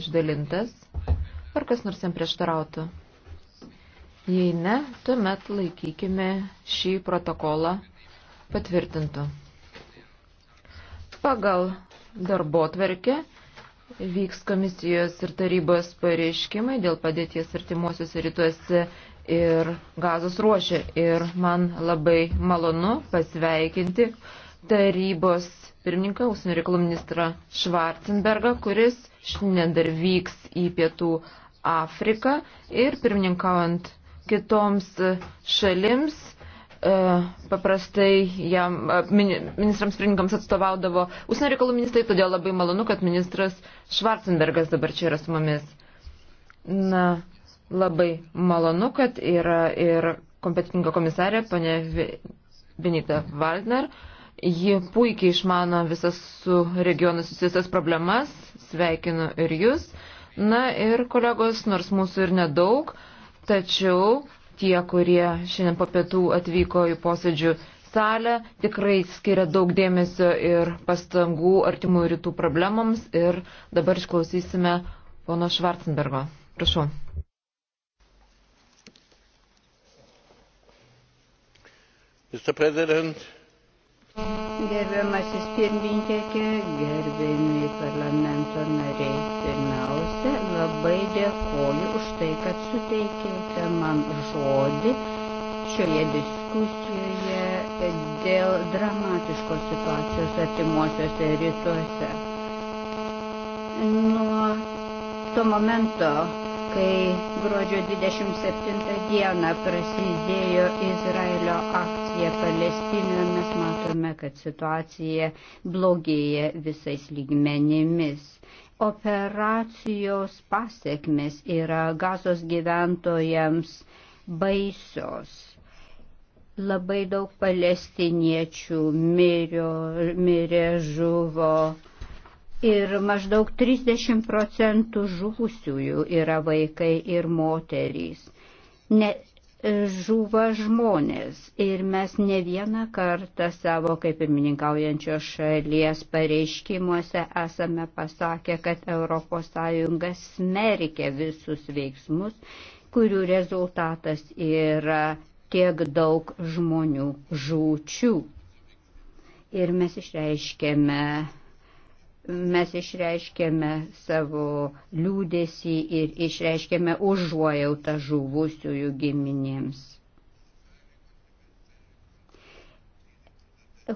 išdalintas, ar kas nors jam prieštarautų. Jei ne, tuomet laikykime šį protokolą patvirtintų. Pagal darbo tvarkę vyks komisijos ir tarybos pareiškimai dėl padėties artimuosiuose rytuose ir gazos ruošė. Ir man labai malonu pasveikinti tarybos pirmininką, užsienio reikalų ministrą Švarcenbergą, kuris šiandien dar vyks į pietų Afriką ir pirmininkaujant kitoms šalims e, paprastai jam, e, ministrams pirmininkams atstovaudavo užsienio reikalų ministrai, todėl labai malonu, kad ministras Švarcenbergas dabar čia yra su mumis. Na, labai malonu, kad yra ir kompetitinga komisarė, ponė Benita Waldner. Ji puikiai išmano visas su regionu susijusias problemas sveikinu ir jūs. Na ir kolegos, nors mūsų ir nedaug, tačiau tie, kurie šiandien po pietų atvyko į posėdžių salę, tikrai skiria daug dėmesio ir pastangų artimų rytų problemams. Ir dabar išklausysime pono Švarcenbergo. Prašau. Mr. President, mm. Gerbiamasis pirmininkė, gerbiami parlamento nariai, pirmiausia, labai dėkoju už tai, kad suteikėte man žodį šioje diskusijoje dėl dramatiškos situacijos artimuosiuose rytuose. Nuo to momento, kai gruodžio 27 dieną prasidėjo Izraelio akcija Palestinoje, mes matome, kad situacija blogėja visais lygmenimis. Operacijos pasiekmes yra gazos gyventojams baisios labai daug palestiniečių mirio, mirė, žuvo, ir maždaug 30 procentų žuvusiųjų yra vaikai ir moterys. Ne, žuva žmonės ir mes ne vieną kartą savo kaip pirmininkaujančios šalies pareiškimuose esame pasakę, kad ES smerkia visus veiksmus, kurių rezultatas yra tiek daug žmonių žūčių. Ir mes išreiškėme mes išreiškėme savo liūdėsi ir išreiškėme užuojautą žuvusiųjų giminėms.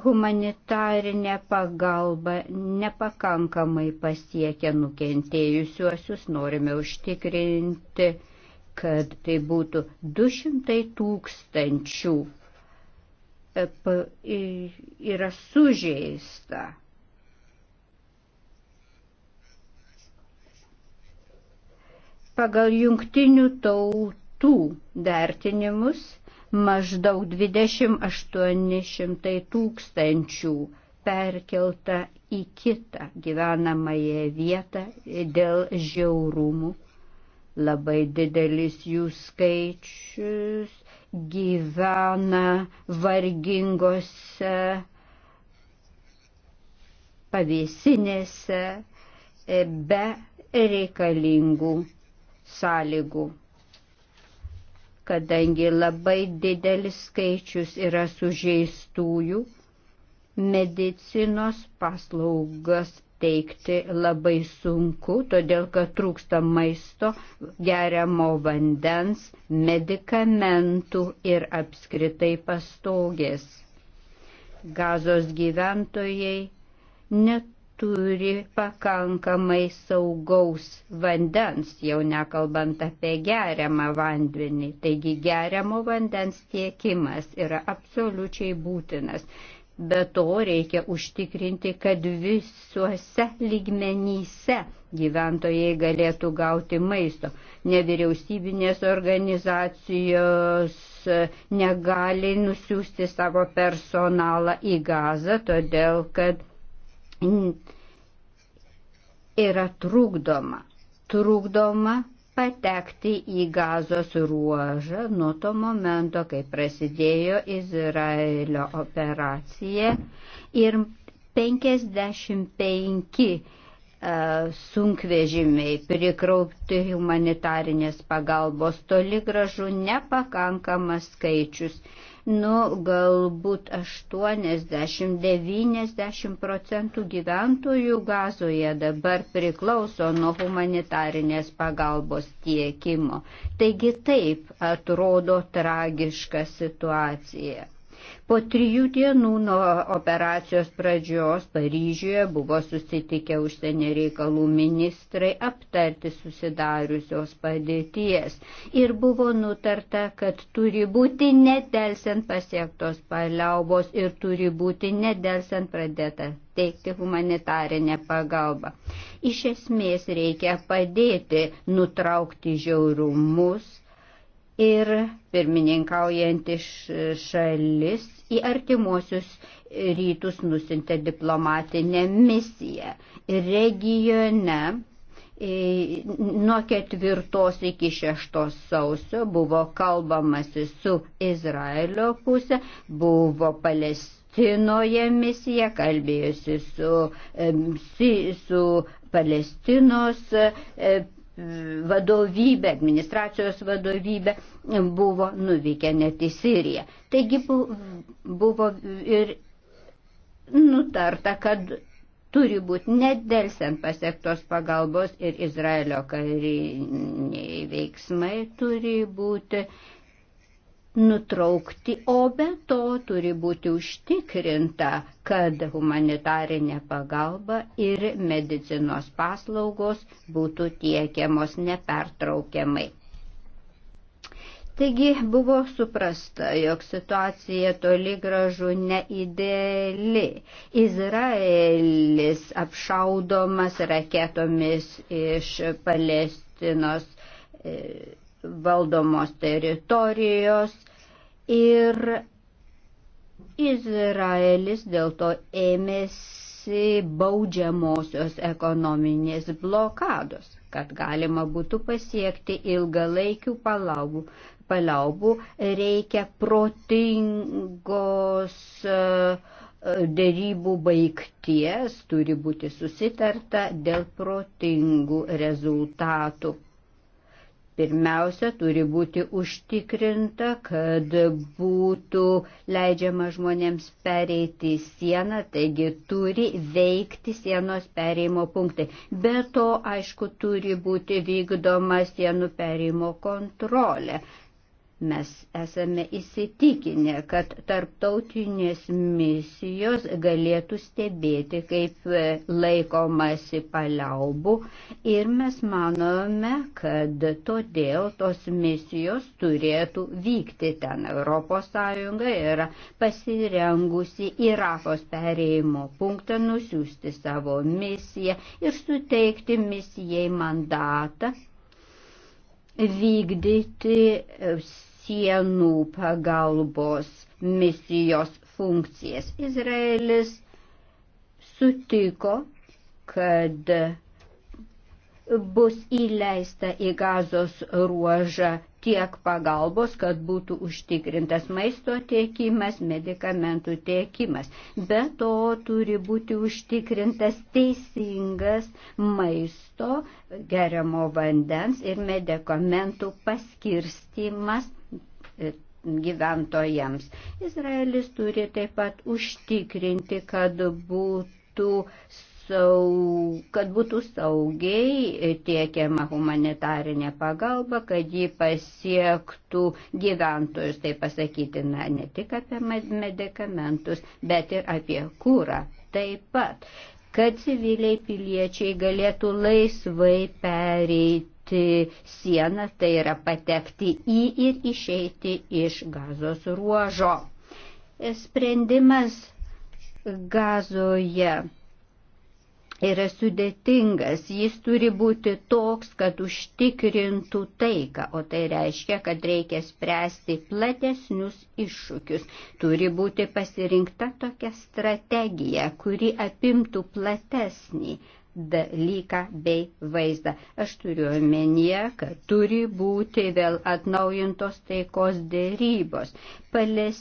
Humanitarinė pagalba nepakankamai pasiekia nukentėjusiuosius, norime užtikrinti, kad tai būtų 200 tūkstančių e, yra sužeista Pagal jungtinių tautų vertinimus maždaug 2800 tūkstančių perkelta į kitą gyvenamąją vietą dėl žiaurumų. Labai didelis jų skaičius gyvena vargingose pavėsinėse e, be reikalingų sąlygų, kadangi labai didelis skaičius yra sužeistųjų, medicinos paslaugas teikti labai sunku, todėl kad trūksta maisto, geriamo vandens, medikamentų ir apskritai pastogės. Gazos gyventojai net turi pakankamai saugaus vandens, jau nekalbant apie geriamą vandenį. Taigi geriamo vandens tiekimas yra absoliučiai būtinas. Be to reikia užtikrinti, kad visuose lygmenyse gyventojai galėtų gauti maisto. Nevyriausybinės organizacijos negali nusiųsti savo personalą į gazą, todėl kad yra trukdoma, trukdoma patekti į gazos ruožą nuo to momento, kai prasidėjo Izraelio operacija ir 55 e, sunkvežimiai prikraupti humanitarinės pagalbos toli gražu nepakankamas skaičius nu galbūt 80-90 procentų gyventojų gazoje dabar priklauso nuo humanitarinės pagalbos tiekimo. Taigi taip atrodo tragiška situacija. Po trijų dienų nuo operacijos pradžios Paryžiuje buvo susitikę užsienio reikalų ministrai aptarti susidariusios padėties ir buvo nutarta, kad turi būti nedelsiant pasiektos paliaubos ir turi būti nedelsiant pradėta teikti humanitarinę pagalbą. Iš esmės reikia padėti nutraukti žiaurumus ir pirmininkaujantį šalis į artimuosius rytus nusintė diplomatinę misiją regione. Nuo ketvirtos iki šeštos sausio buvo kalbamasi su Izraelio pusė, buvo Palestinoje misija, kalbėjusi su, su Palestinos vadovybė, administracijos vadovybė buvo nuvykę net į Siriją. Taigi buvo ir nutarta, kad turi būti nedelsiant pasiektos pagalbos ir Izraelio kariniai veiksmai turi būti uh, nutraukti, o be to turi būti užtikrinta, kad humanitarinė pagalba ir medicinos paslaugos būtų tiekiamos nepertraukiamai. Taigi buvo suprasta, jog situacija toli gražu neidėli. Izraelis apšaudomas raketomis iš Palestinos. E, valdomos teritorijos ir Izraelis dėl to ėmėsi baudžiamosios ekonominės blokados, kad galima būtų pasiekti ilgalaikių palaubų. Palaubų reikia protingos e, dėrybų baigties, turi būti susitarta dėl protingų rezultatų Pirmiausia, turi būti užtikrinta, kad būtų leidžiama žmonėms pereiti sieną, taigi turi veikti sienos pereimo punktai. Be to, aišku, turi būti vykdoma sienų pereimo kontrolė. Mes esame įsitikinę, kad tarptautinės misijos galėtų stebėti, kaip e, laikomasi paliaubų ir mes manome, kad todėl tos misijos turėtų vykti ten. ES yra pasirengusi Irakos pereimo punktą nusiųsti savo misiją ir suteikti misijai mandatą vykdyti sienų pagalbos misijos funkcijas. Izraelis sutiko, kad bus įleista į gazos ruožą tiek pagalbos, kad būtų užtikrintas maisto tiekimas, medikamentų tiekimas. Be to turi būti užtikrintas teisingas maisto, geriamo vandens ir medikamentų paskirstimas E, gyventojams. Izraelis turi taip pat užtikrinti, kad būtų, saug, kad būtų saugiai tiekiama humanitarinė pagalba, kad ji pasiektų gyventojus, tai pasakytina ne tik apie medikamentus, bet ir apie kūrą taip pat kad civiliai piliečiai galėtų laisvai pereiti kirsti sieną, tai yra patekti į ir išeiti iš gazos ruožo. Sprendimas gazoje yra sudėtingas, jis turi būti toks, kad užtikrintų taiką, o tai reiškia, kad reikia spręsti platesnius iššūkius. Turi būti pasirinkta tokia strategija, kuri apimtų platesnį dalyką bei vaizdą. Aš turiu omenyje, kad turi būti vėl atnaujintos taikos dėrybos. Pales,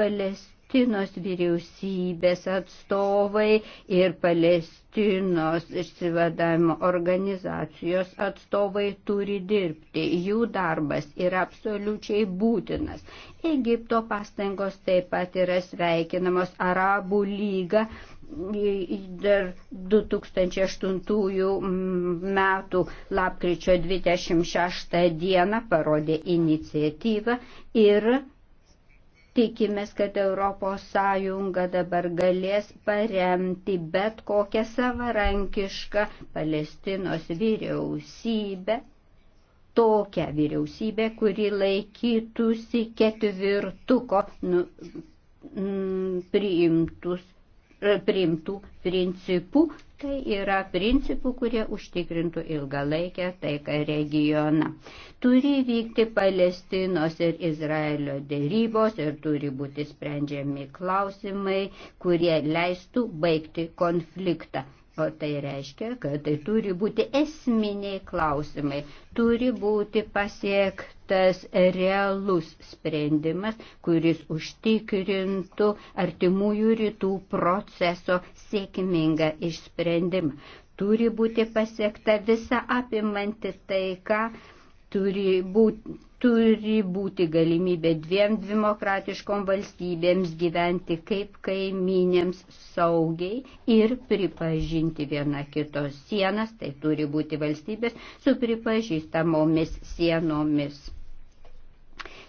Palestinos vyriausybės atstovai ir Palestinos išsivadavimo organizacijos atstovai turi dirbti. Jų darbas yra absoliučiai būtinas. Egipto pastangos taip pat yra sveikinamos. Arabų lyga dar 2008 metų lapkričio 26 dieną parodė iniciatyvą ir tikimės, kad ES dabar galės paremti bet kokią savarankišką Palestinos vyriausybę tokią vyriausybę, kuri laikytųsi ketvirtuko nu, m, priimtus E, priimtų principų, tai yra principų, kurie užtikrintų ilgalaikę taiką regioną. Turi vykti Palestinos ir Izraelio dėrybos ir turi būti sprendžiami klausimai, kurie leistų baigti konfliktą. O tai reiškia, kad tai turi būti esminiai klausimai, turi būti pasiektas realus sprendimas, kuris užtikrintų artimųjų rytų proceso sėkmingą išsprendimą. Turi būti pasiekta visa apimanti taika, turi būti turi būti galimybė dviem demokratiškom valstybėms gyventi kaip kaiminėms saugiai ir pripažinti viena kitos sienas, tai turi būti valstybės su pripažįstamomis sienomis.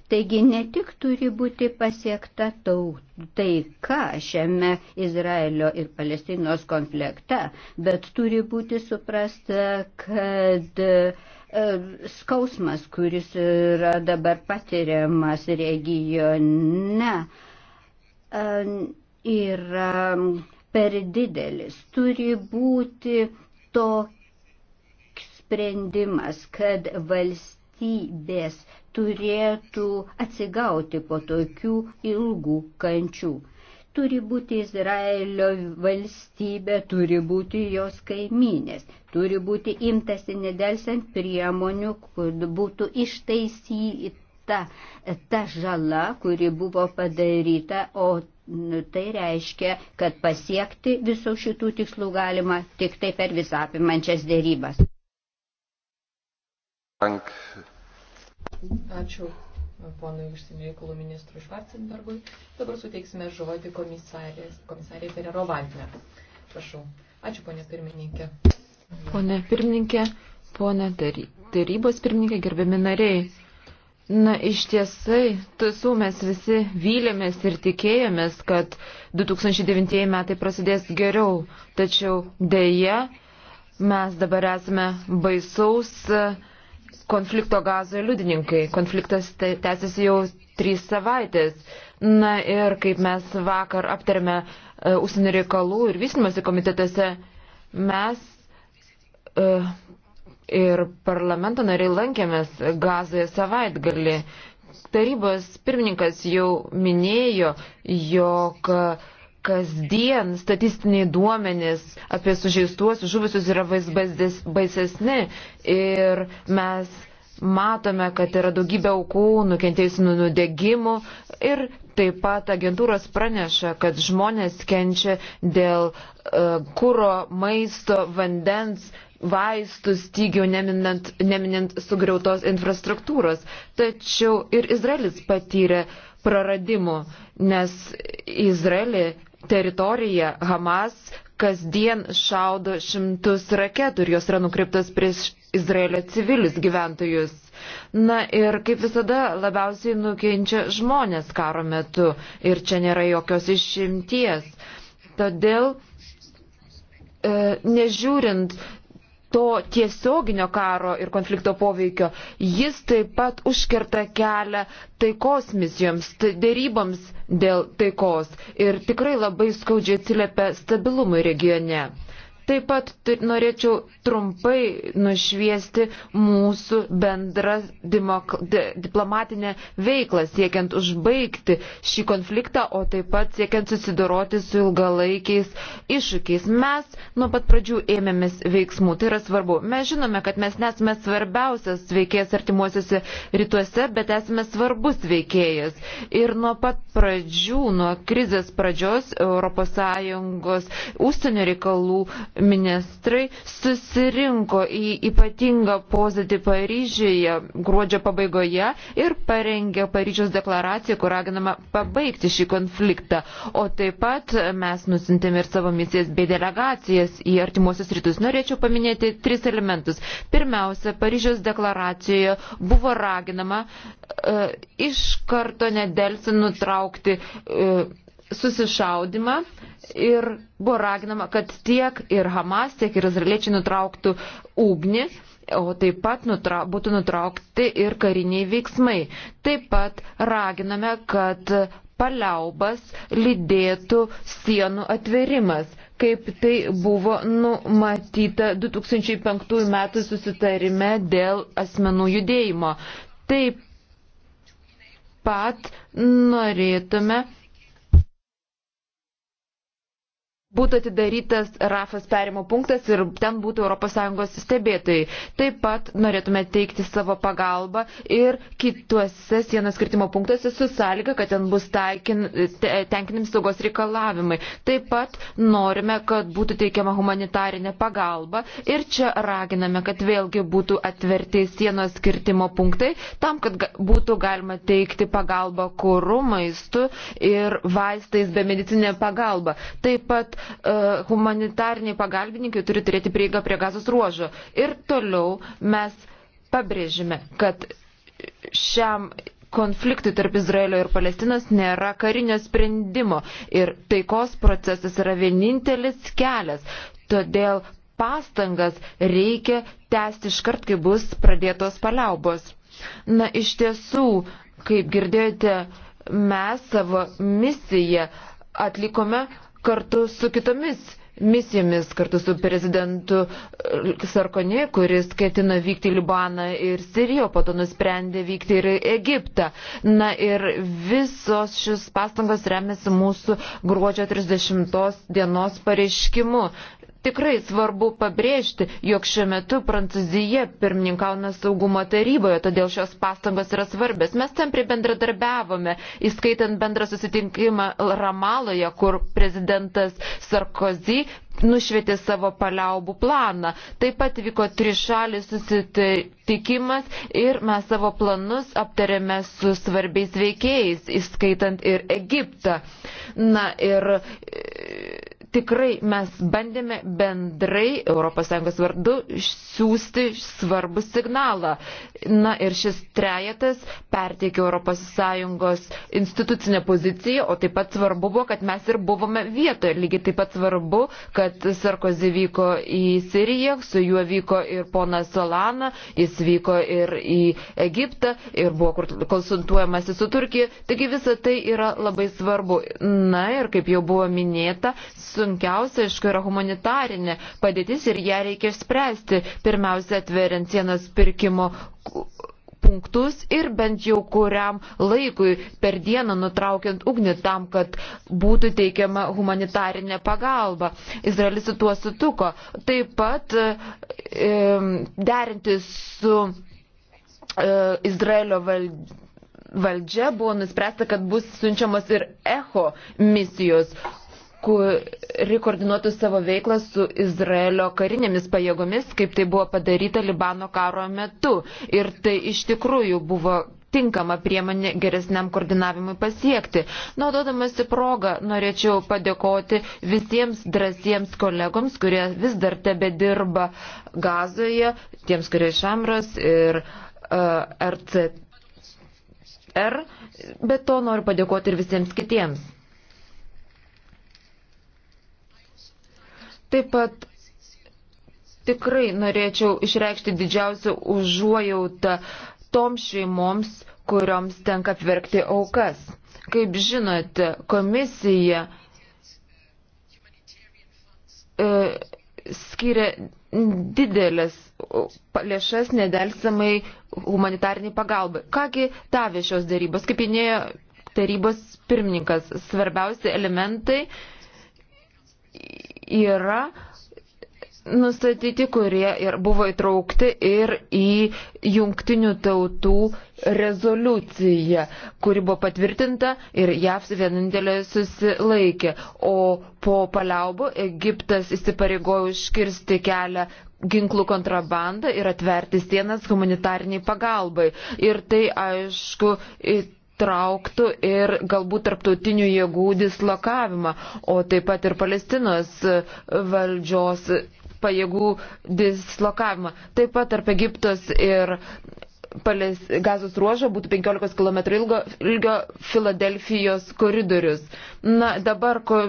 Taigi ne tik turi būti pasiekta taika šiame Izraelio ir Palestinos konflikte, bet turi būti suprasta, kad uh, E, skausmas, kuris yra dabar patiriamas regione, e, yra per didelis. Turi būti toks sprendimas, kad valstybės turėtų atsigauti po tokių ilgų kančių. Turi būti Izraelio valstybė, turi būti jos kaiminės, turi būti imtasi nedelsiant priemonių, kad būtų ištaisyta ta žala, kuri buvo padaryta, o tai reiškia, kad pasiekti visų šitų tikslų galima tik tai per visą apimančias dėrybas. Ačiū ponui užsienio reikalų ministrui Švarcenbergui. Dabar suteiksime žodį komisarė Ferrero Waldner. Prašau. Ačiū, ponė pirmininkė. Pone pirmininkė, ponė tarybos pirmininkė, gerbiami nariai. Na, iš tiesai, tiesų mes visi vylėmės ir tikėjomės, kad 2009 metai prasidės geriau, tačiau dėja mes dabar esame baisaus uh, konflikto gazoje liudininkai. Konfliktas tęsiasi jau trys savaitės. Na ir kaip mes vakar aptarėme uh, užsienio reikalų ir vystimosi komitetuose, mes uh, ir parlamento nariai lankėmės gazoje savaitgalį. Tarybos pirmininkas jau minėjo, jog uh, kasdien statistiniai duomenys apie sužeistuosius žuvusius yra baisesni ir mes matome, kad yra daugybė aukų, nukentėjusių nuo nudegimų ir taip pat agentūros praneša, kad žmonės kenčia dėl uh, e, kūro, maisto, vandens, vaistų stygių, neminant, neminant sugriautos infrastruktūros. Tačiau ir Izraelis patyrė praradimų, nes Izraelį teritoriją Hamas kasdien šaudo šimtus raketų ir jos yra nukreiptas prieš Izraelio civilis gyventojus. Na ir kaip visada labiausiai nukenčia žmonės karo metu ir čia nėra jokios išimties. Todėl e, nežiūrint to tiesioginio karo ir konflikto poveikio, jis taip pat užkerta kelią taikos misijoms, dėryboms dėl taikos ir tikrai labai skaudžiai atsiliepia stabilumui regione. Taip pat norėčiau trumpai nušviesti mūsų bendrą diplomatinę veiklą, siekiant užbaigti šį konfliktą, o taip pat siekiant susidoroti su ilgalaikiais iššūkiais. Mes nuo pat pradžių ėmėmės veiksmų, tai yra svarbu. Mes žinome, kad mes nesame svarbiausias veikėjas artimuosiuose rytuose, bet esame svarbus veikėjas. Ir nuo pat pradžių, nuo krizės pradžios ES užsienio reikalų ministrai susirinko į ypatingą pozitį Paryžiuje gruodžio pabaigoje ir parengė Paryžiaus deklaraciją, kur raginama pabaigti šį konfliktą. O taip pat mes nusintėme ir savo misijas bei delegacijas į artimuosius rytus. Norėčiau paminėti tris elementus. Pirmiausia, Paryžiaus deklaracijoje buvo raginama e, iš karto nedelsi nutraukti e, susišaudimą ir buvo raginama, kad tiek ir Hamas, tiek ir izraeliečiai nutrauktų ugnį, o taip pat nutra, būtų nutraukti ir kariniai veiksmai. Taip pat raginame, kad paliaubas lydėtų sienų atverimas, kaip tai buvo numatyta 2005 metų susitarime dėl asmenų judėjimo. Taip pat norėtume būtų atidarytas RAFAS perimo punktas ir ten būtų ES stebėtojai. Taip pat norėtume teikti savo pagalbą ir kituose sienos skirtimo punktuose su sąlyga, kad ten bus taikin, te, tenkinim saugos reikalavimai. Taip pat norime, kad būtų teikiama humanitarinė pagalba ir čia raginame, kad vėlgi būtų atverti sienos skirtimo punktai tam, kad būtų galima teikti pagalbą kūrų, maistu ir vaistais be medicinė pagalba. Taip pat E, humanitarniai pagalbininkai turi turėti prieigą prie gazos ruožo. Ir toliau mes pabrėžime, kad šiam konfliktui tarp Izraelio ir Palestinos nėra karinio sprendimo ir taikos procesas yra vienintelis kelias. Todėl pastangas reikia tęsti iškart, kai bus pradėtos paliaubos. Na iš tiesų, kaip girdėjote, mes savo misiją atlikome kartu su kitomis misijomis, kartu su prezidentu e, Sarkonė, kuris ketina vykti į Libaną ir Siriją, po to nusprendė vykti ir į Egiptą. Na ir visos šis pastangos remiasi mūsų gruodžio 30 dienos pareiškimu tikrai svarbu pabrėžti, jog šiuo metu Prancūzija pirmininkauna saugumo taryboje, todėl šios pastangos yra svarbės. Mes tampriai bendradarbiavome, įskaitant bendrą susitinkimą Ramaloje, kur prezidentas Sarkozy nušvietė savo paliaubų planą. Taip pat vyko trišalis susitikimas ir mes savo planus aptarėme su svarbiais veikėjais, įskaitant ir Egiptą. Na ir tikrai mes bandėme bendrai ES vardu siūsti svarbų signalą. Na ir šis trejetas perteikė ES institucinę poziciją, o taip pat svarbu buvo, kad mes ir buvome vietoje. Lygiai taip pat svarbu, kad Sarkozy vyko į Siriją, su juo vyko ir pona Solana, jis vyko ir į Egiptą ir buvo konsultuojamasi su Turkija. Taigi visa tai yra labai svarbu. Na ir kaip jau buvo minėta, su sunkiausia, aišku, yra humanitarinė padėtis ir ją reikia spręsti. Pirmiausia, atveriant sienas pirkimo punktus ir bent jau kuriam laikui per dieną nutraukiant ugnį tam, kad būtų teikiama humanitarinė pagalba. Izraelis su tuo sutuko. Taip pat e, derinti su e, Izraelio valdžia valdžia buvo nuspręsta, kad bus siunčiamos ir echo misijos, kuri koordinuotų savo veiklą su Izraelio karinėmis pajėgomis, kaip tai buvo padaryta Libano karo metu. Ir tai iš tikrųjų buvo tinkama priemonė geresniam koordinavimui pasiekti. Naudodamasi progą, norėčiau padėkoti visiems drąsiems kolegoms, kurie vis dar tebe dirba gazoje, tiems, kurie iš Amras ir uh, RCR, bet to noriu padėkoti ir visiems kitiems. Taip pat tikrai norėčiau išreikšti didžiausią užuojautą toms šeimoms, kurioms tenka apverkti aukas. Kaip žinote, komisija e, skiria didelės lėšas nedelsamai humanitarniai pagalbai. Kągi davė šios darybos, kaip minėjo tarybos pirmininkas, svarbiausi elementai yra nustatyti, kurie ir buvo įtraukti ir į jungtinių tautų rezoliuciją, kuri buvo patvirtinta ir JAV vienintelė susilaikė. O po paliaubų Egiptas įsipareigojo užkirsti kelią ginklų kontrabandą ir atverti sienas humanitariniai pagalbai. Ir tai, aišku, trauktų ir galbūt tarptautinių jėgų dislokavimą, o taip pat ir Palestinos e, valdžios pajėgų dislokavimą. Taip pat tarp Egiptos ir palės, gazos ruožo būtų 15 km ilgo, ilgio Filadelfijos koridorius. Na, dabar ko,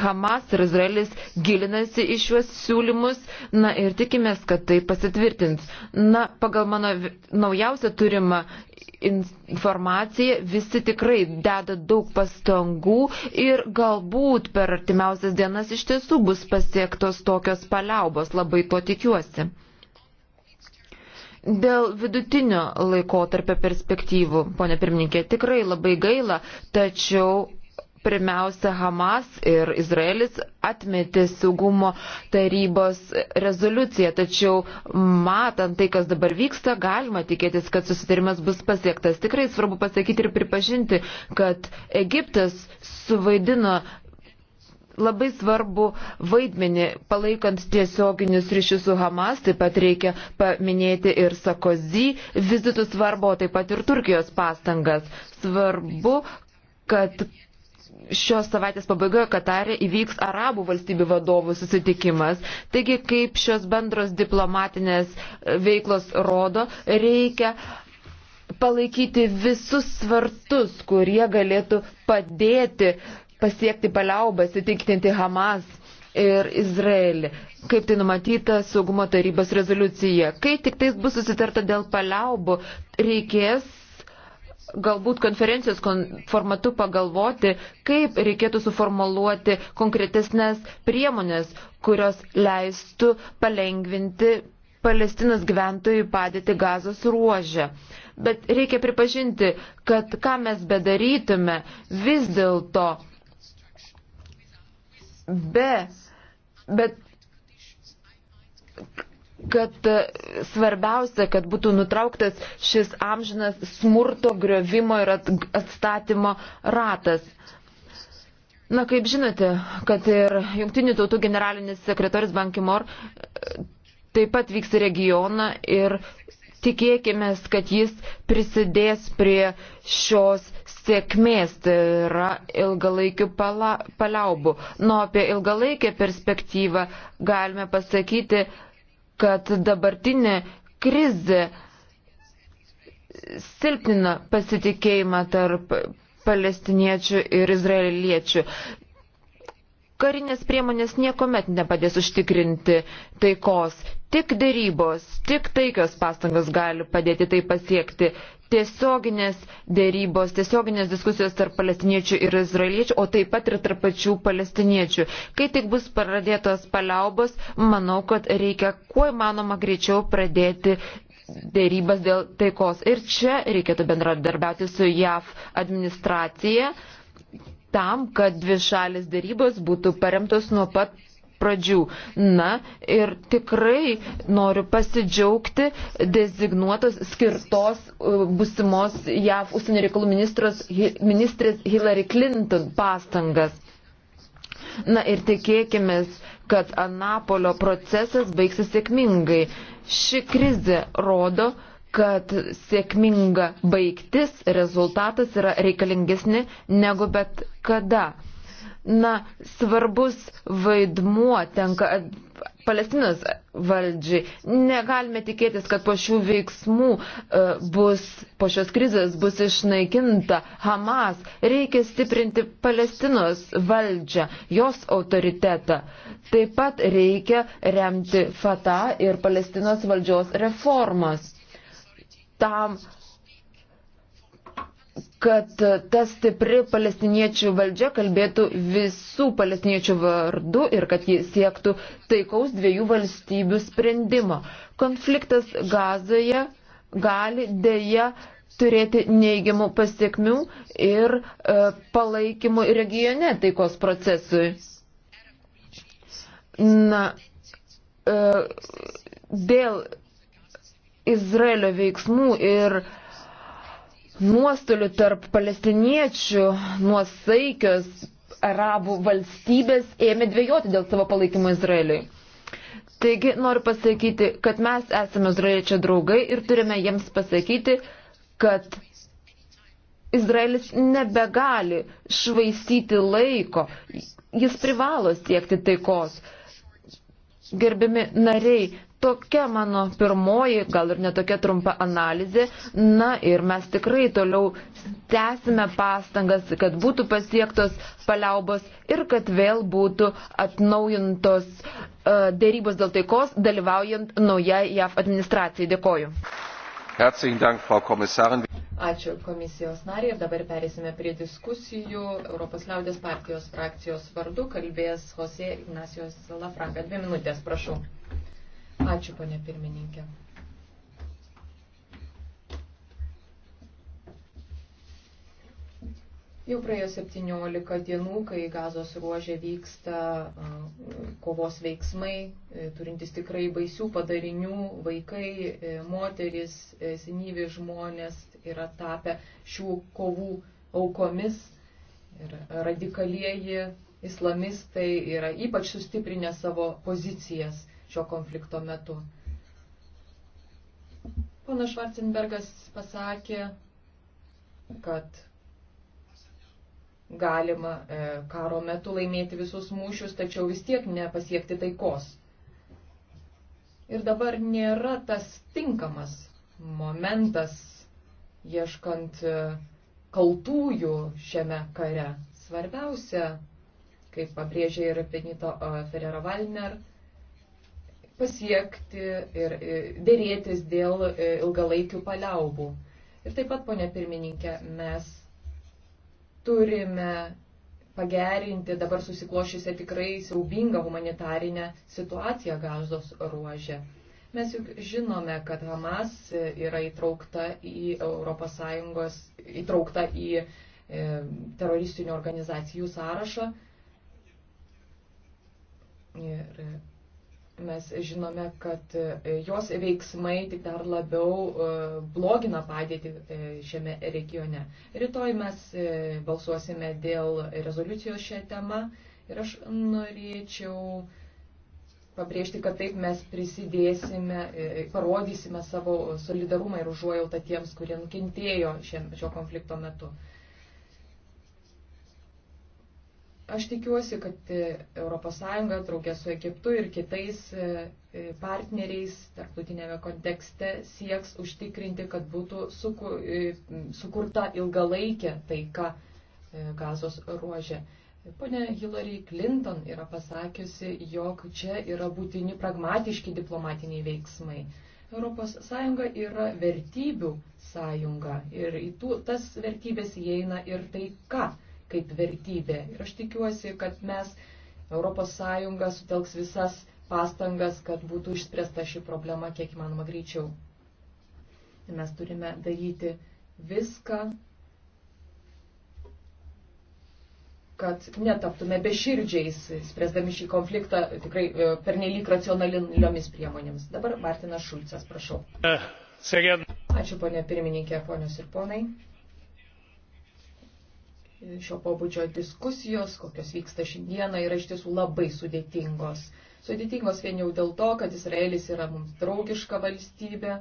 Hamas ir Izraelis gilinasi į šiuos siūlymus, na ir tikimės, kad tai pasitvirtins. Na, pagal mano naujausią turimą informaciją visi tikrai deda daug pastangų ir galbūt per artimiausias dienas iš tiesų bus pasiektos tokios paliaubos, labai to tikiuosi. Dėl vidutinio laiko tarp perspektyvų, ponė pirmininkė, tikrai labai gaila, tačiau pirmiausia Hamas ir Izraelis atmetė saugumo tarybos rezoliuciją, tačiau matant tai, kas dabar vyksta, galima tikėtis, kad susitarimas bus pasiektas. Tikrai svarbu pasakyti ir pripažinti, kad Egiptas suvaidino labai svarbu vaidmenį palaikant tiesioginius ryšius su Hamas, taip pat reikia paminėti ir Sakozy vizitų svarbo, taip pat ir Turkijos pastangas. Svarbu, kad šios savaitės pabaigoje Katarė įvyks arabų valstybių vadovų susitikimas. Taigi, kaip šios bendros diplomatinės e, veiklos rodo, reikia palaikyti visus svartus, kurie galėtų padėti pasiekti paliaubas, įtikinti Hamas ir Izraelį, kaip tai numatyta saugumo tarybos rezoliucija. Kai tik tais bus susitarta dėl paliaubų, reikės galbūt konferencijos formatu pagalvoti, kaip reikėtų suformuluoti konkretesnės priemonės, kurios leistų palengvinti Palestinos gyventojų padėti gazos ruožę. Bet reikia pripažinti, kad ką mes bedarytume, vis dėlto be, bet kad e, svarbiausia, kad būtų nutrauktas šis amžinas smurto griovimo ir atstatymo ratas. Na, kaip žinote, kad ir Junktinių tautų generalinis sekretorius Bankimor e, taip pat vyks į regioną ir tikėkime, kad jis prisidės prie šios sėkmės, tai yra ilgalaikių pala, paliaubų. Nu, apie ilgalaikę perspektyvą galime pasakyti, kad dabartinė krizė silpnina pasitikėjimą tarp palestiniečių ir izraeliečių. Karinės priemonės niekuomet nepadės užtikrinti taikos. Tik dėrybos, tik taikios pastangos gali padėti tai pasiekti. Tiesioginės dėrybos, tiesioginės diskusijos tarp palestiniečių ir izraeliečių, o taip pat ir tarp pačių palestiniečių. Kai tik bus pradėtos paliaubos, manau, kad reikia kuo įmanoma greičiau pradėti dėrybas dėl taikos. Ir čia reikėtų bendradarbiauti su JAV administracija tam, kad dvi šalis dėrybos būtų paremtos nuo pat pradžių. Na ir tikrai noriu pasidžiaugti dezignuotos skirtos e, busimos JAV užsienio reikalų ministrės Hillary Clinton pastangas. Na ir tikėkime, kad Anapolio procesas baigsis sėkmingai. Ši krizė rodo, kad sėkminga baigtis rezultatas yra reikalingesni negu bet kada na, svarbus vaidmuo tenka Palestinos valdžiai. Negalime tikėtis, kad po šių veiksmų e, bus, po šios krizės bus išnaikinta Hamas. Reikia stiprinti Palestinos valdžią, jos autoritetą. Taip pat reikia remti Fatah ir Palestinos valdžios reformas. Tam kad ta stipri palestiniečių valdžia kalbėtų visų palestiniečių vardu ir kad ji siektų taikaus dviejų valstybių sprendimo. Konfliktas Gazoje gali dėja turėti neigiamų pasiekmių ir e, palaikymų regione taikos procesui. Na, e, dėl Izraelio veiksmų ir nuostolių tarp palestiniečių nuosaikios arabų valstybės ėmė dvėjoti dėl savo palaikymo Izraeliui. Taigi noriu pasakyti, kad mes esame izraeliečio draugai ir turime jiems pasakyti, kad Izraelis nebegali švaistyti laiko, jis privalo siekti taikos. Gerbiami nariai, Tokia mano pirmoji, gal ir netokia trumpa analizė. Na ir mes tikrai toliau tęsime pastangas, kad būtų pasiektos paliaubos ir kad vėl būtų atnaujintos uh, dėrybos dėl taikos, dalyvaujant naujai JAF administracijai. Dėkoju. Ačiū komisijos nariai ir dabar perėsime prie diskusijų. Europos liaudės partijos frakcijos vardu kalbės Jose Ignacijos Lafranka. Dvi minutės, prašau. Ačiū, ponė pirmininkė. Jau praėjo 17 dienų, kai gazos ruožė vyksta uh, kovos veiksmai, e, turintis tikrai baisių padarinių, vaikai, e, moteris, e, senyvi žmonės yra tapę šių kovų aukomis ir radikalieji islamistai yra ypač sustiprinę savo pozicijas šio konflikto metu. Pana Švarcenbergas pasakė, kad galima e, karo metu laimėti visus mūšius, tačiau vis tiek nepasiekti taikos. Ir dabar nėra tas tinkamas momentas ieškant e, kaltųjų šiame kare. Svarbiausia, kaip pabrėžė ir Penito e, Ferrero Valner, pasiekti ir e, dėrėtis dėl e, ilgalaikių paliaubų. Ir taip pat, ponė pirmininkė, mes turime pagerinti dabar susiklošiusią tikrai siaubingą humanitarinę situaciją gazos ruožė. Mes juk žinome, kad Hamas e, yra įtraukta į ES, įtraukta į e, teroristinių organizacijų sąrašą. Ir mes žinome, kad e, jos veiksmai tik dar labiau e, blogina padėtį e, šiame regione. Rytoj mes balsuosime dėl rezoliucijos šią temą ir aš norėčiau pabrėžti, kad taip mes prisidėsime, parodysime savo solidarumą ir užuojautą tiems, kurie nukentėjo šio konflikto metu. Aš tikiuosi, kad ES draugė su Egiptu ir kitais e, e, partneriais tarptautinėme kontekste sieks užtikrinti, kad būtų suku, e, sukurta ilgalaikė taika gazos ruožė. Pone Hillary Clinton yra pasakiusi, jog čia yra būtini pragmatiški diplomatiniai veiksmai. ES yra vertybių sąjunga ir į tų, tas vertybės įeina ir taika kaip vertybė. Ir aš tikiuosi, kad mes ES sutelks visas pastangas, kad būtų išspręsta ši problema kiek įmanoma greičiau. Ir mes turime daryti viską, kad netaptume beširdžiais, spręsdami šį konfliktą tikrai e, pernelyg racionaliomis priemonėmis. Dabar Martinas Šulcas, prašau. E, Ačiū, ponė pirmininkė, ponios ir ponai šio pobūdžio diskusijos, kokios vyksta šiandieną, yra iš tiesų labai sudėtingos. Sudėtingos vien jau dėl to, kad Izraelis yra mums draugiška valstybė,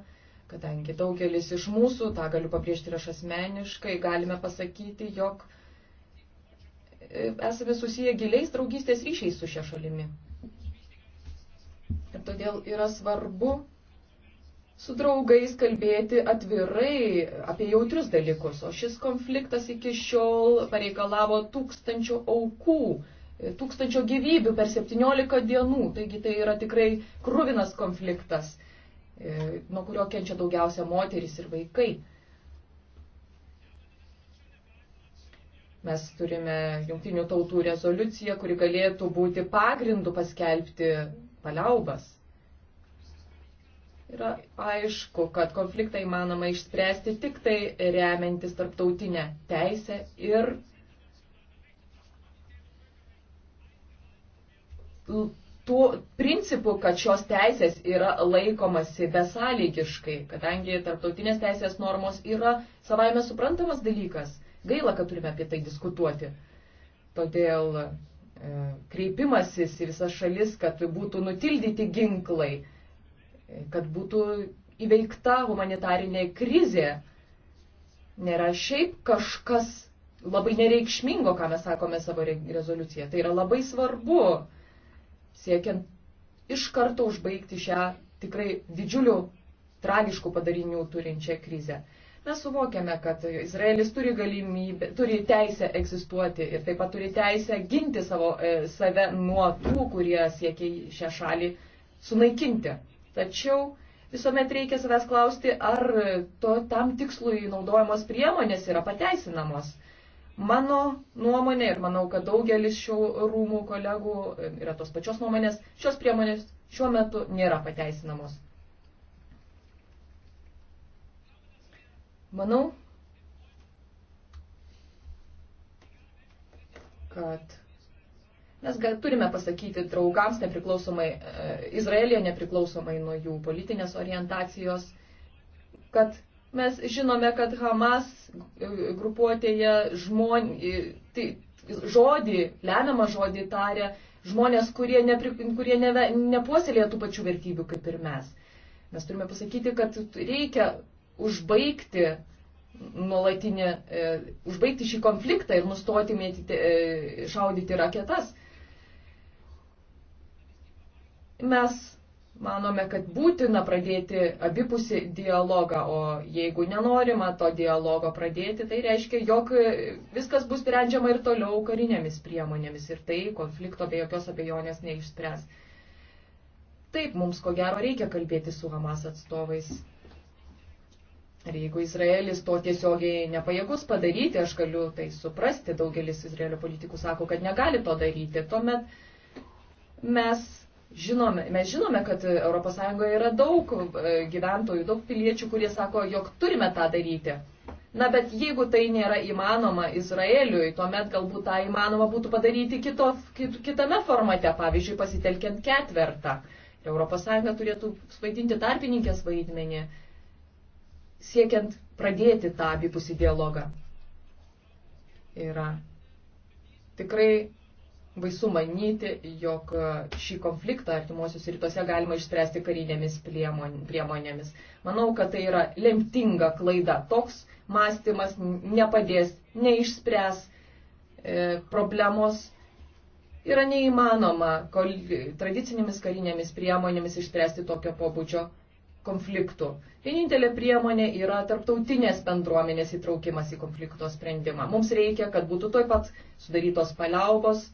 kadangi daugelis iš mūsų, tą galiu pabrėžti ir aš asmeniškai, galime pasakyti, jog e, esame susiję giliais draugystės ryšiais su šia šalimi. Ir todėl yra svarbu su draugais kalbėti atvirai apie jautrius dalykus, o šis konfliktas iki šiol pareikalavo tūkstančio aukų, e, tūkstančio gyvybių per 17 dienų, taigi tai yra tikrai krūvinas konfliktas, e, nuo kurio kenčia daugiausia moterys ir vaikai. Mes turime jungtinių tautų rezoliuciją, kuri galėtų būti pagrindu paskelbti paliaubas. Yra aišku, kad konfliktą įmanoma išspręsti tik tai remiantis tarptautinę teisę ir tuo principu, kad šios teisės yra laikomasi besąlygiškai, kadangi tarptautinės teisės normos yra savaime suprantamas dalykas. Gaila, kad turime apie tai diskutuoti. Todėl e, kreipimasis į visas šalis, kad būtų nutildyti ginklai kad būtų įveikta humanitarinė krizė. Nėra šiaip kažkas labai nereikšmingo, ką mes sakome savo rezoliuciją. Tai yra labai svarbu, siekiant iš karto užbaigti šią tikrai didžiulių tragiškų padarinių turinčią krizę. Mes suvokiame, kad Izraelis turi galimybę, turi teisę egzistuoti ir taip pat turi teisę ginti savo, e, save nuo tų, kurie siekia šią šalį sunaikinti. Tačiau visuomet reikia savęs klausti, ar to, tam tikslui naudojamos priemonės yra pateisinamos. Mano nuomonė ir manau, kad daugelis šių rūmų kolegų yra tos pačios nuomonės, šios priemonės šiuo metu nėra pateisinamos. Manau, kad Mes gal, turime pasakyti draugams nepriklausomai, e, Izraelija nepriklausomai nuo jų politinės orientacijos, kad mes žinome, kad Hamas e, grupuotėje žmon, e, tai, žodį, lemiamą žodį taria žmonės, kurie, nepri, kurie ne, nepuoselėja tų pačių vertybių kaip ir mes. Mes turime pasakyti, kad reikia užbaigti nuolatinį, e, užbaigti šį konfliktą ir nustoti mėtyti, e, šaudyti raketas. Mes manome, kad būtina pradėti abipusi dialogą, o jeigu nenorima to dialogo pradėti, tai reiškia, jog viskas bus sprendžiama ir toliau karinėmis priemonėmis ir tai konflikto be jokios abejonės neišspręs. Taip, mums ko gero reikia kalbėti su Hamas atstovais. Ir jeigu Izraelis to tiesiogiai nepajėgus padaryti, aš galiu tai suprasti, daugelis Izraelio politikų sako, kad negali to daryti, tuomet mes Žinome, mes žinome, kad ES yra daug e, gyventojų, daug piliečių, kurie sako, jog turime tą daryti. Na, bet jeigu tai nėra įmanoma Izraeliui, tuomet galbūt tą įmanoma būtų padaryti kito, kit, kitame formate, pavyzdžiui, pasitelkiant ketvertą. ES turėtų vaidinti tarpininkės vaidmenį, siekiant pradėti tą abipusį dialogą. Yra tikrai Vaisu manyti, jog e, šį konfliktą artimuosius rytuose galima išspręsti karinėmis priemonėmis. Manau, kad tai yra lemtinga klaida. Toks mąstymas nepadės, neišspręs e, problemos. Yra neįmanoma kol, tradicinėmis karinėmis priemonėmis išspręsti tokio pobūdžio konfliktų. Vienintelė priemonė yra tarptautinės bendruomenės įtraukimas į konflikto sprendimą. Mums reikia, kad būtų toj pat sudarytos paliaubos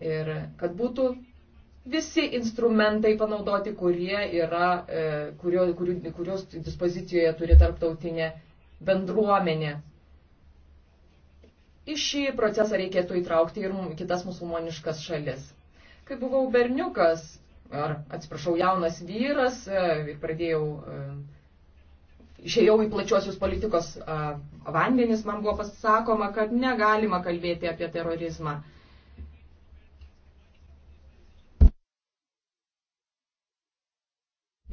ir kad būtų visi instrumentai panaudoti, kurie yra, e, kurio, kurios dispozicijoje turi tarptautinė bendruomenė. Į šį procesą reikėtų įtraukti ir kitas musulmoniškas šalis. Kai buvau berniukas, ar atsiprašau, jaunas vyras e, ir pradėjau, e, išėjau į plačiosius politikos vandenis, man buvo pasakoma, kad negalima kalbėti apie terorizmą.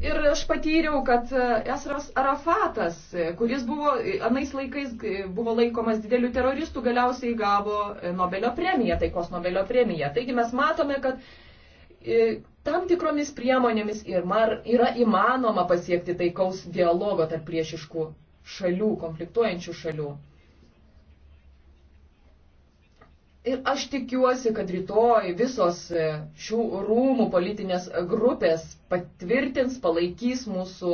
Ir aš patyriau, kad e, Esras Arafatas, e, kuris buvo, e, anais laikais buvo laikomas dideliu teroristu, galiausiai gavo Nobelio premiją, taikos Nobelio premiją. Taigi mes matome, kad tam tikromis priemonėmis yra įmanoma pasiekti taikaus dialogo tarp priešiškų šalių, konfliktuojančių šalių. Ir aš tikiuosi, kad rytoj visos e, šių rūmų politinės grupės patvirtins, palaikys mūsų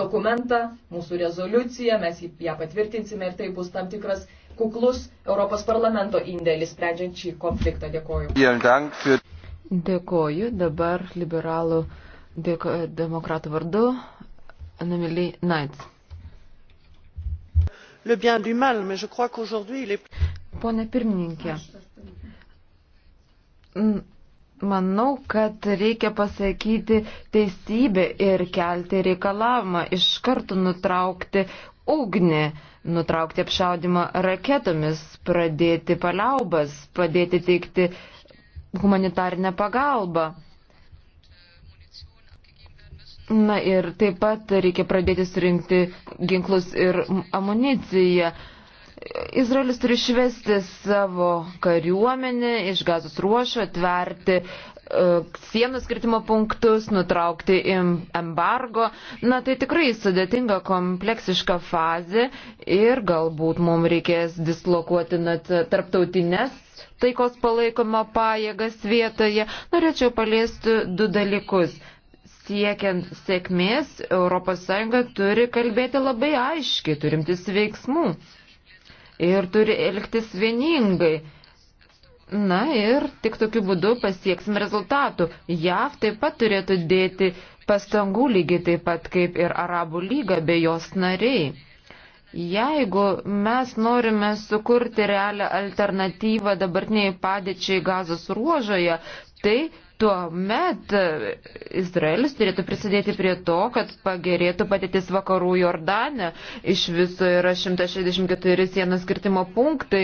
dokumentą, mūsų rezoliuciją, mes ją patvirtinsime ir tai bus tam tikras kuklus Europos parlamento indėlis, sprendžiant šį konfliktą. Dėkoju. Dėkoju. Dabar liberalų dėko, e, demokratų vardu Anamily Knight. Le bien du mal, mais je crois qu'aujourd'hui il est Pone pirmininkė, manau, kad reikia pasakyti teisybę ir kelti reikalavimą iš karto nutraukti ugnį, nutraukti apšaudimą raketomis, pradėti paliaubas, padėti teikti humanitarinę pagalbą. Na ir taip pat reikia pradėti surinkti ginklus ir amuniciją. Izraelis turi švesti savo kariuomenę iš gazos ruošo, atverti e, sienų skirtimo punktus, nutraukti embargo. Na, tai tikrai sudėtinga, kompleksiška fazė ir galbūt mums reikės dislokuoti net tarptautinės taikos palaikoma pajėgas vietoje. Norėčiau paliesti du dalykus. Siekiant sėkmės, ES turi kalbėti labai aiškiai, turimtis veiksmų ir turi elgtis vieningai. Na ir tik tokiu būdu pasieksim rezultatų. JAV taip pat turėtų dėti pastangų lygiai taip pat kaip ir Arabų lyga bei jos nariai. Jeigu mes norime sukurti realią alternatyvą dabartiniai padėčiai gazos ruožoje, tai tuomet Izraelis turėtų prisidėti prie to, kad pagerėtų patėtis vakarų Jordanė. Iš viso yra 164 sienos skirtimo punktai.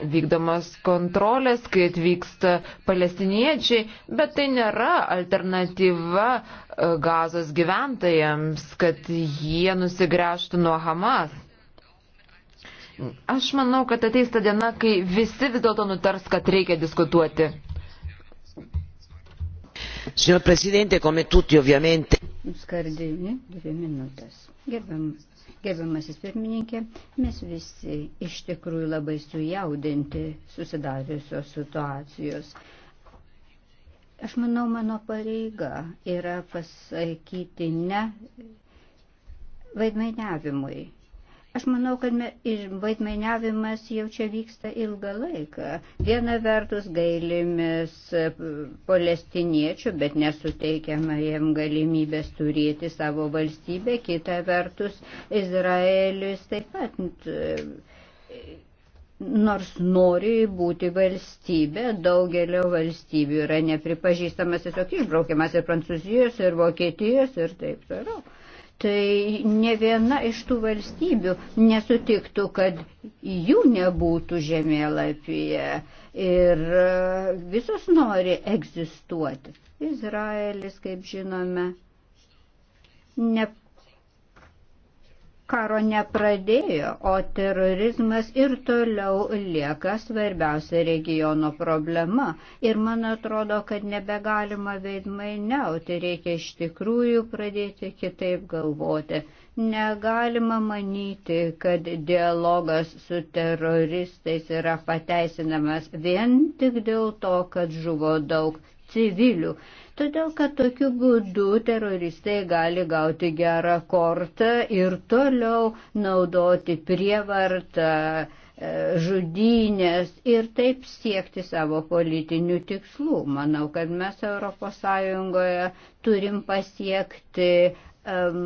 Vykdomas kontrolės, kai atvyksta palestiniečiai, bet tai nėra alternatyva e, gazos gyventojams, kad jie nusigręžtų nuo Hamas. Aš manau, kad ateis ta diena, kai visi vis dėlto nutars, kad reikia diskutuoti. Signor Presidente, come tutti ovviamente. Skardini, dvi minutės. Gerbiam, gerbiamasis pirmininkė, mes visi iš tikrųjų labai sujaudinti susidariusios situacijos. Aš manau, mano pareiga yra pasakyti ne vaidmainiavimui, Aš manau, kad vaidmainiavimas jau čia vyksta ilgą laiką. Viena vertus gailimis e, palestiniečių, bet nesuteikiama jiem galimybės turėti savo valstybę, kita vertus Izraelis taip pat e, nors nori būti valstybė, daugelio valstybių yra nepripažįstamas, tiesiog išbraukiamas ir Prancūzijos, ir Vokietijos, ir taip toliau tai ne viena iš tų valstybių nesutiktų, kad jų nebūtų žemėlapyje. Ir e, visos nori egzistuoti. Izraelis, kaip žinome, ne karo nepradėjo, o terorizmas ir toliau lieka svarbiausia regiono problema. Ir man atrodo, kad nebegalima veidmainiauti, reikia iš tikrųjų pradėti kitaip galvoti. Negalima manyti, kad dialogas su teroristais yra pateisinamas vien tik dėl to, kad žuvo daug civilių. Todėl, kad tokiu būdu teroristai gali gauti gerą kortą ir toliau naudoti prievartą, e, žudynės ir taip siekti savo politinių tikslų. Manau, kad mes ES turim pasiekti um,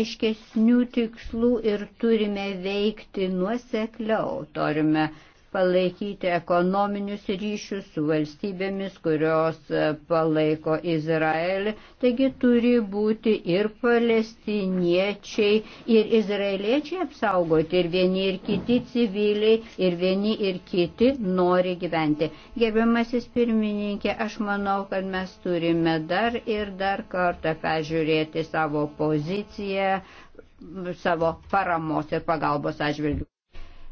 aiškesnių tikslų ir turime veikti nuosekliau. Turime uh, palaikyti ekonominius ryšius su valstybėmis, kurios e, palaiko Izraelį. Taigi turi būti ir palestiniečiai, ir izraeliečiai apsaugoti, ir vieni ir kiti civiliai, ir vieni ir kiti nori gyventi. Gerbiamasis pirmininkė, aš manau, kad mes turime dar ir dar kartą peržiūrėti savo poziciją savo paramos ir pagalbos atžvilgių.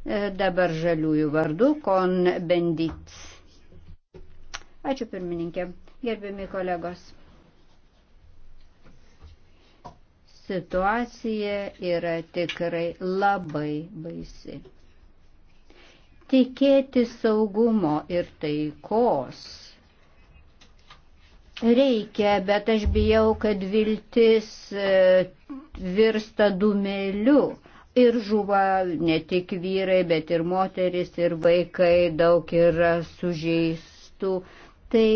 E, dabar žaliųjų vardu, kon bendit. Ačiū pirmininkė, gerbiami kolegos. Situacija yra tikrai labai baisi. Tikėti saugumo ir taikos Reikia, bet aš bijau, kad viltis e, virsta dumeliu. Ir žuva ne tik vyrai, bet ir moteris, ir vaikai, daug yra sužeistų. Tai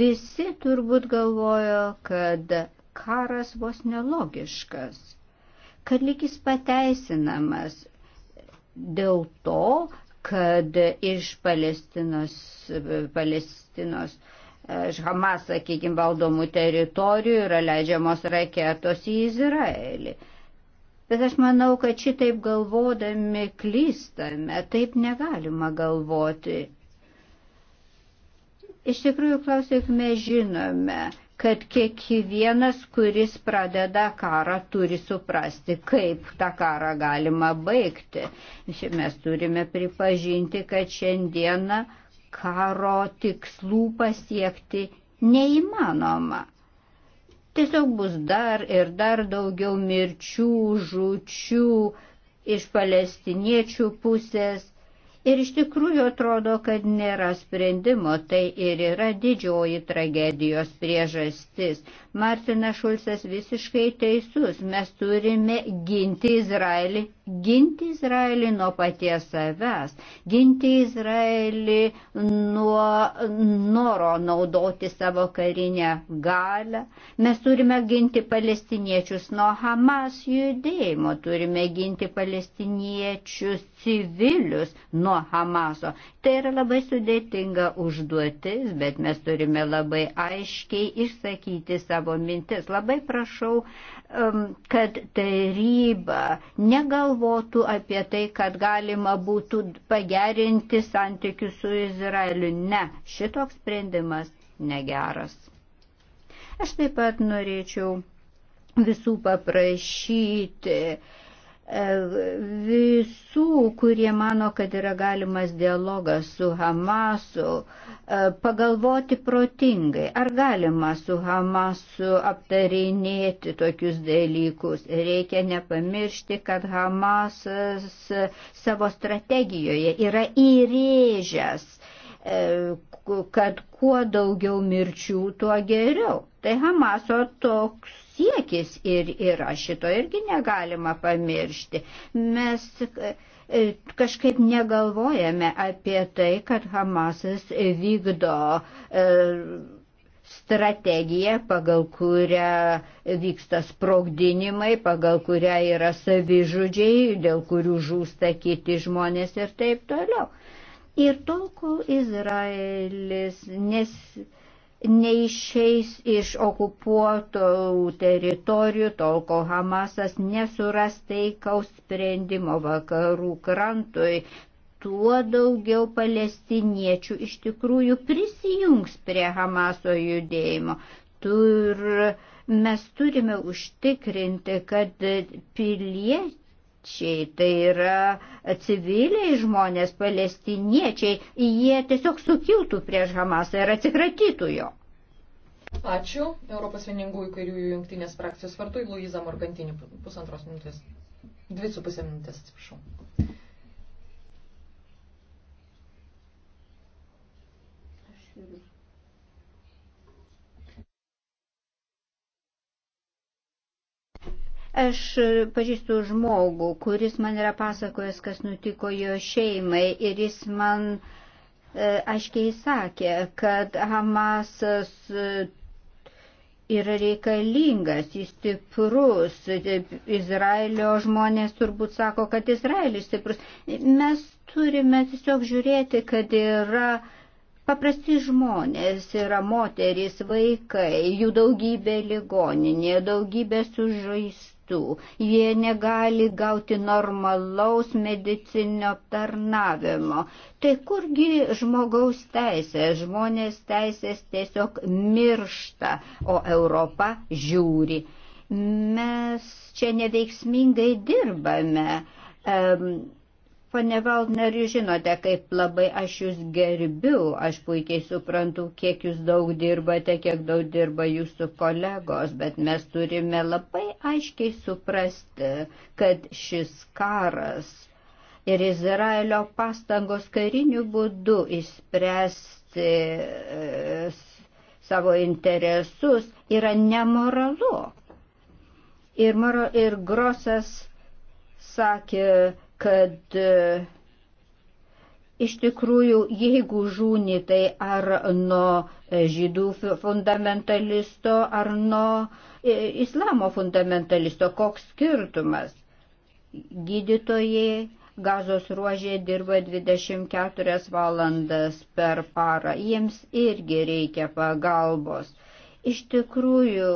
visi turbūt galvojo, kad karas vos nelogiškas, kad lygis pateisinamas dėl to, kad iš Palestinos, Palestinos iš e, Hamas, sakykime, valdomų teritorijų yra leidžiamos raketos į Izraelį. Bet aš manau, kad šitaip galvodami klystame, taip negalima galvoti. Iš tikrųjų, klausyk, mes žinome, kad kiekvienas, kuris pradeda karą, turi suprasti, kaip tą karą galima baigti. Mes turime pripažinti, kad šiandieną karo tikslų pasiekti neįmanoma. Tiesiog bus dar ir dar daugiau mirčių, žučių iš palestiniečių pusės, Ir iš tikrųjų atrodo, kad nėra sprendimo, tai ir yra didžioji tragedijos priežastis. Martinas Šulcas visiškai teisus, mes turime ginti Izraelį, ginti Izraelį nuo paties savęs, ginti Izraelį nuo noro naudoti savo karinę galę, mes turime ginti palestiniečius nuo Hamas judėjimo, turime ginti palestiniečius civilius nuo Hamaso. Tai yra labai sudėtinga užduotis, bet mes turime labai aiškiai išsakyti savo mintis. Labai prašau, um, kad taryba negalvotų apie tai, kad galima būtų pagerinti santykius su Izraeliu. Ne, šitoks sprendimas negeras. Aš taip pat norėčiau visų paprašyti, E, visų, kurie mano, kad yra galimas dialogas su Hamasu, e, pagalvoti protingai, ar galima su Hamasu aptarinėti tokius dalykus. Reikia nepamiršti, kad Hamasas savo strategijoje yra įrėžęs e, kad kuo daugiau mirčių, tuo geriau. Tai Hamaso toks siekis ir yra, šito irgi negalima pamiršti. Mes e, e, kažkaip negalvojame apie tai, kad Hamasas vykdo e, strategija, pagal kurią vyksta sprogdinimai, pagal kurią yra savižudžiai, dėl kurių žūsta kiti žmonės ir taip toliau. Ir tol, kol Izraelis nes, neišeis iš okupuotų teritorijų, tol kol Hamasas nesuras taikaus sprendimo vakarų krantui, tuo daugiau palestiniečių iš tikrųjų prisijungs prie Hamaso judėjimo. Tur mes turime užtikrinti, kad piliečiai piliečiai, tai yra civiliai žmonės, palestiniečiai, jie tiesiog sukiltų prieš Hamasą ir atsikratytų jo. Ačiū. Europos vieningųjų kairiųjų jungtinės frakcijos vartų į Luizą Morgantinį pusantros minutės. Dvi su pusė minutės, atsiprašau. Aš ir... Aš pažįstu žmogų, kuris man yra pasakojęs, kas nutiko jo šeimai ir jis man e, aiškiai sakė, kad Hamasas e, yra reikalingas, jis stiprus. E, Izraelio žmonės turbūt sako, kad Izraelis stiprus. Mes turime tiesiog žiūrėti, kad yra paprasti žmonės, yra moterys, vaikai, jų daugybė ligoninė, daugybė sužais vaistų, jie negali gauti normalaus medicinio aptarnavimo. Tai kurgi žmogaus teisės, žmonės teisės tiesiog miršta, o Europa žiūri. Mes čia neveiksmingai dirbame. Um, Pane Valdner, jūs žinote, kaip labai aš jūs gerbiu, aš puikiai suprantu, kiek jūs daug dirbate, kiek daug dirba jūsų kolegos, bet mes turime labai aiškiai suprasti, kad šis karas ir Izraelio pastangos kariniu būdu išspręsti e, savo interesus yra nemoralu. Ir, moro, ir Grosas sakė, kad e, iš tikrųjų, jeigu žūni, tai ar nuo e, žydų fundamentalisto, ar nuo e, islamo fundamentalisto, koks skirtumas. Gydytojai gazos ruožė dirba 24 valandas per parą, jiems irgi reikia pagalbos. Iš tikrųjų,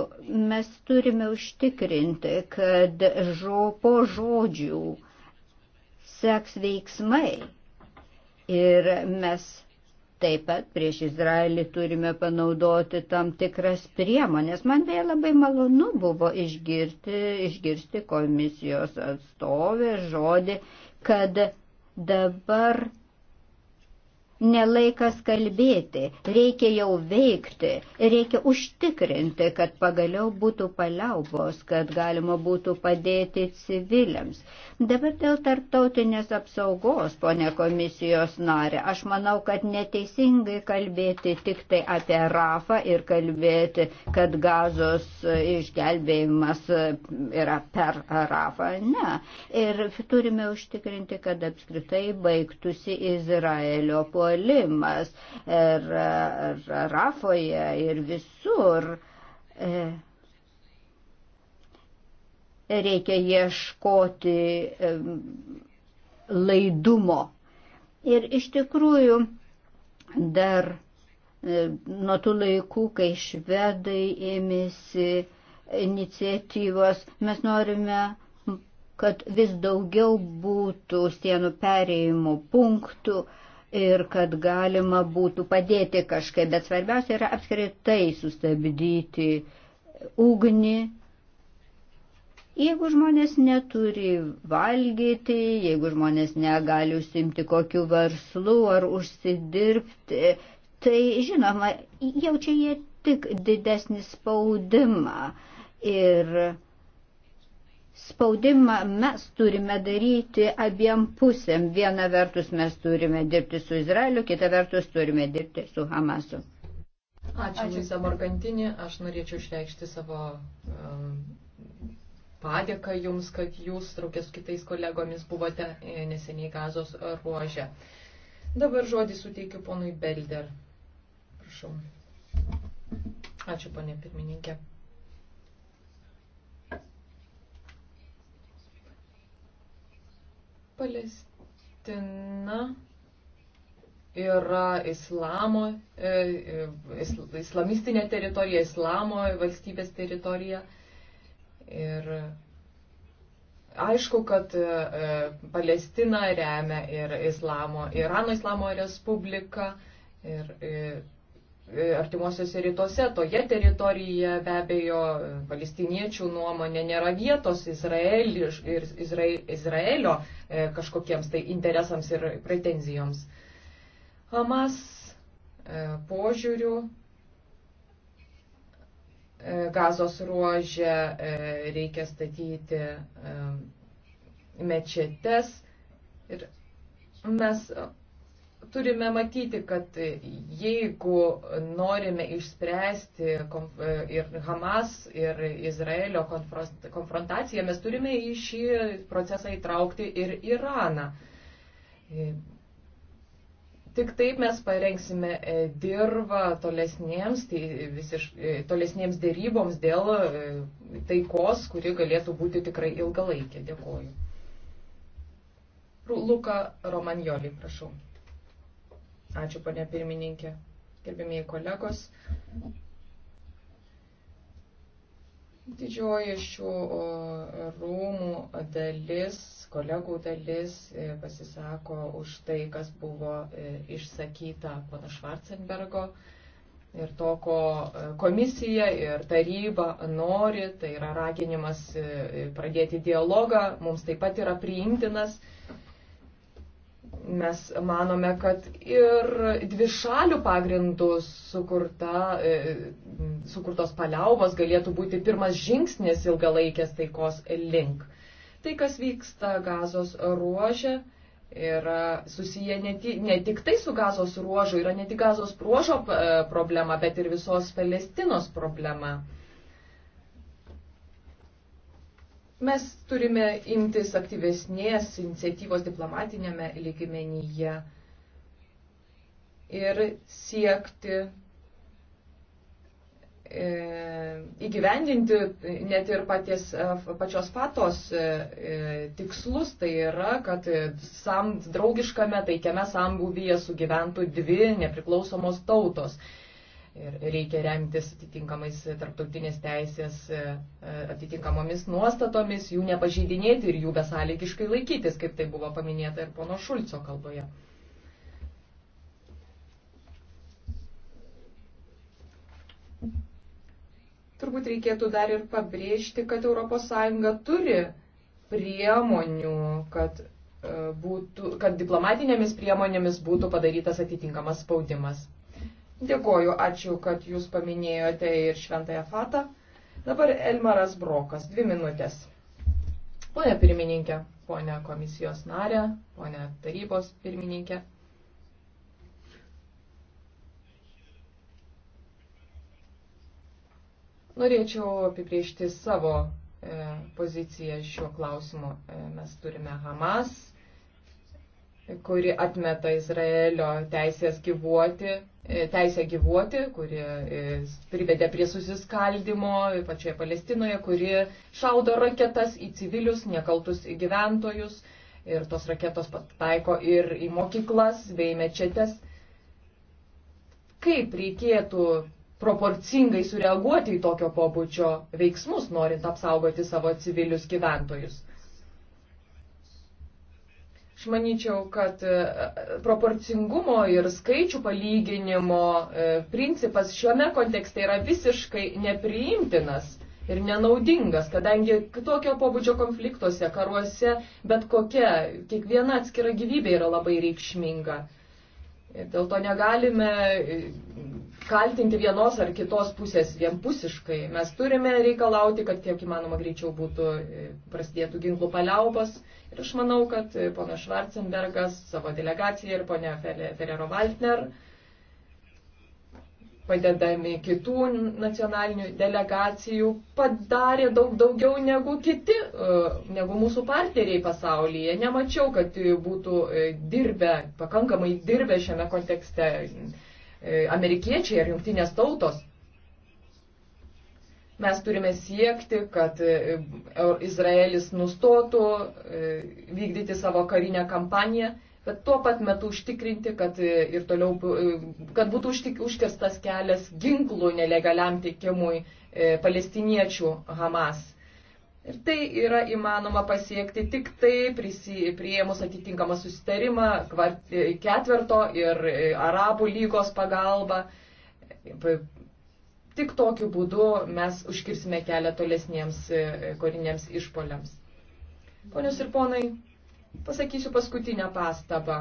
mes turime užtikrinti, kad žo, po žodžių seks veiksmai. Ir mes taip pat prieš Izraelį turime panaudoti tam tikras priemonės. Man beje labai malonu buvo išgirti, išgirsti komisijos atstovę žodį, kad dabar nelaikas kalbėti, reikia jau veikti, reikia užtikrinti, kad pagaliau būtų paliaubos, kad galima būtų padėti civiliams. Dabar dėl tarptautinės apsaugos, ponė komisijos narė, aš manau, kad neteisingai kalbėti tik tai apie Rafą ir kalbėti, kad gazos išgelbėjimas yra per Rafą. Ne. Ir turime užtikrinti, kad apskritai baigtųsi Izraelio puolė puolimas ir, er, ir er, Rafoje ir visur. E, reikia ieškoti e, laidumo. Ir iš tikrųjų dar e, nuo tų laikų, kai švedai ėmėsi iniciatyvos, mes norime kad vis daugiau būtų sienų perėjimo punktų, ir kad galima būtų padėti kažkaip, bet svarbiausia yra apskritai sustabdyti ugnį. Jeigu žmonės neturi valgyti, jeigu žmonės negali užsimti kokiu verslu ar užsidirbti, tai žinoma, jaučia jie tik didesnį spaudimą. Ir Spaudimą mes turime daryti abiem pusėm. Viena vertus mes turime dirbti su Izraeliu, kita vertus turime dirbti su Hamasu. Ačiū, Luisa Morgantinė. Aš norėčiau išreikšti savo um, padėką Jums, kad Jūs, traukės kitais kolegomis, buvote e, neseniai gazos ruožė. Dabar žodį suteikiu ponui Belder. Prašau. Ačiū, ponė pirmininkė. Palestina yra islamo, e, e, islamistinė teritorija, islamo valstybės teritorija. Ir aišku, kad e, Palestina remia ir islamo, Irano islamo respubliką. Ir, ir E, artimuosiuose rytuose, toje teritorijoje be abejo palestiniečių nuomonė nėra vietos Izraeli, Izra, Izraelio e, kažkokiems tai interesams ir pretenzijoms. Hamas e, požiūrių gazos ruožė reikia statyti mečetes ir mes turime matyti, kad jeigu norime išspręsti ir Hamas, ir Izraelio konfrontaciją, mes turime į šį procesą įtraukti ir Iraną. Tik taip mes parengsime e, dirbą tolesniems, tai visiš, e, tolesniems dėryboms dėl e, taikos, kuri galėtų būti tikrai ilgalaikė. Dėkoju. Luka Romanjoli, prašau. Ačiū, ponė pirmininkė. Gerbėmiai kolegos. Didžioji šių rūmų dalis, kolegų dalis e, pasisako už tai, kas buvo e, išsakyta pono Švarcenbergo ir to, ko e, komisija ir taryba nori, tai yra raginimas pradėti dialogą, mums taip pat yra priimtinas. Mes manome, kad ir dvišalių pagrindų sukurta, e, sukurtos paliaubos galėtų būti pirmas žingsnis ilgalaikės taikos link. Tai, kas vyksta gazos ruožė, yra susiję ne, ne tik tai su gazos ruožu, yra ne tik gazos ruožo e, problema, bet ir visos Palestinos problema. Mes turime imtis aktyvesnės iniciatyvos diplomatinėme lygmenyje ir siekti e, įgyvendinti net ir paties, e, pačios patos e, tikslus, tai yra, kad sam draugiškame taikiame sambuvyje sugyventų dvi nepriklausomos tautos. Ir reikia remtis atitinkamais tarptautinės teisės e, e, atitinkamomis nuostatomis, jų nepažeidinėti ir jų besąlygiškai laikytis, kaip tai buvo paminėta ir pono Šulco kalboje. Turbūt reikėtų dar ir pabrėžti, kad ES turi priemonių, kad, e, būtų, kad diplomatinėmis priemonėmis būtų padarytas atitinkamas spaudimas. Dėkoju, ačiū, kad jūs paminėjote ir šventąją fatą. Dabar Elmaras Brokas, dvi minutės. Pone pirmininkė, pone komisijos narė, pone tarybos pirmininkė. Norėčiau apibriežti savo e, poziciją šiuo klausimu. E, mes turime Hamas, kuri atmeta Izraelio teisės gyvuoti E, teisę gyvuoti, kuri e, privedė prie susiskaldimo pačioje Palestinoje, kuri šaudo raketas į civilius, nekaltus į gyventojus ir tos raketos pataiko ir į mokyklas bei mečetės. Kaip reikėtų proporcingai sureaguoti į tokio pobūdžio veiksmus, norint apsaugoti savo civilius gyventojus? manyčiau, kad e, proporcingumo ir skaičių palyginimo e, principas šiame kontekste yra visiškai nepriimtinas ir nenaudingas, kadangi tokio pobūdžio konfliktuose, karuose, bet kokia, kiekviena atskira gyvybė yra labai reikšminga. Dėl to negalime e, kaltinti vienos ar kitos pusės vienpusiškai. Mes turime reikalauti, kad kiek įmanoma greičiau būtų e, prasidėtų ginklų paliaubos. Ir aš manau, kad e, ponas Švarcenbergas, savo delegacija ir ponia Ferrero Waltner. Fer padedami kitų nacionalinių delegacijų, padarė daug daugiau negu kiti, e, negu mūsų partneriai pasaulyje. Nemačiau, kad būtų e, dirbę, pakankamai dirbę šiame kontekste e, amerikiečiai ar jungtinės tautos. Mes turime siekti, kad Izraelis nustotų vykdyti savo karinę kampaniją bet tuo pat metu užtikrinti, kad, e, ir toliau, e, kad būtų užkirstas kelias ginklų nelegaliam tiekimui e, palestiniečių Hamas. Ir tai yra įmanoma pasiekti tik tai prieimus atitinkamą susitarimą ketverto ir Arabų lygos pagalba. Tik tokiu būdu mes užkirsime kelią tolesniems koriniams išpoliams. Ponios ir ponai, pasakysiu paskutinę pastabą,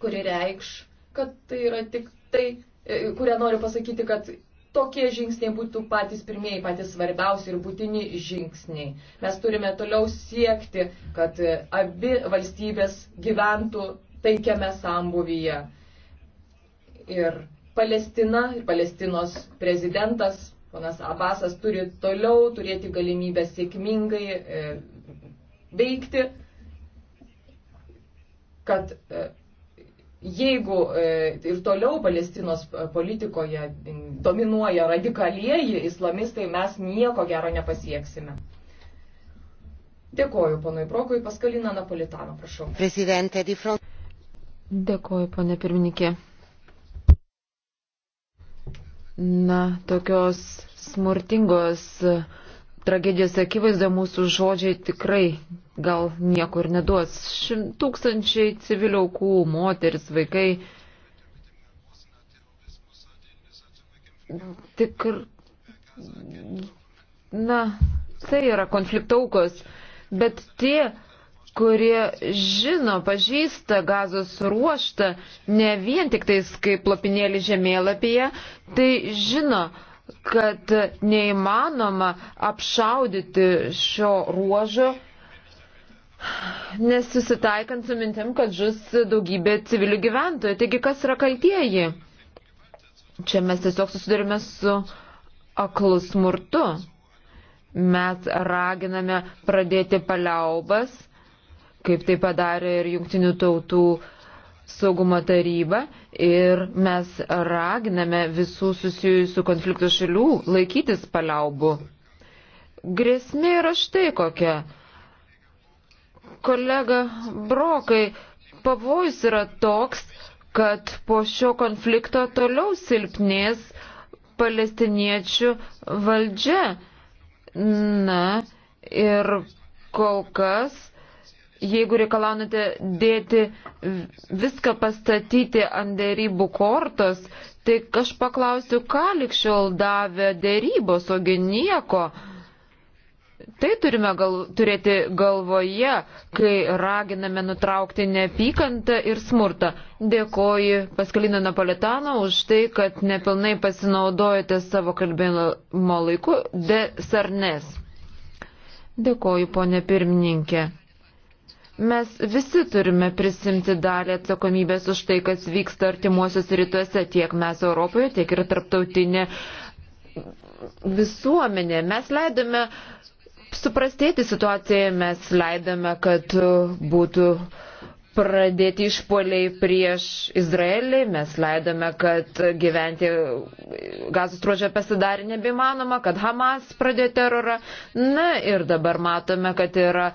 kuri reikš, kad tai yra tik tai, e, kurią noriu pasakyti, kad tokie žingsniai būtų patys pirmieji, patys svarbiausi ir būtini žingsniai. Mes turime toliau siekti, kad e, abi valstybės gyventų taikiame sambuvyje. Ir Palestina ir Palestinos prezidentas, ponas Abbasas, turi toliau turėti galimybę sėkmingai e, veikti kad e, jeigu e, ir toliau Palestinos e, politikoje dominuoja radikalieji islamistai, mes nieko gero nepasieksime. Dėkoju ponui Brokui, paskalina Napolitano, prašau. Prezidentė Di Front. Dėkoju, ponė pirmininkė. Na, tokios smurtingos uh, tragedijos akivaizda mūsų žodžiai tikrai gal niekur neduos. Šimt tūkstančiai civilių aukų, moteris, vaikai. Tik, na, tai yra konfliktaukos, bet tie, kurie žino, pažįsta gazos ruoštą ne vien tik tais kaip lapinėlį žemėlapyje, tai žino, kad neįmanoma apšaudyti šio ruožo, nesusitaikant su mintim, kad žus daugybė civilių gyventojų. Taigi, kas yra kaltieji? Čia mes tiesiog susidurime su aklu smurtu. Mes raginame pradėti paliaubas, kaip tai padarė ir jungtinių tautų uh, saugumo taryba ir mes raginame visų susijusių konfliktų šalių laikytis paliaubų. Grėsmė yra štai kokia. Kolega Brokai, pavojus yra toks, kad po šio konflikto toliau silpnės palestiniečių valdžia. Na ir kol kas jeigu reikalaunate dėti viską pastatyti ant dėrybų kortos, tai aš paklausiu, ką likščiol davė dėrybos, ogi nieko. Tai turime gal, turėti galvoje, kai raginame nutraukti neapykantą ir smurtą. Dėkoju Paskalino Napolitano už tai, kad nepilnai pasinaudojate savo kalbėjimo laiku de sarnes. Dėkoju, ponė pirmininkė. Mes visi turime prisimti dalį atsakomybės už tai, kas vyksta artimuosius rytuose, tiek mes Europoje, tiek ir tarptautinė visuomenė. Mes leidome suprastėti situaciją, mes leidome, kad būtų uh, pradėti išpoliai prieš Izraelį, mes leidome, kad gyventi gazos ruožė pasidarė nebeįmanoma, kad Hamas pradėjo terorą. Na ir dabar matome, kad yra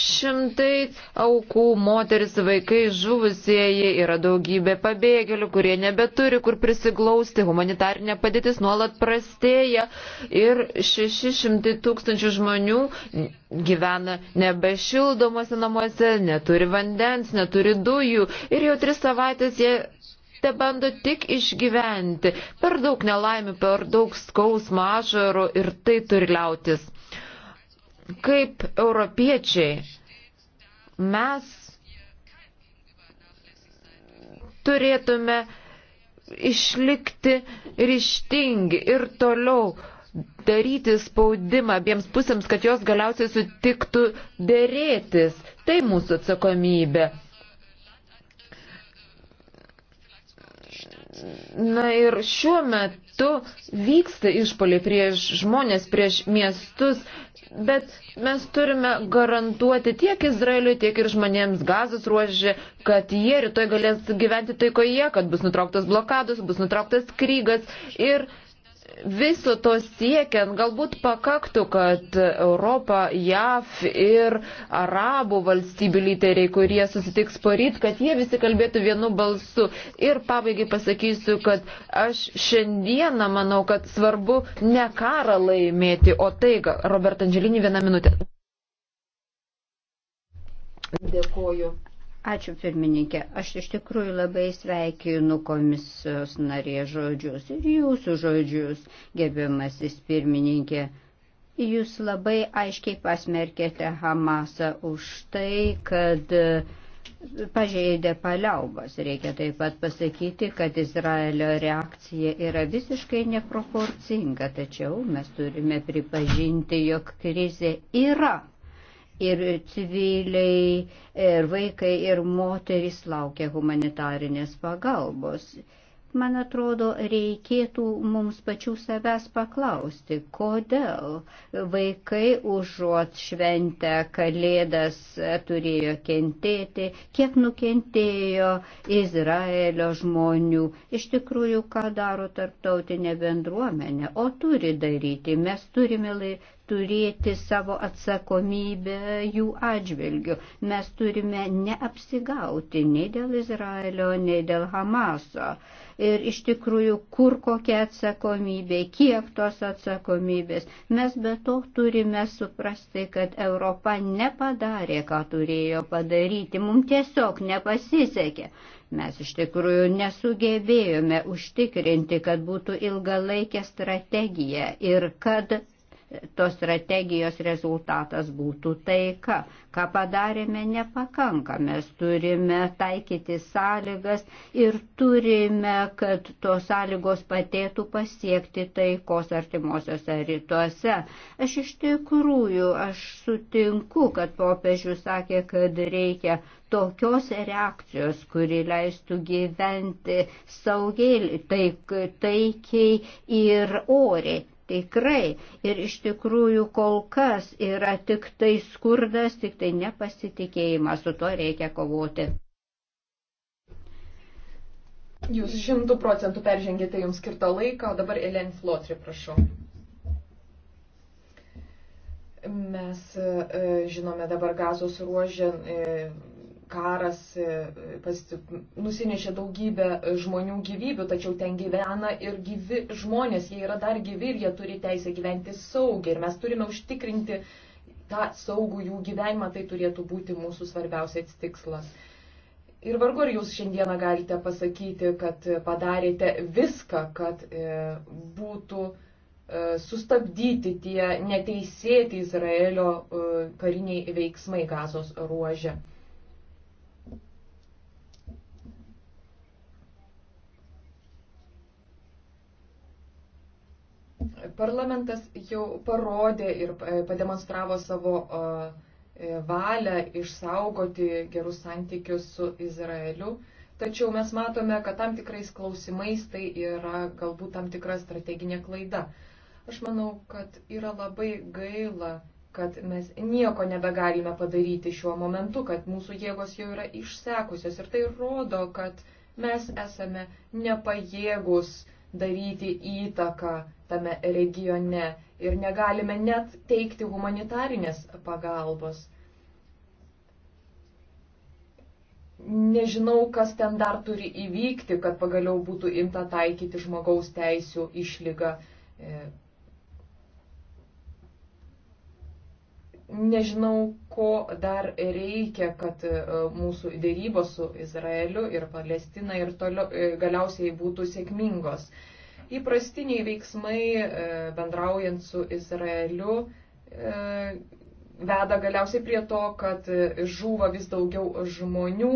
šimtai aukų, moteris, vaikai, žuvusieji, yra daugybė pabėgėlių, kurie nebeturi kur prisiglausti, humanitarinė padėtis nuolat prastėja ir 600 tūkstančių žmonių gyvena nebešildomose namuose, neturi vandens, neturi dujų ir jau tris savaitės jie te bando tik išgyventi. Per daug nelaimių, per daug skausmo ašarų ir tai turi liautis. Kaip europiečiai mes turėtume išlikti ryštingi ir toliau daryti spaudimą abiems pusėms, kad jos galiausiai sutiktų dėrėtis. Tai mūsų atsakomybė. Na ir šiuo metu vyksta išpoliai prieš žmonės, prieš miestus, bet mes turime garantuoti tiek Izraeliui, tiek ir žmonėms gazos ruožė, kad jie rytoj galės gyventi taikoje, kad bus nutrauktas blokados, bus nutrauktas krygas ir uh, viso to siekiant galbūt pakaktų, kad Europa, JAV ir arabų valstybių lyderiai, kurie susitiks poryt, kad jie visi kalbėtų vienu balsu. Ir pabaigai pasakysiu, kad aš šiandieną manau, kad svarbu ne karą laimėti, o tai, Robert Angelinį, vieną minutę. Dėkuoju. Ačiū pirmininkė. Aš iš tikrųjų labai sveikinu komisijos narė žodžius ir jūsų žodžius, gerbiamasis pirmininkė. Jūs labai aiškiai pasmerkėte Hamasą už tai, kad e, pažeidė paliaubas. Reikia taip pat pasakyti, kad Izraelio reakcija yra visiškai neproporcinga, tačiau mes turime pripažinti, jog krizė yra ir civiliai, ir vaikai, ir moterys laukia humanitarinės pagalbos. Man atrodo, reikėtų mums pačių savęs paklausti, kodėl vaikai užuot šventę kalėdas turėjo kentėti, kiek nukentėjo Izraelio žmonių, iš tikrųjų, ką daro tarptautinė bendruomenė, o turi daryti. Mes turime turėti savo atsakomybę jų atžvilgių. Mes turime neapsigauti nei dėl Izraelio, nei dėl Hamaso. Ir iš tikrųjų, kur kokia atsakomybė, kiek tos atsakomybės. Mes be to turime suprasti, kad Europa nepadarė, ką turėjo padaryti. Mums tiesiog nepasisekė. Mes iš tikrųjų nesugebėjome užtikrinti, kad būtų ilgalaikė strategija ir kad tos strategijos rezultatas būtų taika. Ką padarėme nepakanka, mes turime taikyti sąlygas ir turime, kad tos sąlygos patėtų pasiekti taikos artimuosiuose rytuose. Aš iš tikrųjų, aš sutinku, kad popiežius sakė, kad reikia tokios reakcijos, kuri leistų gyventi saugiai, taik, taikiai ir oriai tikrai ir iš tikrųjų kol kas yra tik tai skurdas, tik tai nepasitikėjimas, su to reikia kovoti. Jūs šimtų procentų peržengėte jums skirtą laiką, o dabar Elen Flotri, prašau. Mes e, žinome dabar gazos ruožę e, karas e, nusinešė daugybę e, žmonių gyvybių, tačiau ten gyvena ir gyvi žmonės, jie yra dar gyvi ir jie turi teisę gyventi saugiai. Ir mes turime užtikrinti tą saugų jų gyvenimą, tai turėtų būti mūsų svarbiausias tikslas. Ir vargu ar jūs šiandieną galite pasakyti, kad padarėte viską, kad e, būtų sustabdyti tie neteisėti Izraelio kariniai veiksmai gazos ruožė. Parlamentas jau parodė ir e, pademonstravo savo e, e, valią išsaugoti gerus santykius su Izraeliu. Tačiau mes matome, kad tam tikrais klausimais tai yra galbūt tam tikra strateginė klaida. Aš manau, kad yra labai gaila, kad mes nieko nebegalime padaryti šiuo momentu, kad mūsų jėgos jau yra išsekusios. Ir tai rodo, kad mes esame nepajėgus daryti įtaką tame regione ir negalime net teikti humanitarinės pagalbos. Nežinau, kas ten dar turi įvykti, kad pagaliau būtų imta taikyti žmogaus teisų išlygą e, Nežinau, ko dar reikia, kad e, mūsų dėrybos su Izraeliu ir Palestina ir toliau, e, galiausiai būtų sėkmingos. Įprastiniai veiksmai e, bendraujant su Izraeliu veda galiausiai prie to, kad žūva vis daugiau žmonių.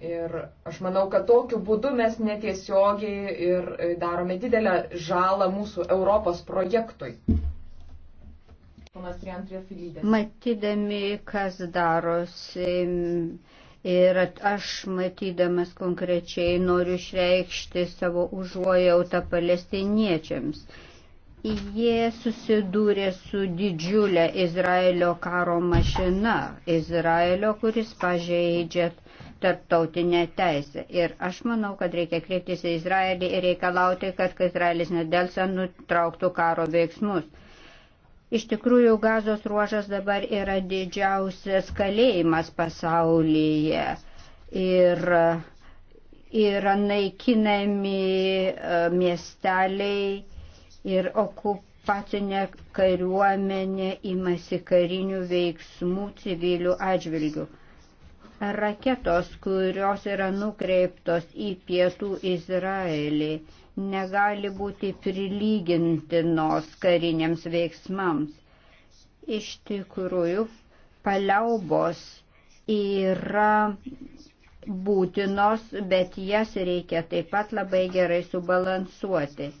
Ir aš manau, kad tokiu būdu mes netiesiogiai ir darome didelę žalą mūsų Europos projektui. Matydami, kas darosi ir aš matydamas konkrečiai noriu išreikšti savo užuojautą palestiniečiams. Jie susidūrė su didžiulė Izraelio karo mašina, Izraelio, kuris pažeidžia tarptautinę teisę. Ir aš manau, kad reikia kreiptis į Izraelį ir reikalauti, kad Izraelis nedelsą nutrauktų karo veiksmus. Iš tikrųjų, gazos ruožas dabar yra didžiausias kalėjimas pasaulyje. Ir yra naikinami e, miesteliai ir okupacinė kariuomenė imasi karinių veiksmų civilių atžvilgių. Raketos, kurios yra nukreiptos į pietų Izraelį, negali būti prilygintinos kariniams veiksmams. Iš tikrųjų, paliaubos yra būtinos, bet jas reikia taip pat labai gerai subalansuoti.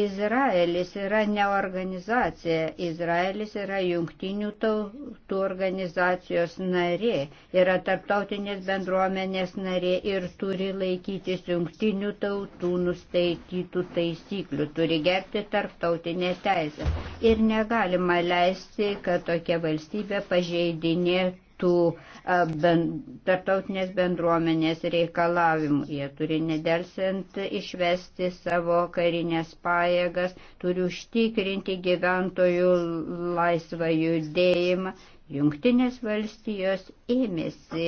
Izraelis yra ne organizacija, Izraelis yra jungtinių tautų organizacijos narė, yra tarptautinės bendruomenės narė ir turi laikytis jungtinių tautų nustatytų taisyklių, turi gerti tarptautinę teisę. Ir negalima leisti, kad tokia valstybė pažeidinėtų tartautinės bendruomenės reikalavimų. Jie turi nedelsiant išvesti savo karinės pajėgas, turi užtikrinti gyventojų laisvą judėjimą. Junktinės valstijos ėmėsi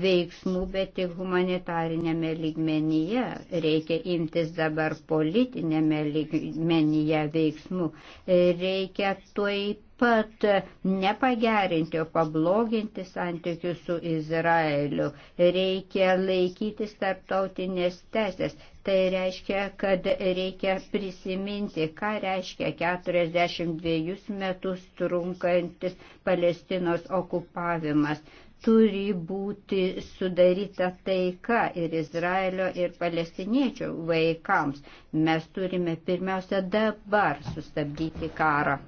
veiksmų, bet tik humanitarinėme lygmenyje. Reikia imtis dabar politinėme lygmenyje veiksmų. Reikia tuoj pat nepagerinti, o pabloginti santykius su Izraeliu. Reikia laikytis tarptautinės tesės. Tai reiškia, kad reikia prisiminti, ką reiškia 42 metus trunkantis Palestinos okupavimas. Turi būti sudaryta taika ir Izraelio, ir palestiniečių vaikams. Mes turime pirmiausia dabar sustabdyti karą.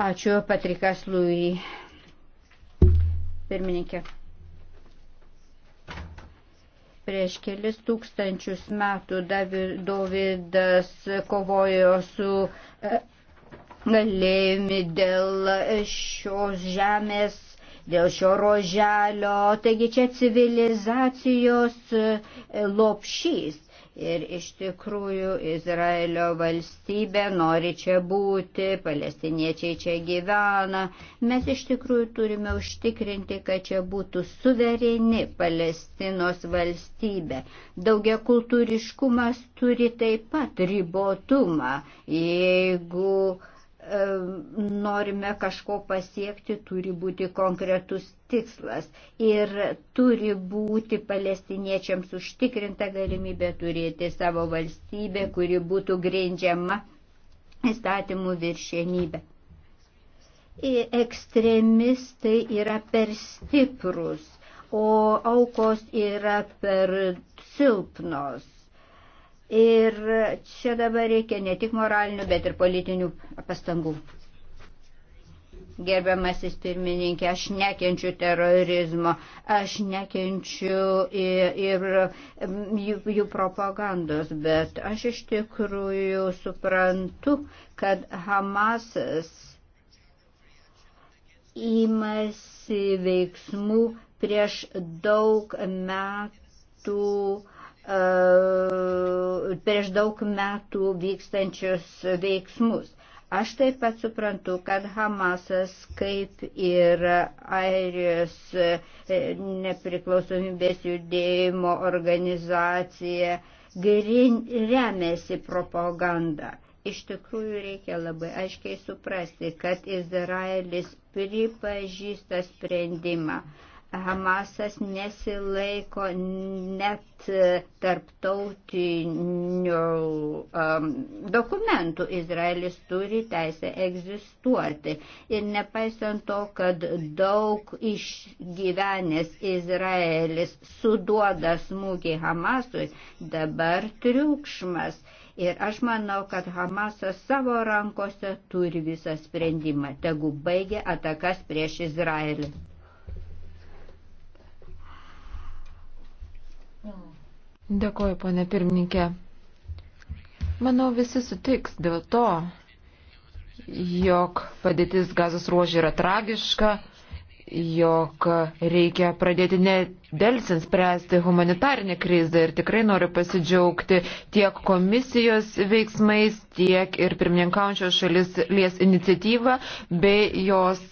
Ačiū, Patrikas Lui. Pirmininkė. Prieš kelis tūkstančius metų Davidas kovojo su e, galėjimi dėl šios žemės dėl šio roželio, taigi čia civilizacijos e, lopšys. Ir iš tikrųjų Izraelio valstybė nori čia būti, palestiniečiai čia gyvena. Mes iš tikrųjų turime užtikrinti, kad čia būtų suvereni Palestinos valstybė. Daugia kultūriškumas turi taip pat ribotumą. Jeigu uh, norime kažko pasiekti, turi būti konkretus tikslas ir turi būti palestiniečiams užtikrinta galimybė turėti savo valstybę, kuri būtų grindžiama įstatymų viršienybė. Ekstremistai yra per stiprus, o aukos yra per silpnos Ir čia dabar reikia ne tik moralinių, bet ir politinių pastangų. Gerbiamasis pirmininkė, aš nekenčiu terorizmo, aš nekenčiu ir, ir jų, jų propagandos, bet aš iš tikrųjų suprantu, kad Hamasas įmasi veiksmų prieš daug metų uh, E, prieš daug metų vykstančius veiksmus. Aš taip pat suprantu, kad Hamasas, kaip ir Airijos e, nepriklausomybės judėjimo organizacija, remiasi propagandą. Iš tikrųjų reikia labai aiškiai suprasti, kad Izraelis pripažįsta sprendimą Hamasas nesilaiko net tarptautinių um, dokumentų. Izraelis turi teisę egzistuoti. Ir nepaisant to, kad daug išgyvenęs Izraelis suduoda smūgį Hamasui, dabar triukšmas. Ir aš manau, kad Hamasas savo rankose turi visą sprendimą, tegu baigia atakas prieš Izraelį. Dėkuoju, ponė pirmininkė. Manau, visi sutiks dėl to, jog padėtis gazos ruožė yra tragiška, jog reikia pradėti nedelsint spręsti humanitarinę krizę ir tikrai noriu pasidžiaugti tiek komisijos veiksmais, tiek ir pirmininkaujančios šalis lies iniciatyvą bei jos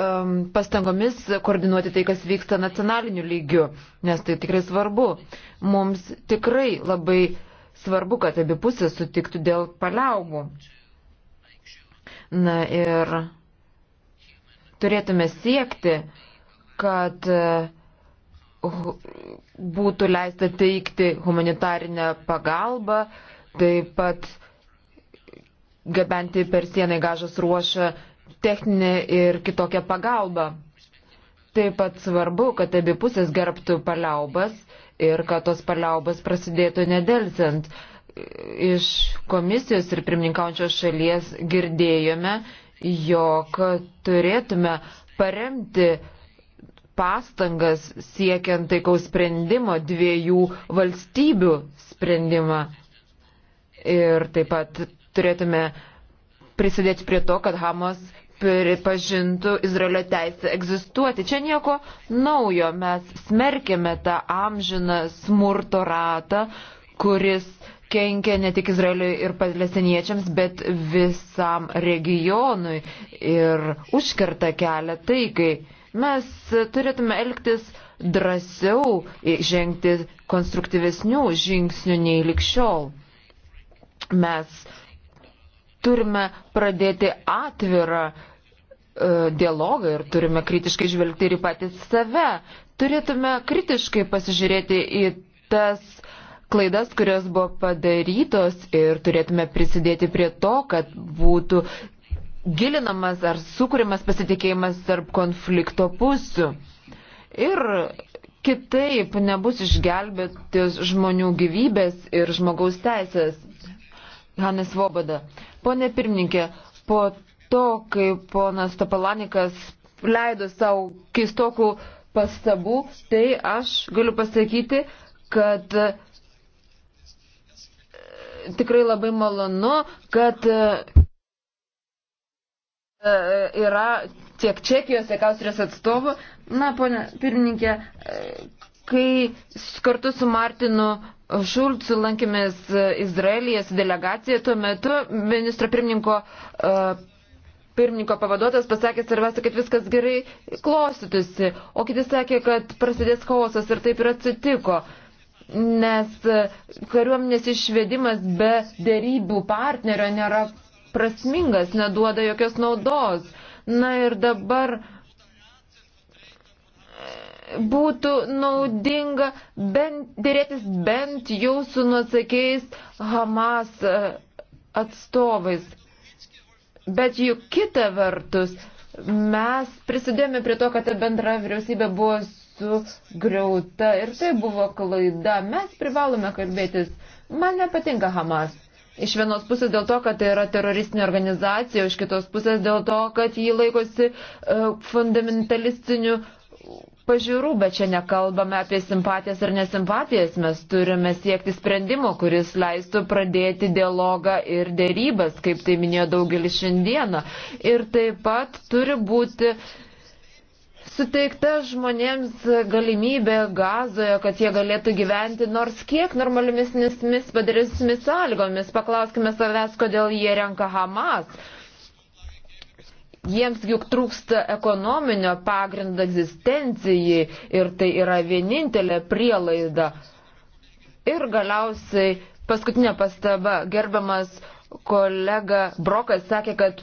um, pastangomis koordinuoti tai, kas vyksta nacionaliniu lygiu, nes tai tikrai svarbu. Mums tikrai labai svarbu, kad abi pusės sutiktų dėl paliaubų. Na ir turėtume siekti, kad uh, būtų leista teikti humanitarinę pagalbą, taip pat gabenti per sieną į gažas ruošą techninę ir kitokią pagalbą. Taip pat svarbu, kad abi pusės gerbtų paliaubas ir kad tos paliaubas prasidėtų nedelsiant. Iš komisijos ir pirmininkaujančios šalies girdėjome, jog turėtume paremti pastangas siekiant taikaus sprendimo dviejų valstybių sprendimą. Ir taip pat turėtume prisidėti prie to, kad Hamas pripažintų Izraelio teisę egzistuoti. Čia nieko naujo. Mes smerkėme tą amžiną smurto ratą, kuris kenkia ne tik Izraeliui ir palestiniečiams, bet visam regionui ir užkerta kelią taikai. Mes turėtume elgtis drąsiau, žengti konstruktyvesnių žingsnių nei likščiol. Mes turime pradėti atvirą e, dialogą ir turime kritiškai žvelgti ir į patį save. Turėtume kritiškai pasižiūrėti į tas klaidas, kurios buvo padarytos ir turėtume prisidėti prie to, kad būtų gilinamas ar sukūrimas pasitikėjimas tarp konflikto pusių. Ir kitaip nebus išgelbėtis žmonių gyvybės ir žmogaus teisės. Hanes Voboda. Pone pirmininkė, po to, kai ponas Tapalanikas leido savo keistokų pastabų, tai aš galiu pasakyti, kad e, tikrai labai malonu, kad e, e, yra tiek Čekijos, tiek Austrijos atstovų. Na, ponė pirmininkė, kai kartu su Martinu Šulcų lankėmės Izraelyje su delegacija. Tuo metu ministro pirmininko, e, pirmininko pavaduotas pasakė svarbiausia, kad viskas gerai klostytųsi, o kiti sakė, kad prasidės chaosas ir taip ir atsitiko. Nes e, kariuomenės išvedimas be dėrybių partnerio nėra prasmingas, neduoda jokios naudos. Na ir dabar uh, būtų naudinga bent, dėrėtis bent jau su nuosakiais Hamas e, atstovais. Bet juk kita vertus, mes prisidėjome prie to, kad ta bendra vyriausybė buvo sugriauta ir tai buvo klaida. Mes privalome kalbėtis. Man nepatinka Hamas. Iš vienos pusės dėl to, kad tai yra teroristinė organizacija, iš kitos pusės dėl to, kad jį laikosi e, fundamentalistinių pažiūrų, bet čia nekalbame apie simpatijas ar nesimpatijas. Mes turime siekti sprendimo, kuris leistų pradėti dialogą ir dėrybas, kaip tai minėjo daugelis šiandieną. Ir taip pat turi būti suteikta žmonėms galimybė gazoje, kad jie galėtų gyventi nors kiek normalimis padarysmis sąlygomis. Paklauskime savęs, kodėl jie renka Hamas Jiems juk trūksta ekonominio pagrindo egzistencijai ir tai yra vienintelė prielaida. Ir galiausiai paskutinė pastaba. Gerbiamas kolega Brokas sakė, kad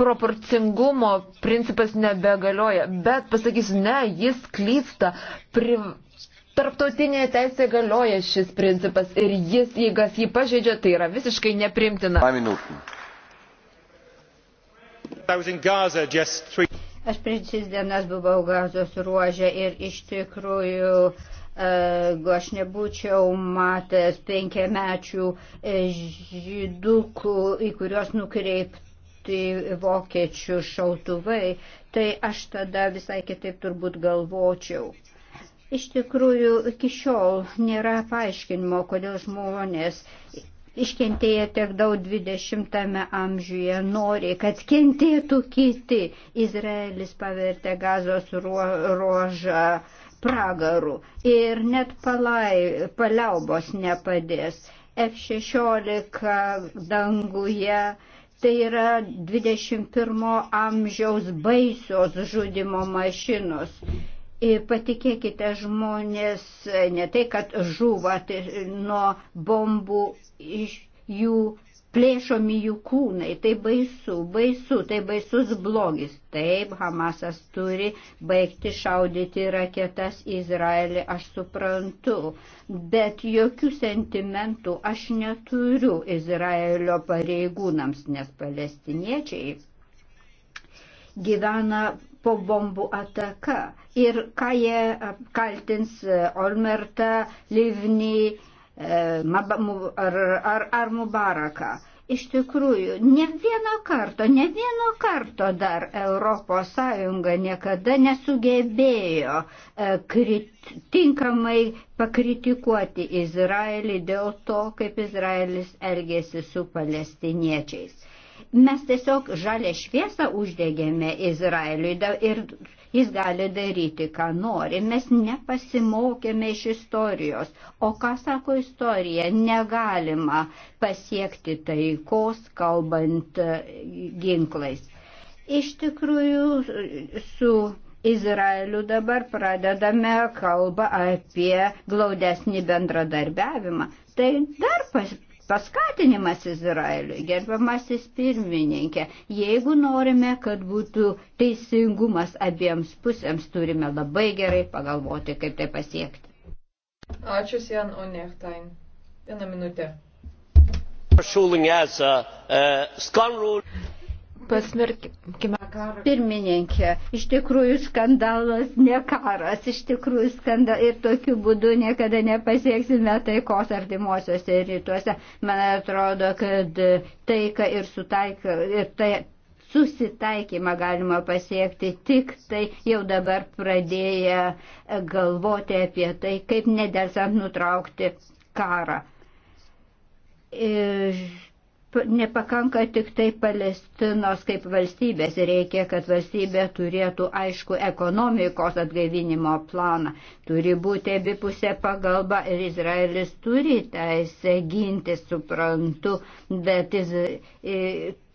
proporcingumo principas nebegalioja, bet pasakysiu, ne, jis klysta. Pri... Tarptautinėje teisėje galioja šis principas ir jis, jeigu jį pažeidžia, tai yra visiškai neprimtina. Minutį. Aš prieš tris dienas buvau gazos ruožė ir iš tikrųjų, jeigu aš nebūčiau matęs penkiamečių e, žydukų, į kuriuos nukreipti vokiečių šautuvai, tai aš tada visai kitaip turbūt galvočiau. Iš tikrųjų, iki šiol nėra paaiškinimo, kodėl žmonės iškentėję tiek daug 20-ame amžiuje, nori, kad kentėtų kiti. Izraelis pavertė gazos ruo, ruožą pragarų ir net palai, paliaubos nepadės. F-16 danguje. Tai yra 21 amžiaus baisios žudimo mašinos. Patikėkite, žmonės ne tai, kad žuvo tai nuo bombų iš jų plėšomi jų kūnai, tai baisu, baisu, tai baisus blogis. Taip, Hamasas turi baigti šaudyti raketas į Izraelį, aš suprantu, bet jokių sentimentų aš neturiu Izraelio pareigūnams, nes palestiniečiai gyvena po bombų ataka ir ką jie apkaltins e, Olmertą, Livnį e, ar, ar, ar Mubaraką. Iš tikrųjų, ne vieno karto, ne vieno karto dar ES niekada nesugebėjo e, krit, tinkamai pakritikuoti Izraelį dėl to, kaip Izraelis elgėsi su palestiniečiais. Mes tiesiog žalę šviesą uždegėme Izraeliui ir jis gali daryti, ką nori. Mes nepasimokėme iš istorijos. O ką sako istorija? Negalima pasiekti taikos, kalbant e, ginklais. Iš tikrųjų, su Izraeliu dabar pradedame kalbą apie glaudesnį bendradarbiavimą. Tai dar pas, paskatinimas Izraeliui, gerbiamasis pirmininkė. Jeigu norime, kad būtų teisingumas abiems pusėms, turime labai gerai pagalvoti, kaip tai pasiekti. Ačiū, Sian Onechtain. Vieną minutę pasmirkime karą. Pirmininkė, iš tikrųjų skandalas ne karas, iš tikrųjų skandalas ir tokiu būdu niekada nepasieksime taikos artimuosiuose rytuose. Man atrodo, kad taika ir sutaika ir tai. Susitaikymą galima pasiekti tik tai jau dabar pradėję galvoti apie tai, kaip nedelsant nutraukti karą. Ir nepakanka tik tai Palestinos kaip valstybės, reikia, kad valstybė turėtų aišku ekonomikos atgaivinimo planą, turi būti abipusė pagalba ir Izraelis turi teisę ginti, suprantu, bet iz,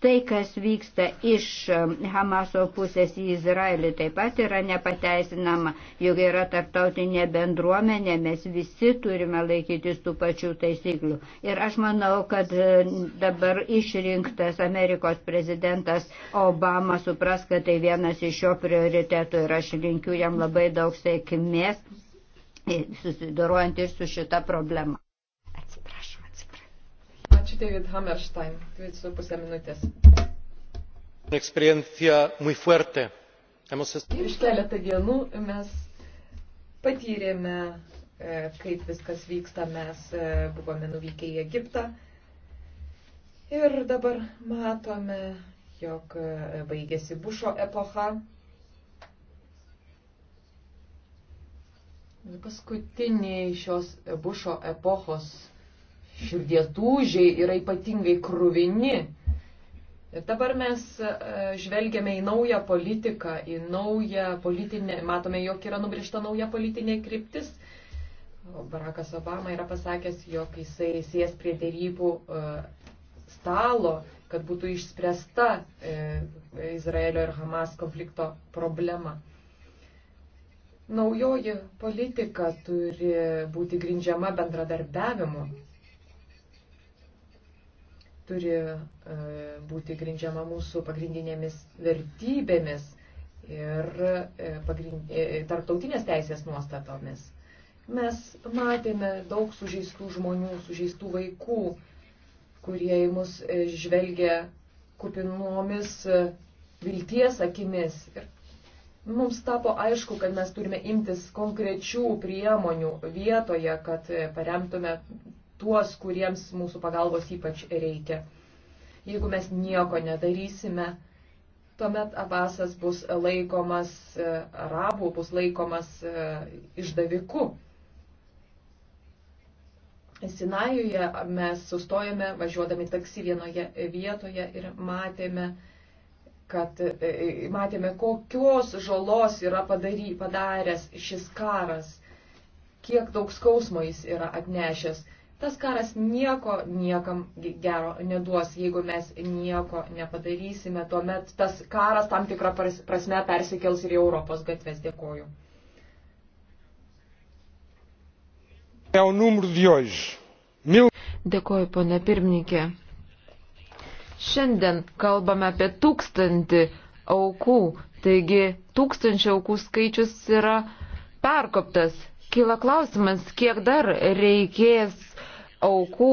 Tai, kas vyksta iš um, Hamaso pusės į Izraelį, taip pat yra nepateisinama, juk yra tarptautinė bendruomenė, mes visi turime laikytis tų pačių taisyklių. Ir aš manau, kad um, dabar išrinktas Amerikos prezidentas Obama supras, kad tai vienas iš jo prioritetų ir aš linkiu jam labai daug sėkmės susidorojant ir su šita problema. Ačiū, David Hammerstein. 2,5 minutės. Prieš keletą dienų mes patyrėme, e, kaip viskas vyksta. Mes e, buvome nuvykę į Egiptą ir dabar matome, jog e, baigėsi Bušo epocha. Paskutiniai šios Bušo epochos širdietūžiai yra ypatingai krūvini. Ir dabar mes e, žvelgiame į naują politiką, į naują politinę, matome, jog yra nubriežta nauja politinė kryptis. Barackas Obama yra pasakęs, jog jisai sės prie dėrybų e, stalo, kad būtų išspręsta e, Izraelio ir Hamas konflikto problema. Naujoji politika turi būti grindžiama bendradarbiavimu turi e, būti grindžiama mūsų pagrindinėmis vertybėmis ir e, pagrind... E, tarptautinės teisės nuostatomis. Mes matėme daug sužeistų žmonių, sužeistų vaikų, kurie į mus žvelgia kupinomis vilties akimis. Ir mums tapo aišku, kad mes turime imtis konkrečių priemonių vietoje, kad paremtume tuos, kuriems mūsų pagalbos ypač reikia. Jeigu mes nieko nedarysime, tuomet Abasas bus laikomas e, arabų, bus laikomas e, išdaviku. Sinajuje mes sustojame važiuodami taksi vienoje vietoje ir matėme, kad e, matėme, kokios žalos yra padary, padaręs šis karas, kiek daug skausmo jis yra atnešęs. Tas karas nieko niekam gero neduos, jeigu mes nieko nepadarysime, tuomet tas karas tam tikrą prasme persikels ir į Europos gatves. Dėkoju. Dėkoju, ponė pirmininkė. Šiandien kalbame apie tūkstantį aukų, taigi tūkstančio aukų skaičius yra perkoptas. Kyla klausimas, kiek dar reikės aukų,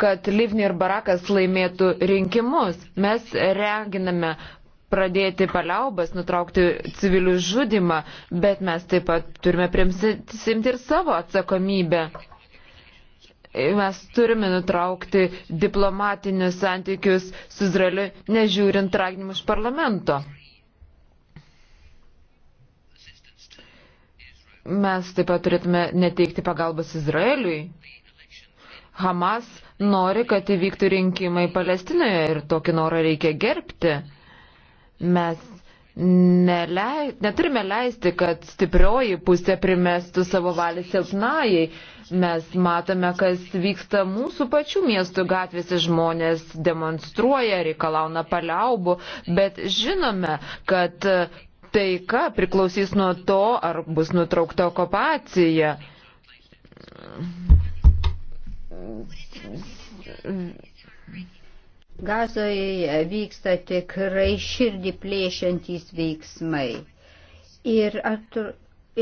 kad Livni ir Barakas laimėtų rinkimus. Mes reginame pradėti paliaubas, nutraukti civilių žudimą, bet mes taip pat turime prisimti ir savo atsakomybę. Mes turime nutraukti diplomatinius santykius su Izraeliu, nežiūrint raginimų iš parlamento. Mes taip pat turėtume neteikti pagalbos Izraeliui. Hamas nori, kad įvyktų rinkimai Palestinoje ir tokį norą reikia gerbti. Mes nelei, neturime leisti, kad stiprioji pusė primestų savo valį silpnajai. Mes matome, kas vyksta mūsų pačių miestų gatvėse. Žmonės demonstruoja, reikalauna paliaubų, bet žinome, kad e, taika priklausys nuo to, ar bus nutraukta okupacija. Gazoje vyksta tikrai širdį plėšiantys veiksmai. Ir ar tu,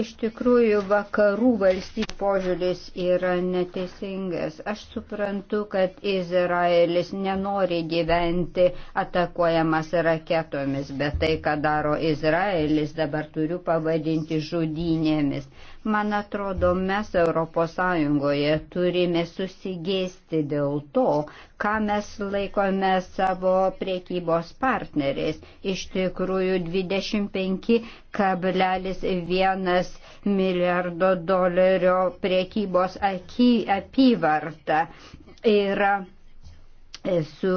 iš tikrųjų vakarų valstybių požiūris yra neteisingas. Aš suprantu, kad Izraelis nenori gyventi atakuojamas raketomis, bet tai, ką daro Izraelis, dabar turiu pavadinti žudynėmis. Man atrodo, mes ES turime susigėsti dėl to, ką mes laikome savo priekybos partneriais. Iš tikrųjų, 25,1 milijardo dolerio priekybos apyvarta yra su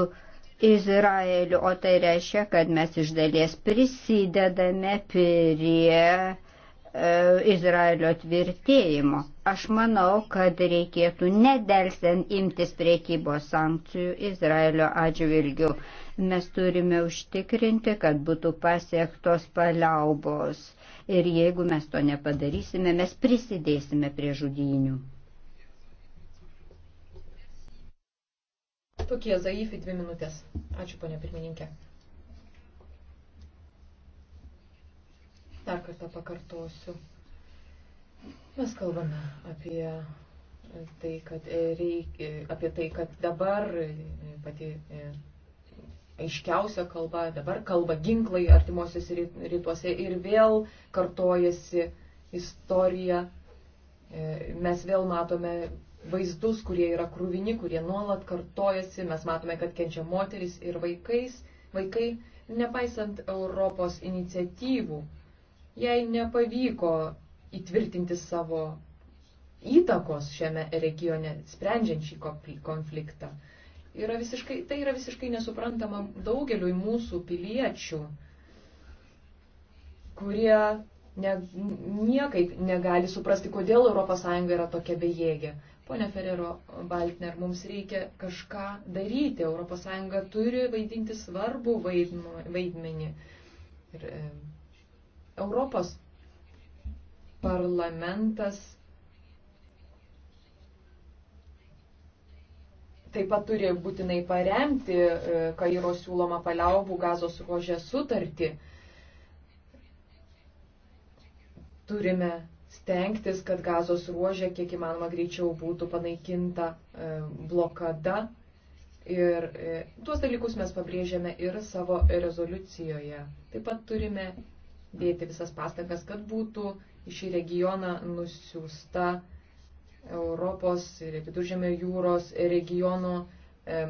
Izraeliu, o tai reiškia, kad mes iš dalies prisidedame prie E, Izraelio tvirtėjimo. Aš manau, kad reikėtų nedelsiant imtis priekybos sankcijų Izraelio atžvilgių. Mes turime užtikrinti, kad būtų pasiektos paliaubos. Ir jeigu mes to nepadarysime, mes prisidėsime prie žudynių. Tokie Zaifi dvi minutės. Ačiū, ponia pirmininkė. Dar kartą pakartosiu. Mes kalbame apie tai, kad, reikia, apie tai, kad dabar pati e, aiškiausia kalba, dabar kalba ginklai artimuosiuose rytuose ir vėl kartojasi istorija. E, mes vėl matome vaizdus, kurie yra krūvini, kurie nuolat kartojasi. Mes matome, kad kenčia moteris ir vaikais, vaikai, nepaisant Europos iniciatyvų jai nepavyko įtvirtinti savo įtakos šiame regione, sprendžiant šį konfliktą. Yra visiškai, tai yra visiškai nesuprantama daugeliui mūsų piliečių, kurie ne, niekaip negali suprasti, kodėl ES yra tokia bejėgė. Pone Ferrero Baltner, mums reikia kažką daryti. ES turi vaidinti svarbų vaidmenį. Ir, e, Europos parlamentas taip pat turi būtinai paremti e, Kairo siūlomą paliaubų gazos ruožę sutartį. Turime stengtis, kad gazos ruožė kiek įmanoma greičiau būtų panaikinta e, blokada. Ir e, tuos dalykus mes pabrėžėme ir savo rezoliucijoje. Taip pat turime dėti visas pastangas, kad būtų į šį regioną nusiųsta Europos ir Viduržėmio jūros regiono e,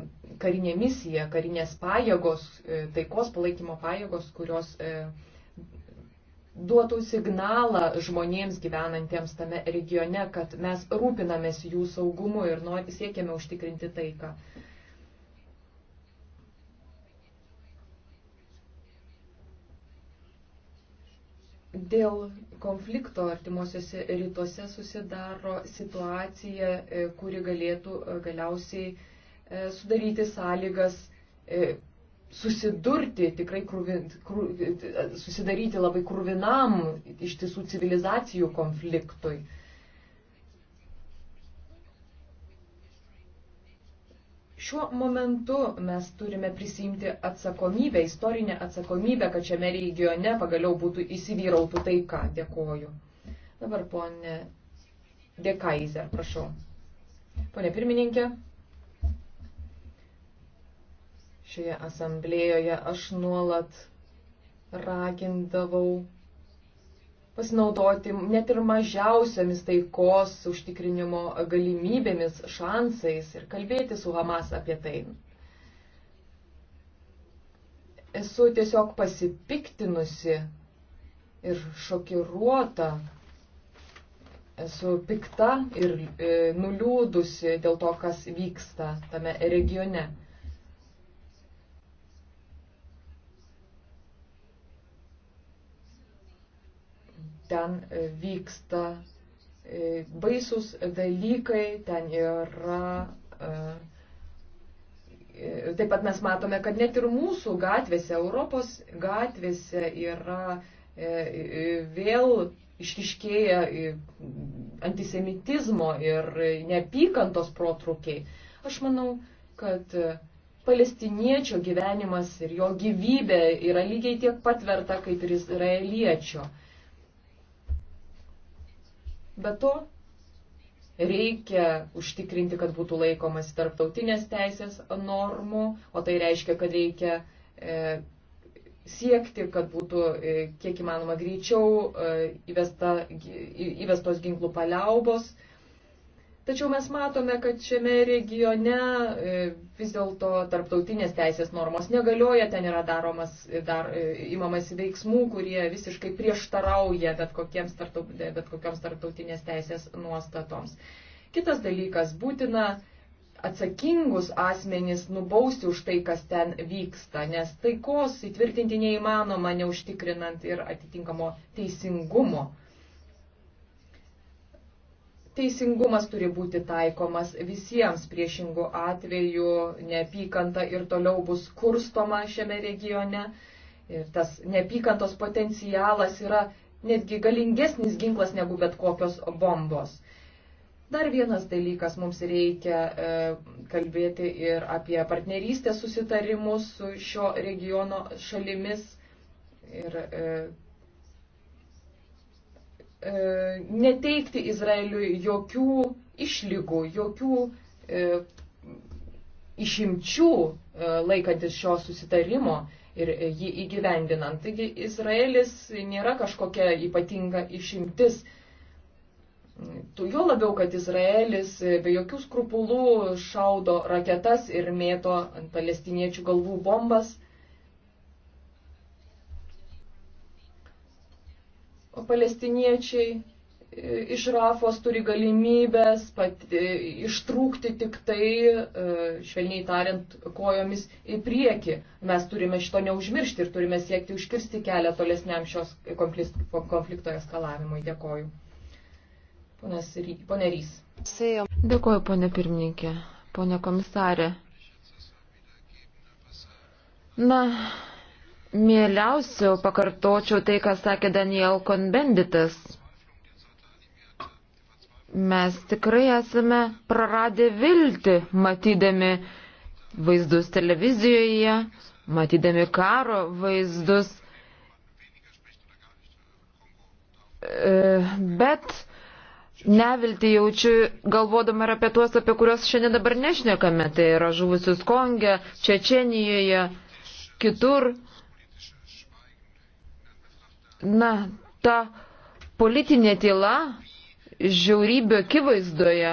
karinė misija, karinės pajėgos, e, taikos palaikymo pajėgos, kurios e, duotų signalą žmonėms gyvenantiems tame regione, kad mes rūpinamės jų saugumu ir nori, siekiame užtikrinti taiką. dėl konflikto artimuosiuose rytuose susidaro situacija, e, kuri galėtų e, galiausiai e, sudaryti sąlygas susidurti tikrai krūvin, krū, susidaryti labai krūvinam iš tiesų civilizacijų konfliktui. Šiuo momentu mes turime prisimti atsakomybę, istorinę atsakomybę, kad šiame regione pagaliau būtų įsivyrautų taika. Dėkoju. Dabar ponė Dekaizer, prašau. Pone pirmininkė, šioje asamblėjoje aš nuolat ragindavau pasinaudoti net ir mažiausiamis taikos užtikrinimo galimybėmis, šansais ir kalbėti su Hamas apie tai. Esu tiesiog pasipiktinusi ir šokiruota. Esu pikta ir e, nuliūdusi dėl to, kas vyksta tame regione. ten e, vyksta e, baisus dalykai, ten yra. E, taip pat mes matome, kad net ir mūsų gatvėse, Europos gatvėse yra vėl išriškėja antisemitizmo ir neapykantos protrukiai. Aš manau, kad palestiniečio gyvenimas ir jo gyvybė yra lygiai tiek pat verta kaip ir izraeliečio. Be to, reikia užtikrinti, kad būtų laikomas tarptautinės teisės normų, o tai reiškia, kad reikia e, siekti, kad būtų e, kiek įmanoma greičiau e, įvesta, įvestos ginklų paliaubos. E, Tačiau mes matome, kad šiame regione e, vis dėlto tarptautinės teisės normos negalioja, ten yra daromas, dar, e, imamas veiksmų, kurie visiškai prieštarauja bet, tarptaut, bet kokioms tarptautinės teisės nuostatoms. Kitas dalykas, būtina atsakingus asmenys nubausti už tai, kas ten vyksta, nes taikos įtvirtinti neįmanoma, neužtikrinant ir atitinkamo teisingumo. Teisingumas turi būti taikomas visiems priešingų atvejų, neapykanta ir toliau bus kurstoma šiame regione. Ir tas neapykantos potencialas yra netgi galingesnis ginklas negu bet kokios bombos. Dar vienas dalykas, mums reikia e, kalbėti ir apie partnerystės susitarimus su šio regiono šalimis. Ir, e, E, neteikti Izraeliui jokių išlygų, jokių e, išimčių e, laikantis šio susitarimo ir jį įgyvendinant. Taigi Izraelis nėra kažkokia ypatinga išimtis. Tu jo labiau, kad Izraelis be jokių skrupulų šaudo raketas ir mėto ant palestiniečių galvų bombas. palestiniečiai e, iš Rafos turi galimybės pat, e, ištrūkti tik tai, e, švelniai tariant, kojomis į priekį. Mes turime šito neužmiršti ir turime siekti užkirsti kelią tolesniam šios konflikto eskalavimui. Dėkoju. Pone Rys. Dėkoju, ponė pirmininkė, ponė komisarė. Na, Mieliausiu pakartočiau tai, ką sakė Daniel Konbenditas. Mes tikrai esame praradę viltį, matydami vaizdus televizijoje, matydami karo vaizdus. E, bet Nevilti jaučiu, galvodama ir apie tuos, apie kuriuos šiandien dabar nešnekame, tai yra žuvusius Konge, Čečenijoje, kitur na, ta politinė tyla žiaurybė akivaizdoje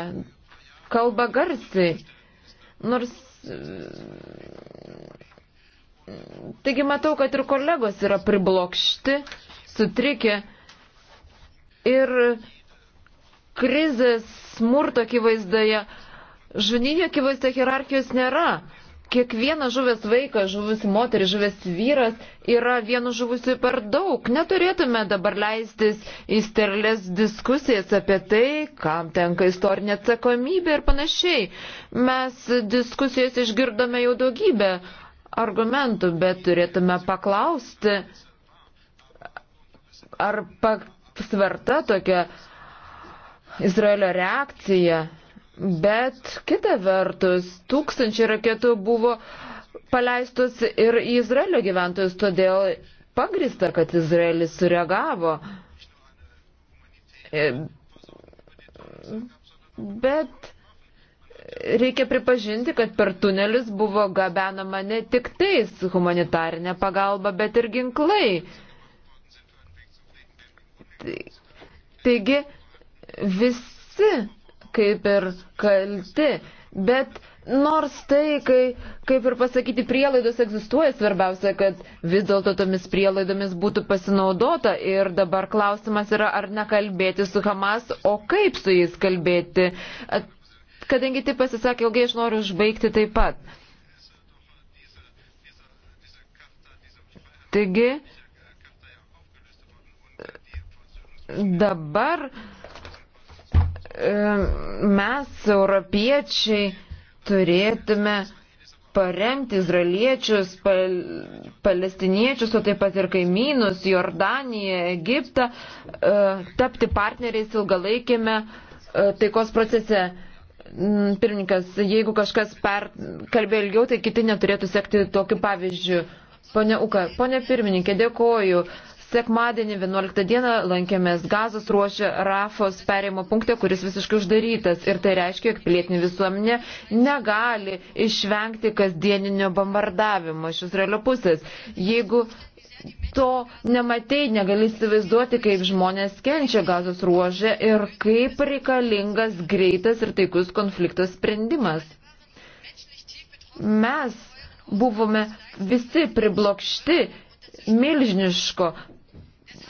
kalba garsiai. Nors. Taigi matau, kad ir kolegos yra priblokšti, sutrikę ir krizės smurto akivaizdoje, žuninio akivaizdoje hierarchijos nėra kiekvienas žuvęs vaikas, žuvęs moteris, žuvęs vyras yra vienu žuvusiu per daug. Neturėtume dabar leistis į sterlės diskusijas apie tai, kam tenka istorinė atsakomybė ir panašiai. Mes diskusijos išgirdome jau daugybę argumentų, bet turėtume paklausti, ar pasverta tokia Izraelio reakcija Bet kita vertus, tūkstančiai raketų buvo paleistos ir į Izraelio gyventojus, todėl pagrista, kad Izraelis sureagavo. E, bet reikia pripažinti, kad per tunelius buvo gabenama ne tik tais humanitarinė pagalba, bet ir ginklai. Taigi visi kaip ir kalti. Bet nors tai, kai, kaip ir pasakyti, prielaidos egzistuoja, svarbiausia, kad vis dėlto tomis prielaidomis būtų pasinaudota. Ir dabar klausimas yra, ar nekalbėti su Hamas, o kaip su jais kalbėti. Kadangi tai pasisakė ilgai, aš noriu užbaigti taip pat. Taigi, dabar mes, europiečiai, turėtume paremti izraeliečius, pal, palestiniečius, o taip pat ir kaimynus, Jordaniją, Egiptą, e, tapti partneriais ilgalaikėme e, taikos procese. Mm, pirmininkas, jeigu kažkas per, kalbėjo ilgiau, tai kiti neturėtų sekti tokiu pavyzdžiu. Pone Uka, pone pirmininkė, dėkoju. Sekmadienį 11 dieną lankėmės gazos ruošę Rafos perėjimo punktą, kuris visiškai uždarytas. Ir tai reiškia, jog pilietinė visuomenė negali išvengti kasdieninio bombardavimo iš Izraelio pusės. Jeigu to nematei, negali įsivaizduoti, kaip žmonės kenčia gazos ruožę ir kaip reikalingas greitas ir taikus konfliktos sprendimas. Mes buvome visi priblokšti milžiniško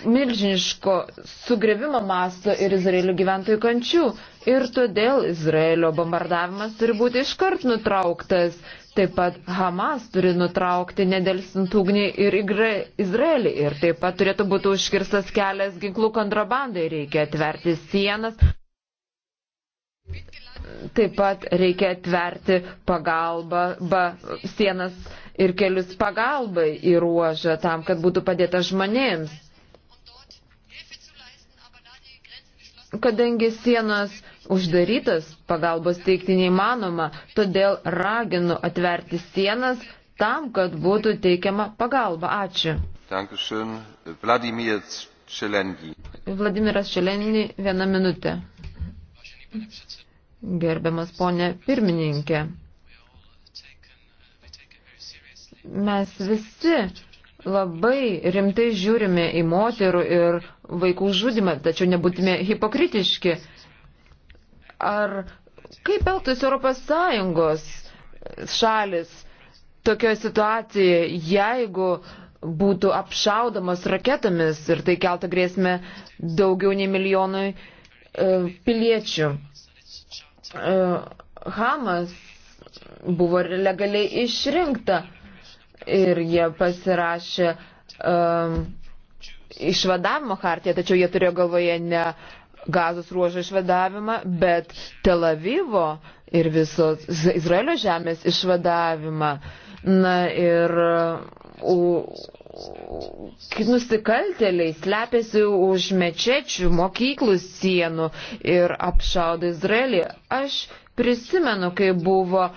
milžiniško sugrėvimo masto ir Izraelio gyventojų kančių. Ir todėl Izraelio bombardavimas turi būti iškart nutrauktas. Taip pat Hamas turi nutraukti nedelsint ugnį ir Izraelį. Ir taip pat turėtų būti užkirstas kelias ginklų kontrabandai. Reikia atverti sienas. Taip pat reikia atverti pagalbą, ba, sienas ir kelius pagalbai į ruožą tam, kad būtų padėta žmonėms. Kadangi sienos uždarytas, pagalbos teikti neįmanoma, todėl raginu atverti sienas tam, kad būtų teikiama pagalba. Ačiū. Dankeschön. Vladimir Čelengi. Vladimiras Čelengi, viena minutė. Gerbiamas ponė pirmininkė. Mes visi labai rimtai žiūrime į moterų ir vaikų žudimą, tačiau nebūtume hipokritiški. Ar kaip elgtųsi Europos Sąjungos šalis tokioje situacijoje, jeigu būtų apšaudamas raketomis ir tai keltų grėsmę daugiau nei milijonui e, piliečių. E, Hamas buvo legaliai išrinkta ir jie pasirašė um, išvadavimo hartiją, tačiau jie turėjo galvoje ne gazos ruožo išvadavimą, bet Tel Avivo ir visos Izraelio žemės išvadavimą. Na ir u, nusikaltėliai slepiasi už mečečių, mokyklų sienų ir apšaudo Izraelį. Aš prisimenu, kai buvo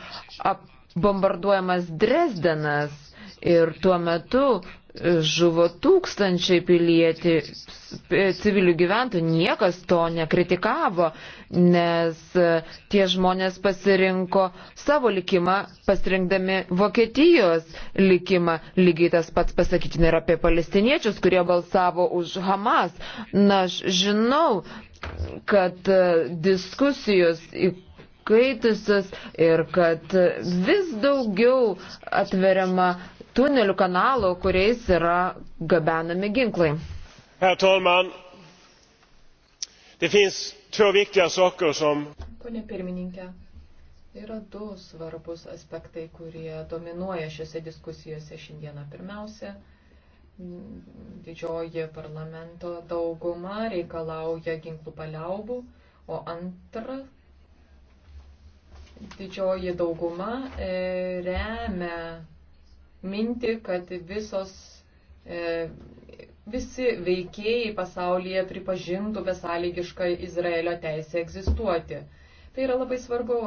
bombarduojamas Dresdenas Ir tuo metu e, žuvo tūkstančiai pilieti, e, civilių gyventojų, niekas to nekritikavo, nes e, tie žmonės pasirinko savo likimą, pasirinkdami Vokietijos likimą. Lygiai tas pats pasakytina ir apie palestiniečius, kurie balsavo už Hamas. Na, aš žinau, kad diskusijos įkaitusios ir kad vis daugiau atveriama tunelių kanalų, kuriais yra gabenami ginklai. Herr talman, det finns två viktiga saker som... Pone pirmininkė, yra du svarbus aspektai, kurie dominuoja šiose diskusijose šiandieną. Pirmiausia, didžioji parlamento dauguma reikalauja ginklų paliaubų, o antra, didžioji dauguma e, remia mintį, kad visos, e, visi veikėjai pasaulyje pripažintų besąlygišką Izraelio teisę egzistuoti. Tai yra labai svarbu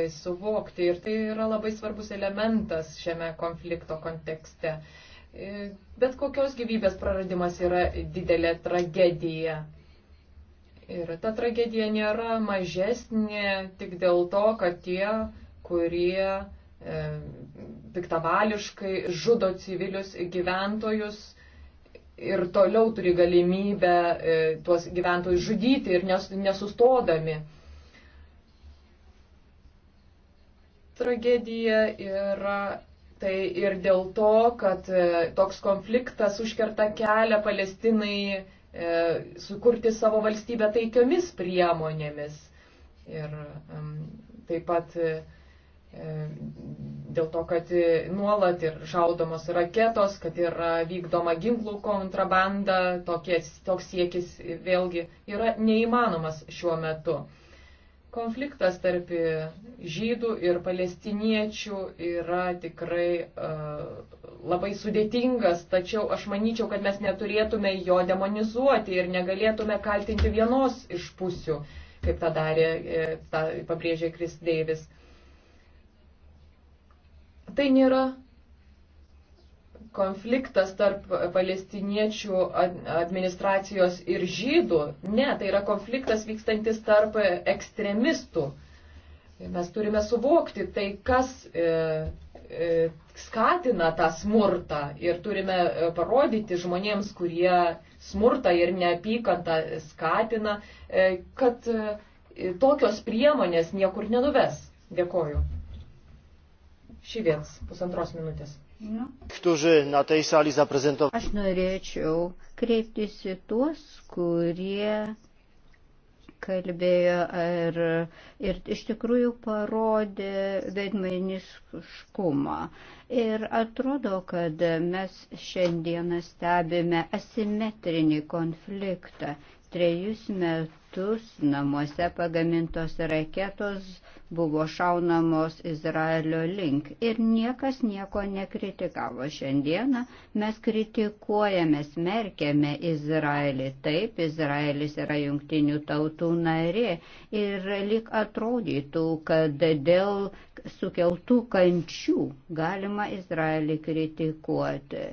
ES suvokti ir tai yra labai svarbus elementas šiame konflikto kontekste. E, bet kokios gyvybės praradimas yra didelė tragedija. Ir ta tragedija nėra mažesnė tik dėl to, kad tie, kurie E, piktavališkai žudo civilius gyventojus ir toliau turi galimybę e, tuos gyventojus žudyti ir nes, nesustodami. Tragedija yra tai ir dėl to, kad e, toks konfliktas užkerta kelią Palestinai sukurti savo valstybę taikiomis priemonėmis. Ir um, taip pat uh, E, dėl to, kad nuolat ir šaudomos raketos, kad yra vykdoma ginklų kontrabanda, tokie, toks siekis vėlgi yra neįmanomas šiuo metu. Konfliktas tarp žydų ir palestiniečių yra tikrai uh, labai sudėtingas, tačiau aš manyčiau, kad mes neturėtume jo demonizuoti ir negalėtume kaltinti vienos iš pusių, kaip tą darė, e, tą pabrėžė Kris Deivis. Uh, Tai nėra konfliktas tarp palestiniečių administracijos ir žydų. Ne, tai yra konfliktas vykstantis tarp ekstremistų. Mes turime suvokti tai, kas e, e, skatina tą smurtą ir turime e, parodyti žmonėms, kurie smurtą ir neapykantą skatina, e, kad e, tokios priemonės niekur nenuves. Dėkoju šį viens pusantros minutės. Nu. Aš norėčiau kreiptis į tuos, kurie kalbėjo ir, ir iš tikrųjų parodė veidmainiškumą. Ir atrodo, kad mes šiandieną stebime asimetrinį konfliktą trejus metus namuose pagamintos raketos buvo šaunamos Izraelio link ir niekas nieko nekritikavo. Šiandieną mes kritikuojame, smerkėme Izraelį. Taip, Izraelis yra jungtinių tautų narė ir lik atrodytų, kad dėl sukeltų kančių galima Izraelį kritikuoti.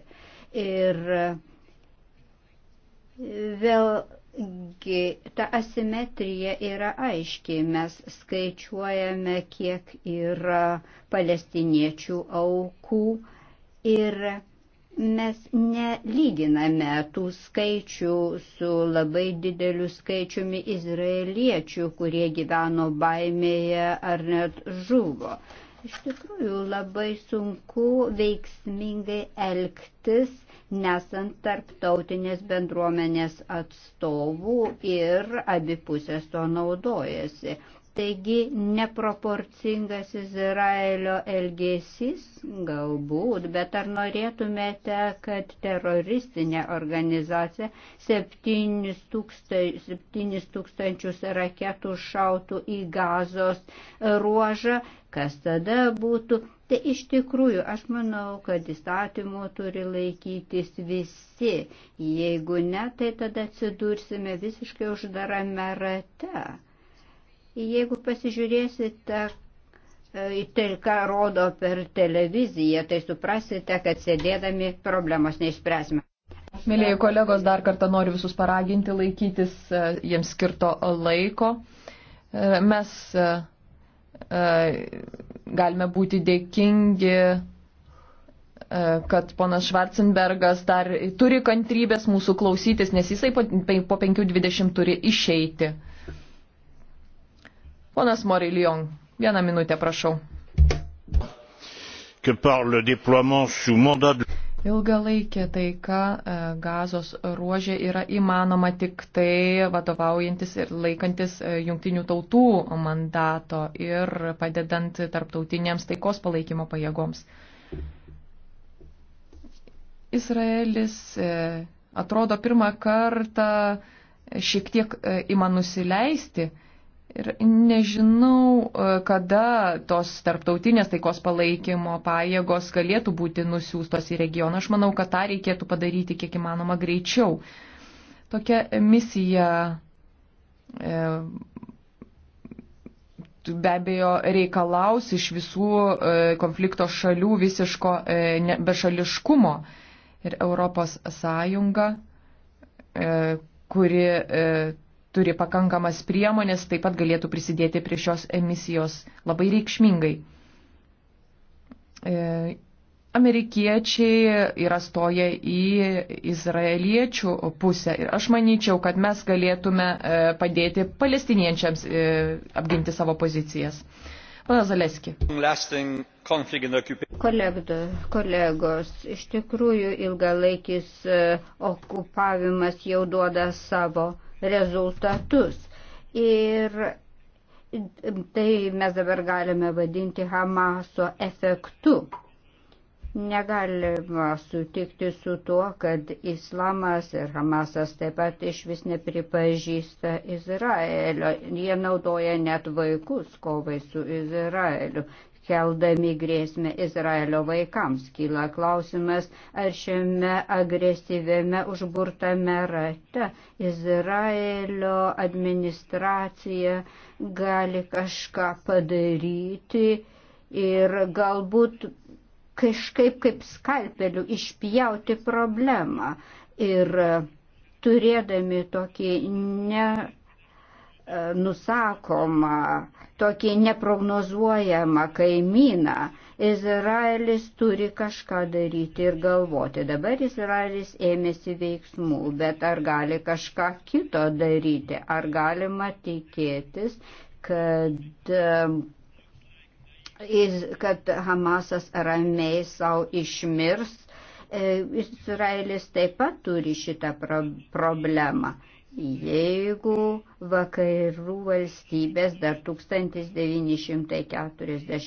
Ir vėl ta asimetrija yra aiški. Mes skaičiuojame, kiek yra palestiniečių aukų ir mes nelyginame tų skaičių su labai dideliu skaičiumi izraeliečių, kurie gyveno baimėje ar net žuvo. Iš tikrųjų labai sunku veiksmingai elgtis nesant tarptautinės bendruomenės atstovų ir abipusės to naudojasi. Taigi neproporcingas Izraelio elgesys galbūt, bet ar norėtumėte, kad teroristinė organizacija 7 tūkstančius raketų šautų į gazos ruožą, kas tada būtų Tai iš tikrųjų aš manau, kad įstatymo turi laikytis visi. Jeigu ne, tai tada atsidursime visiškai uždarame rate. Jeigu pasižiūrėsite, e, tai ką rodo per televiziją, tai suprasite, kad sėdėdami problemos neišspręsime. Mėlyje kolegos, dar kartą noriu visus paraginti laikytis e, jiems skirto laiko. E, mes E, galime būti dėkingi, e, kad ponas Schwarzenbergas dar turi kantrybės mūsų klausytis, nes jisai po 5.20 turi išeiti. Ponas Morilion, vieną minutę prašau. Que par le déploiement sous mandat de Ilgalaikė taika e, gazos ruožė yra įmanoma tik tai vadovaujantis ir laikantis e, jungtinių tautų mandato ir padedant tarptautinėms taikos palaikymo pajėgoms. Izraelis e, atrodo pirmą kartą šiek tiek ima nusileisti Ir nežinau, e, kada tos tarptautinės taikos palaikymo pajėgos galėtų būti nusiųstos į regioną. Aš manau, kad tą reikėtų padaryti kiek įmanoma greičiau. Tokia misija e, be abejo reikalaus iš visų e, konflikto šalių visiško bešališkumo. Ir Europos Sąjunga, kuri turi pakankamas priemonės, taip pat galėtų prisidėti prie šios emisijos labai reikšmingai. E, amerikiečiai yra stoję į izraeliečių pusę ir aš manyčiau, kad mes galėtume e, padėti palestiniečiams e, apginti savo pozicijas. Pana Zaleski. Kolegda, kolegos, iš tikrųjų ilgalaikis okupavimas jau duoda savo rezultatus. Ir tai mes dabar galime vadinti Hamaso efektu. Negalima sutikti su tuo, kad islamas ir Hamasas taip pat iš vis nepripažįsta Izraelio. Jie naudoja net vaikus kovai su Izraeliu keldami grėsmę Izraelio vaikams. Kyla klausimas, ar šiame agresyviame užburtame rate Izraelio administracija gali kažką padaryti ir galbūt kažkaip kaip skalpeliu išpjauti problemą. Ir turėdami tokį ne nusakomą, tokį neprognozuojamą kaimyną, Izraelis turi kažką daryti ir galvoti. Dabar Izraelis ėmėsi veiksmų, bet ar gali kažką kito daryti, ar galima tikėtis, kad, um, kad Hamasas ramiai savo išmirs. E, Izraelis taip pat turi šitą problemą jeigu vakarų valstybės dar 1948-49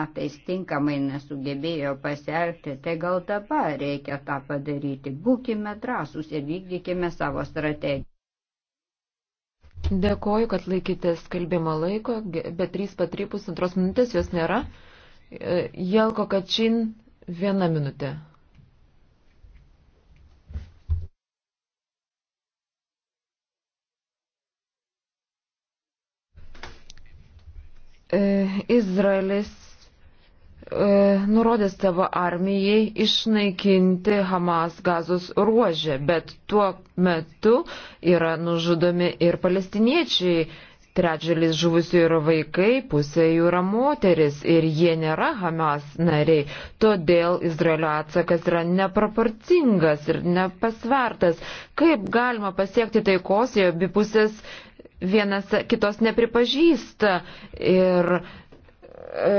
metais tinkamai nesugebėjo pasielgti, tai gal dabar reikia tą padaryti. Būkime drąsus ir vykdykime savo strategiją. Dėkoju, kad laikytės kalbimo laiko, bet 3 patrypus antros minutės jos nėra. E, Jelko Kačin, viena minutė. E, Izraelis e, nurodė savo armijai išnaikinti Hamas gazos ruožę, bet tuo metu yra nužudomi ir palestiniečiai. Trečdalis žuvusių yra vaikai, pusė jų yra moteris ir jie nėra Hamas nariai. Todėl Izraelio atsakas yra neproporcingas ir nepasvertas. Kaip galima pasiekti taikos, jei abi pusės vienas kitos nepripažįsta ir e,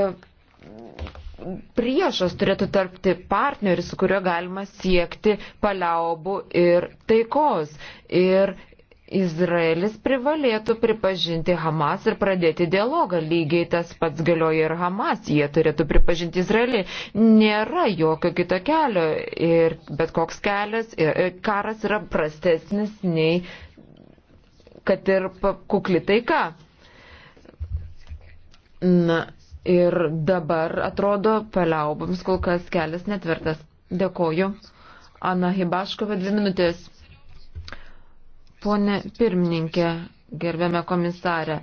priešas turėtų tarpti partneris, su kuriuo galima siekti paliaubų ir taikos. Ir Izraelis privalėtų pripažinti Hamas ir pradėti dialogą. Lygiai tas pats galioja ir Hamas. Jie turėtų pripažinti Izraelį. Nėra jokio kito kelio. Ir bet koks kelias, karas yra prastesnis nei kad ir kukli taika. Na ir dabar atrodo paliauboms kol kas kelias netvirtas. Dėkoju. Ana Hibaškova, dvi minutės. Pone pirmininkė, gerbiame komisarę.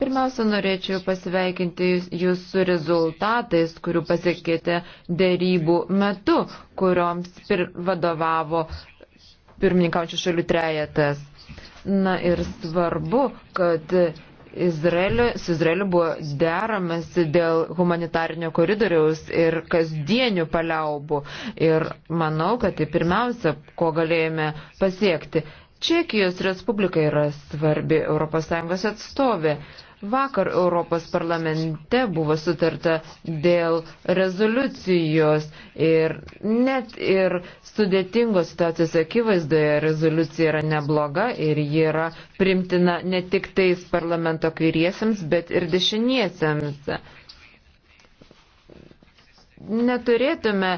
Pirmiausia, norėčiau pasveikinti jūs su rezultatais, kurių pasiekėte dėrybų metu, kurioms pir vadovavo pirmininkaučių šalių trejetas. Na ir svarbu, kad Izraelio, su Izraeliu buvo deramasi dėl humanitarinio koridoriaus ir kasdienių paliaubų. Ir manau, kad tai pirmiausia, ko galėjome pasiekti. Čekijos Respublika yra svarbi ES atstovė. Vakar Europos parlamente buvo sutarta dėl rezoliucijos ir net ir sudėtingos situacijos akivaizdoje rezoliucija yra nebloga ir ji yra primtina ne tik tais parlamento kairiesiems, bet ir dešiniesiems neturėtume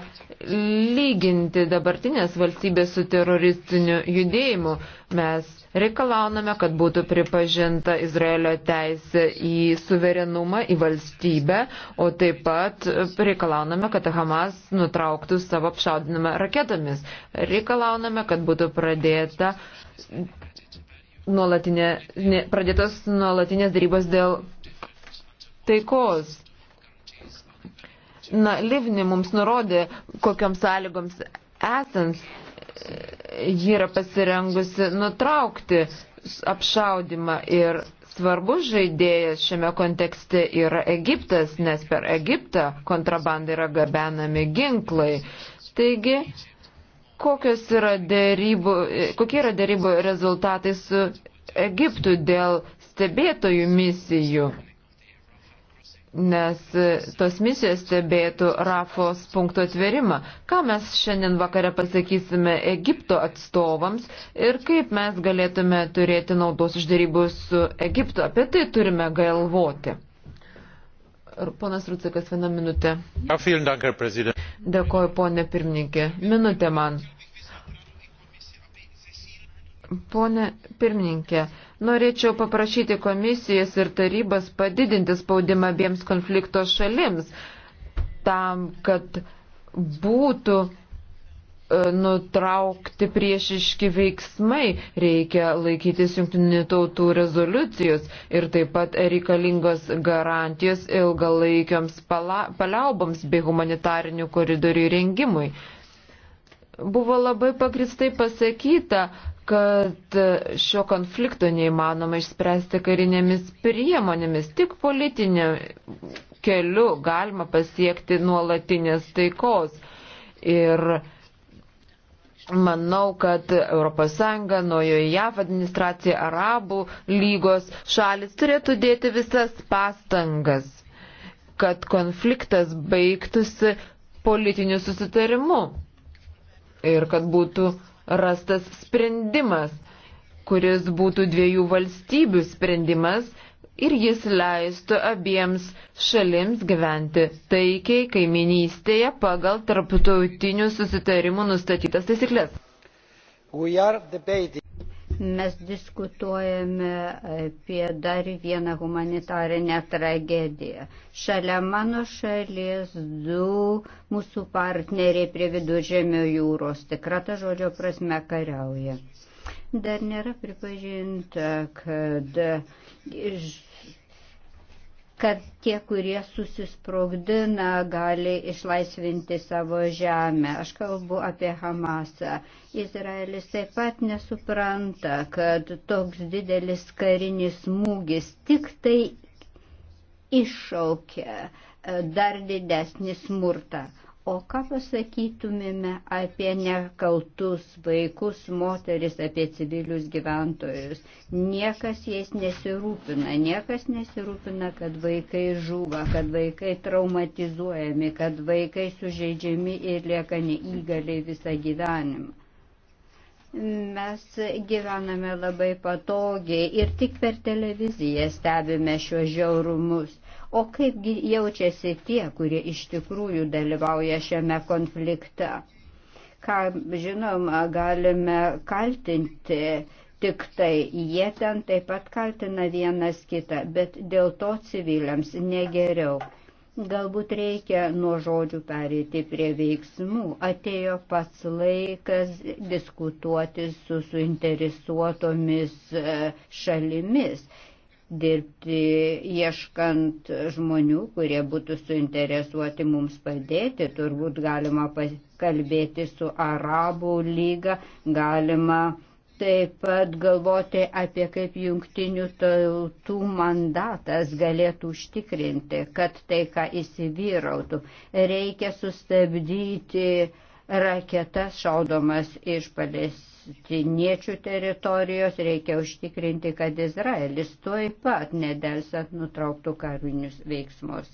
lyginti dabartinės valstybės su teroristiniu judėjimu. Mes reikalauname, kad būtų pripažinta Izraelio teisė į suverenumą, į valstybę, o taip pat reikalauname, kad Hamas nutrauktų savo apšaudinimą raketomis. Reikalauname, kad būtų pradėta nuolatinė, ne, pradėtos nuolatinės darybos dėl taikos. Na, Livni mums nurodė, kokioms sąlygoms esant, ji yra pasirengusi nutraukti apšaudimą ir svarbus žaidėjas šiame kontekste yra Egiptas, nes per Egiptą kontrabandai yra gabenami ginklai. Taigi, kokios yra dėrybų, kokie yra dėrybų rezultatai su Egiptu dėl stebėtojų misijų? nes e, tos misijos stebėtų Rafos punkto atverimą. Ką mes šiandien vakare pasakysime Egipto atstovams ir kaip mes galėtume turėti naudos iš darybų su Egiptu. Apie tai turime galvoti. Ponas Rucikas, vieną minutę. Dėkoju, ponė pirmininkė. Minutė man. Pone pirmininkė, Norėčiau paprašyti komisijas ir tarybas padidinti spaudimą abiems konflikto šalims, tam, kad būtų e, nutraukti priešiški veiksmai, reikia laikytis jungtinių tautų rezoliucijos ir taip pat reikalingos garantijos ilgalaikiams pala, paliauboms bei humanitarinių koridorių rengimui. Buvo labai pagristai pasakyta, kad šio konflikto neįmanoma išspręsti karinėmis priemonėmis, tik politinė keliu galima pasiekti nuolatinės taikos. Ir manau, kad ES, naujoje JAV administracija, Arabų lygos šalis turėtų dėti visas pastangas, kad konfliktas baigtųsi politiniu susitarimu ir kad būtų rastas sprendimas, kuris būtų dviejų valstybių sprendimas ir jis leistų abiems šalims gyventi taikiai kaiminystėje pagal tarptautinių susitarimų nustatytas taisyklės. Mes diskutuojame apie dar vieną humanitarinę tragediją. Šalia mano šalies du mūsų partneriai prie viduržėmio jūros tikra ta žodžio prasme kariauja. Dar nėra pripažinta, kad kad tie, kurie susisprogdina, gali išlaisvinti savo žemę. Aš kalbu apie Hamasą. Izraelis taip pat nesupranta, kad toks didelis karinis smūgis tik tai iššaukia e, dar didesnį smurtą. O ką pasakytumėme apie nekaltus vaikus, moteris, apie civilius gyventojus? Niekas jais nesirūpina, niekas nesirūpina, kad vaikai žūva, kad vaikai traumatizuojami, kad vaikai sužeidžiami ir lieka neįgaliai visą gyvenimą. Mes gyvename labai patogiai ir tik per televiziją stebime šiuos žiaurumus O kaipgi jaučiasi tie, kurie iš tikrųjų dalyvauja šiame konflikte? Ką žinoma, galime kaltinti tik tai, jie ten taip pat kaltina vienas kitą, bet dėl to civiliams negeriau. Galbūt reikia nuo žodžių pereiti prie veiksmų. Atėjo pats laikas diskutuoti su suinteresuotomis e, šalimis dirbti ieškant žmonių, kurie būtų suinteresuoti mums padėti. Turbūt galima kalbėti su Arabų lyga, galima taip pat galvoti apie kaip jungtinių tautų mandatas galėtų užtikrinti, kad tai, ką įsivyrautų, reikia sustabdyti raketas šaudomas iš palės palestiniečių teritorijos, reikia užtikrinti, kad Izraelis tuoj pat nedelsant nutrauktų karinius veiksmus.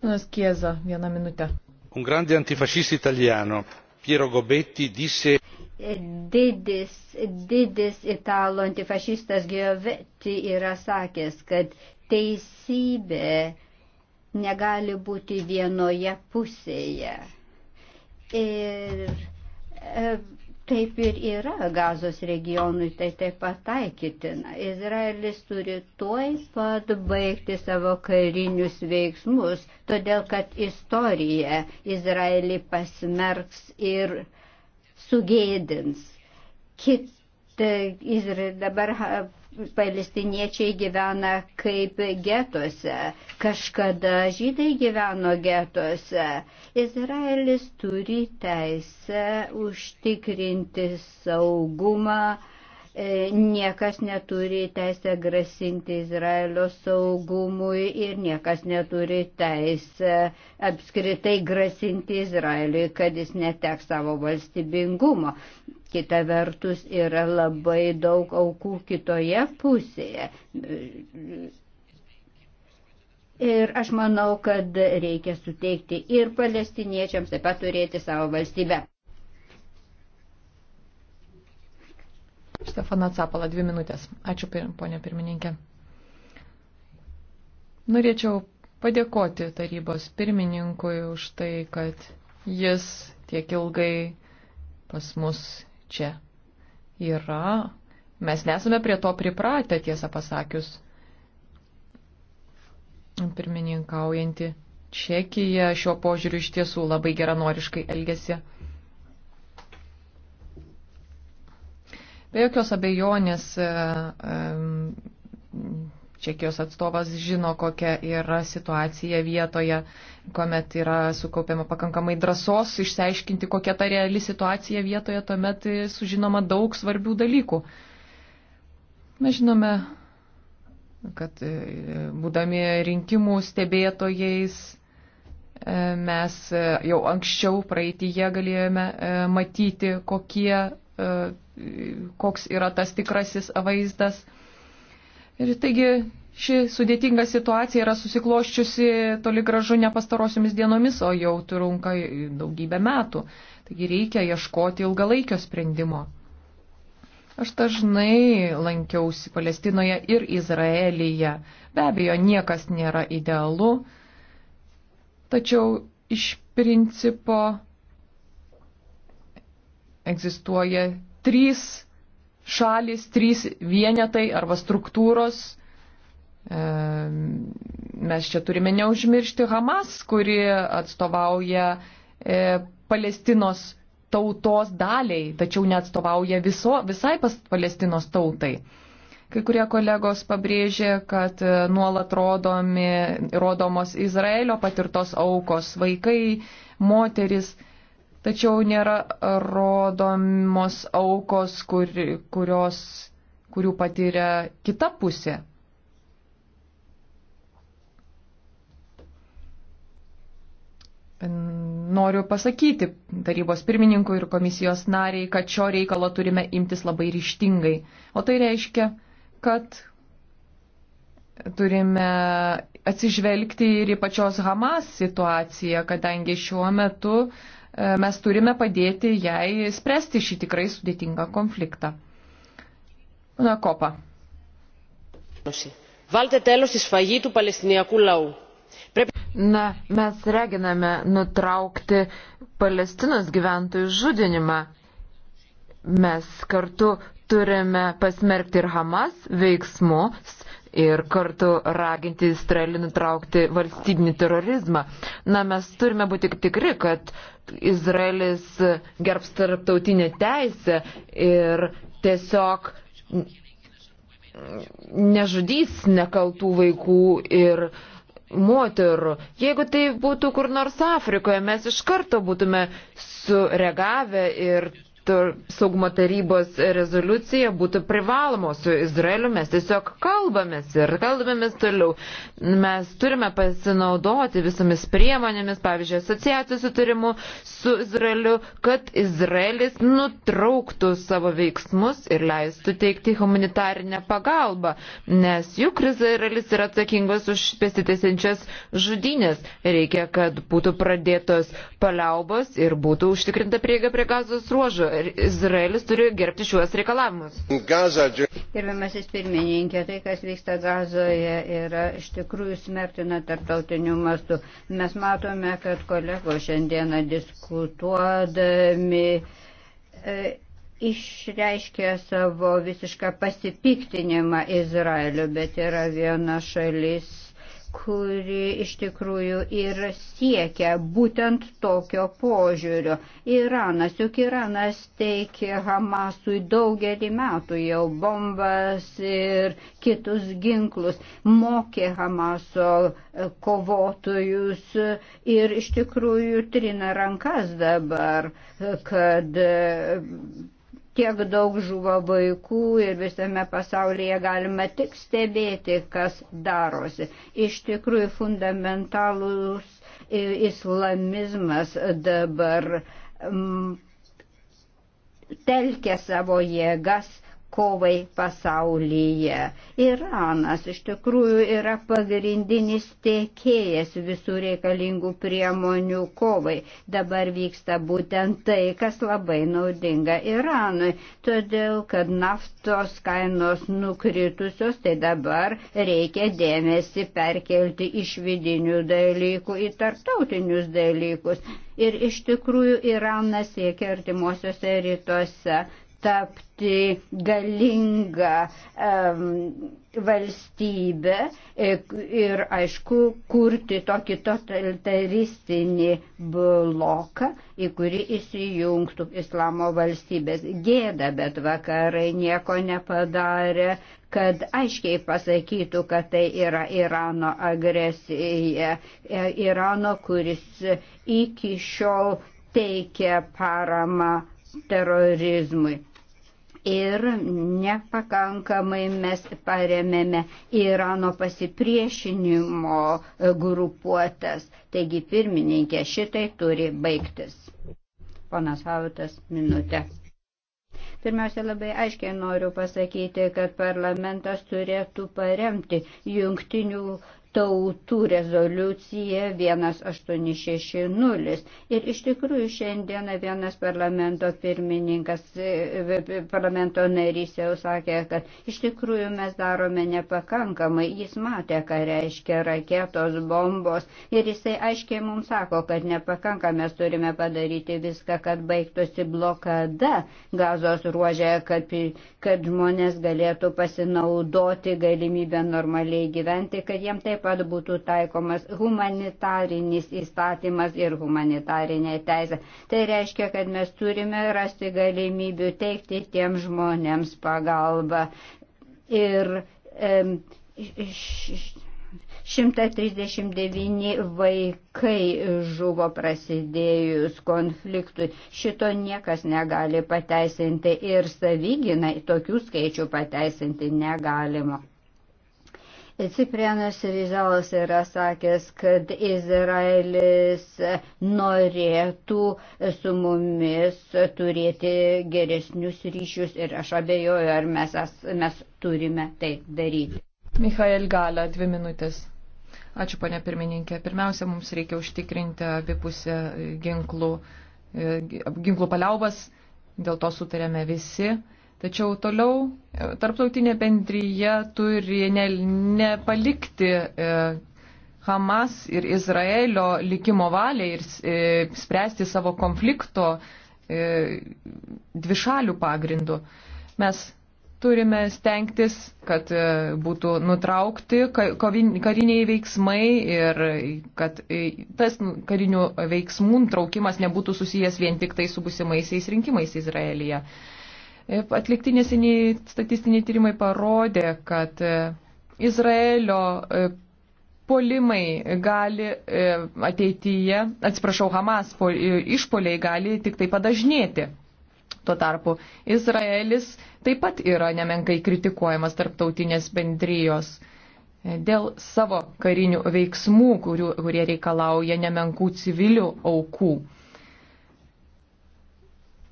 Ponas Kieza, vieną minutę. Un grande antifascista italiano, Piero Gobetti, disse didis, didis italų antifašistas Giovetti yra sakęs, kad teisybė negali būti vienoje pusėje. Ir E, taip ir yra gazos regionui, tai taip pat taikytina. Izraelis turi tuoj pat baigti savo karinius veiksmus, todėl kad istorija Izraelį pasmerks ir sugėdins. Kit, tai Izra, dabar palestiniečiai gyvena kaip getuose. Kažkada žydai gyveno getuose. Izraelis turi teisę užtikrinti saugumą E, niekas neturi teisę grasinti Izraelio saugumui ir niekas neturi teisę apskritai grasinti Izraeliui, kad jis neteks savo valstybingumo. Kita vertus yra labai daug aukų kitoje pusėje. Ir aš manau, kad reikia suteikti ir palestiniečiams taip pat turėti savo valstybę. Stefana Capala, dvi minutės. Ačiū, ponė pirmininkė. Norėčiau padėkoti tarybos pirmininkui už tai, kad jis tiek ilgai pas mus čia yra. Mes nesame prie to pripratę, tiesą pasakius. Pirmininkaujanti Čekija šiuo požiūriu iš tiesų labai geranoriškai elgesi. Be jokios abejonės e, e, Čekijos atstovas žino, kokia yra situacija vietoje, kuomet yra sukaupiama pakankamai drąsos išsiaiškinti, kokia ta reali situacija vietoje, tuomet sužinoma daug svarbių dalykų. Mes žinome, kad e, būdami rinkimų stebėtojais, mes jau anksčiau praeitįje galėjome matyti, kokie koks yra tas tikrasis vaizdas. Ir taigi ši sudėtinga situacija yra susikloščiusi toli gražu ne pastarosiomis dienomis, o jau trunka daugybę metų. Taigi reikia ieškoti ilgalaikio sprendimo. Aš dažnai lankiausi Palestinoje ir Izraelyje. Be abejo, niekas nėra idealu, tačiau iš principo egzistuoja trys šalys, trys vienetai arba struktūros. E, mes čia turime neužmiršti Hamas, kuri atstovauja e, Palestinos tautos daliai, tačiau neatstovauja viso, visai Palestinos tautai. Kai kurie kolegos pabrėžė, kad e, nuolat rodomi, rodomos Izraelio patirtos aukos, vaikai, moteris tačiau nėra rodomos aukos, kur, kurios, kurių patiria kita pusė. Noriu pasakyti tarybos pirmininkui ir komisijos nariai, kad šio reikalo turime imtis labai ryštingai. O tai reiškia, kad turime atsižvelgti ir į pačios Hamas situaciją, kadangi šiuo metu uh, E, mes turime padėti jai spręsti šį tikrai sudėtingą konfliktą. Na, kopa. Na, mes reginame nutraukti Palestinos gyventojų žudinimą. Mes kartu turime pasmerkti ir Hamas veiksmų, ir kartu raginti Izraelį nutraukti valstybinį terorizmą. Na, mes turime būti tikri, kad Izraelis gerbs tarptautinę teisę ir tiesiog nežudys nekaltų vaikų ir moterų. Jeigu tai būtų kur nors Afrikoje, mes iš karto būtume sureagavę ir saugumo tarybos rezoliucija būtų privaloma su Izraeliu. Mes tiesiog kalbamės ir kalbamės toliau. Mes turime pasinaudoti visomis priemonėmis, pavyzdžiui, asociacijos sutarimu su Izraeliu, kad Izraelis nutrauktų savo veiksmus ir leistų teikti humanitarinę pagalbą, nes juk Izraelis yra atsakingas už besitėsiančias žudynės. Reikia, kad būtų pradėtos paliaubos ir būtų užtikrinta prieiga prie gazos ruožo. Izraelis turi gerbti šiuos reikalavimus. Gerbiamasis pirmininkė, tai, kas vyksta Gazoje, yra iš tikrųjų smertina tarptautiniu mastu. Mes matome, kad kolegos šiandieną diskutuodami. E, išreiškė savo visišką pasipiktinimą Izraeliu, bet yra viena šalis kuri iš tikrųjų ir siekia būtent tokio požiūrio. Iranas, juk Iranas teikia Hamasui daugelį metų jau bombas ir kitus ginklus, mokė Hamaso kovotojus ir iš tikrųjų trina rankas dabar, kad tiek daug žuvo vaikų ir visame pasaulyje galima tik stebėti, kas darosi. Iš tikrųjų, fundamentalus islamizmas dabar mm, telkia savo jėgas kovai pasaulyje. Iranas iš tikrųjų yra pagrindinis tiekėjas visų reikalingų priemonių kovai. Dabar vyksta būtent tai, kas labai naudinga Iranui, todėl kad naftos kainos nukritusios, tai dabar reikia dėmesį perkelti iš vidinių dalykų į tarptautinius dalykus. Ir iš tikrųjų Iranas siekia artimuosiuose rytuose tapti galinga um, valstybė e, ir, aišku, kurti tokį totalitaristinį bloką, į kurį įsijungtų islamo valstybės. Gėda, bet vakarai nieko nepadarė, kad aiškiai pasakytų, kad tai yra Irano agresija, e, Irano, kuris iki šiol teikia paramą terorizmui ir nepakankamai mes paremėme Irano pasipriešinimo grupuotas. Taigi pirmininkė šitai turi baigtis. Ponas Hautas, minutė. Pirmiausia, labai aiškiai noriu pasakyti, kad parlamentas turėtų paremti jungtinių tautų rezoliucija 1860. Ir iš tikrųjų šiandieną vienas parlamento pirmininkas, e, e, e, parlamento narys jau sakė, kad iš tikrųjų mes darome nepakankamai. Jis matė, ką reiškia raketos, bombos ir jisai aiškiai mums sako, kad nepakanka, mes turime padaryti viską, kad baigtųsi blokada gazos ruožė, kad, kad žmonės galėtų pasinaudoti galimybę normaliai gyventi, kad jiem taip pat būtų taikomas humanitarinis įstatymas ir humanitarinė teisė. Tai reiškia, kad mes turime rasti galimybių teikti tiem žmonėms pagalbą. Ir e, š, š, 139 vaikai žuvo prasidėjus konfliktui. Šito niekas negali pateisinti ir savyginai tokių skaičių pateisinti negalima. Ciprianas Rizalas yra sakęs, kad Izraelis norėtų su mumis turėti geresnius ryšius ir aš abejoju, ar mes, as, mes turime tai daryti. Michael Gala, dvi minutės. Ačiū, ponė pirmininkė. Pirmiausia, mums reikia užtikrinti abipusę ginklų, e, ginklų paliaubas, dėl to sutarėme visi. Tačiau toliau e, tarptautinė bendryje turi ne, nepalikti e, Hamas ir Izraelio likimo valiai ir e, spręsti savo konflikto e, dvišalių pagrindų. Mes turime stengtis, kad e, būtų nutraukti kariniai veiksmai ir kad e, tas karinių veiksmų nutraukimas nebūtų susijęs vien tik tai su busimaisiais rinkimais Izraelyje. E, E, atlikti neseniai statistiniai tyrimai parodė, kad e, Izraelio e, polimai gali ateityje, atsiprašau, Hamas išpoliai gali tik tai padažnėti. Tuo tarpu Izraelis taip pat yra nemenkai kritikuojamas tarptautinės bendrijos dėl savo karinių veiksmų, kurių, kurie reikalauja nemenkų civilių aukų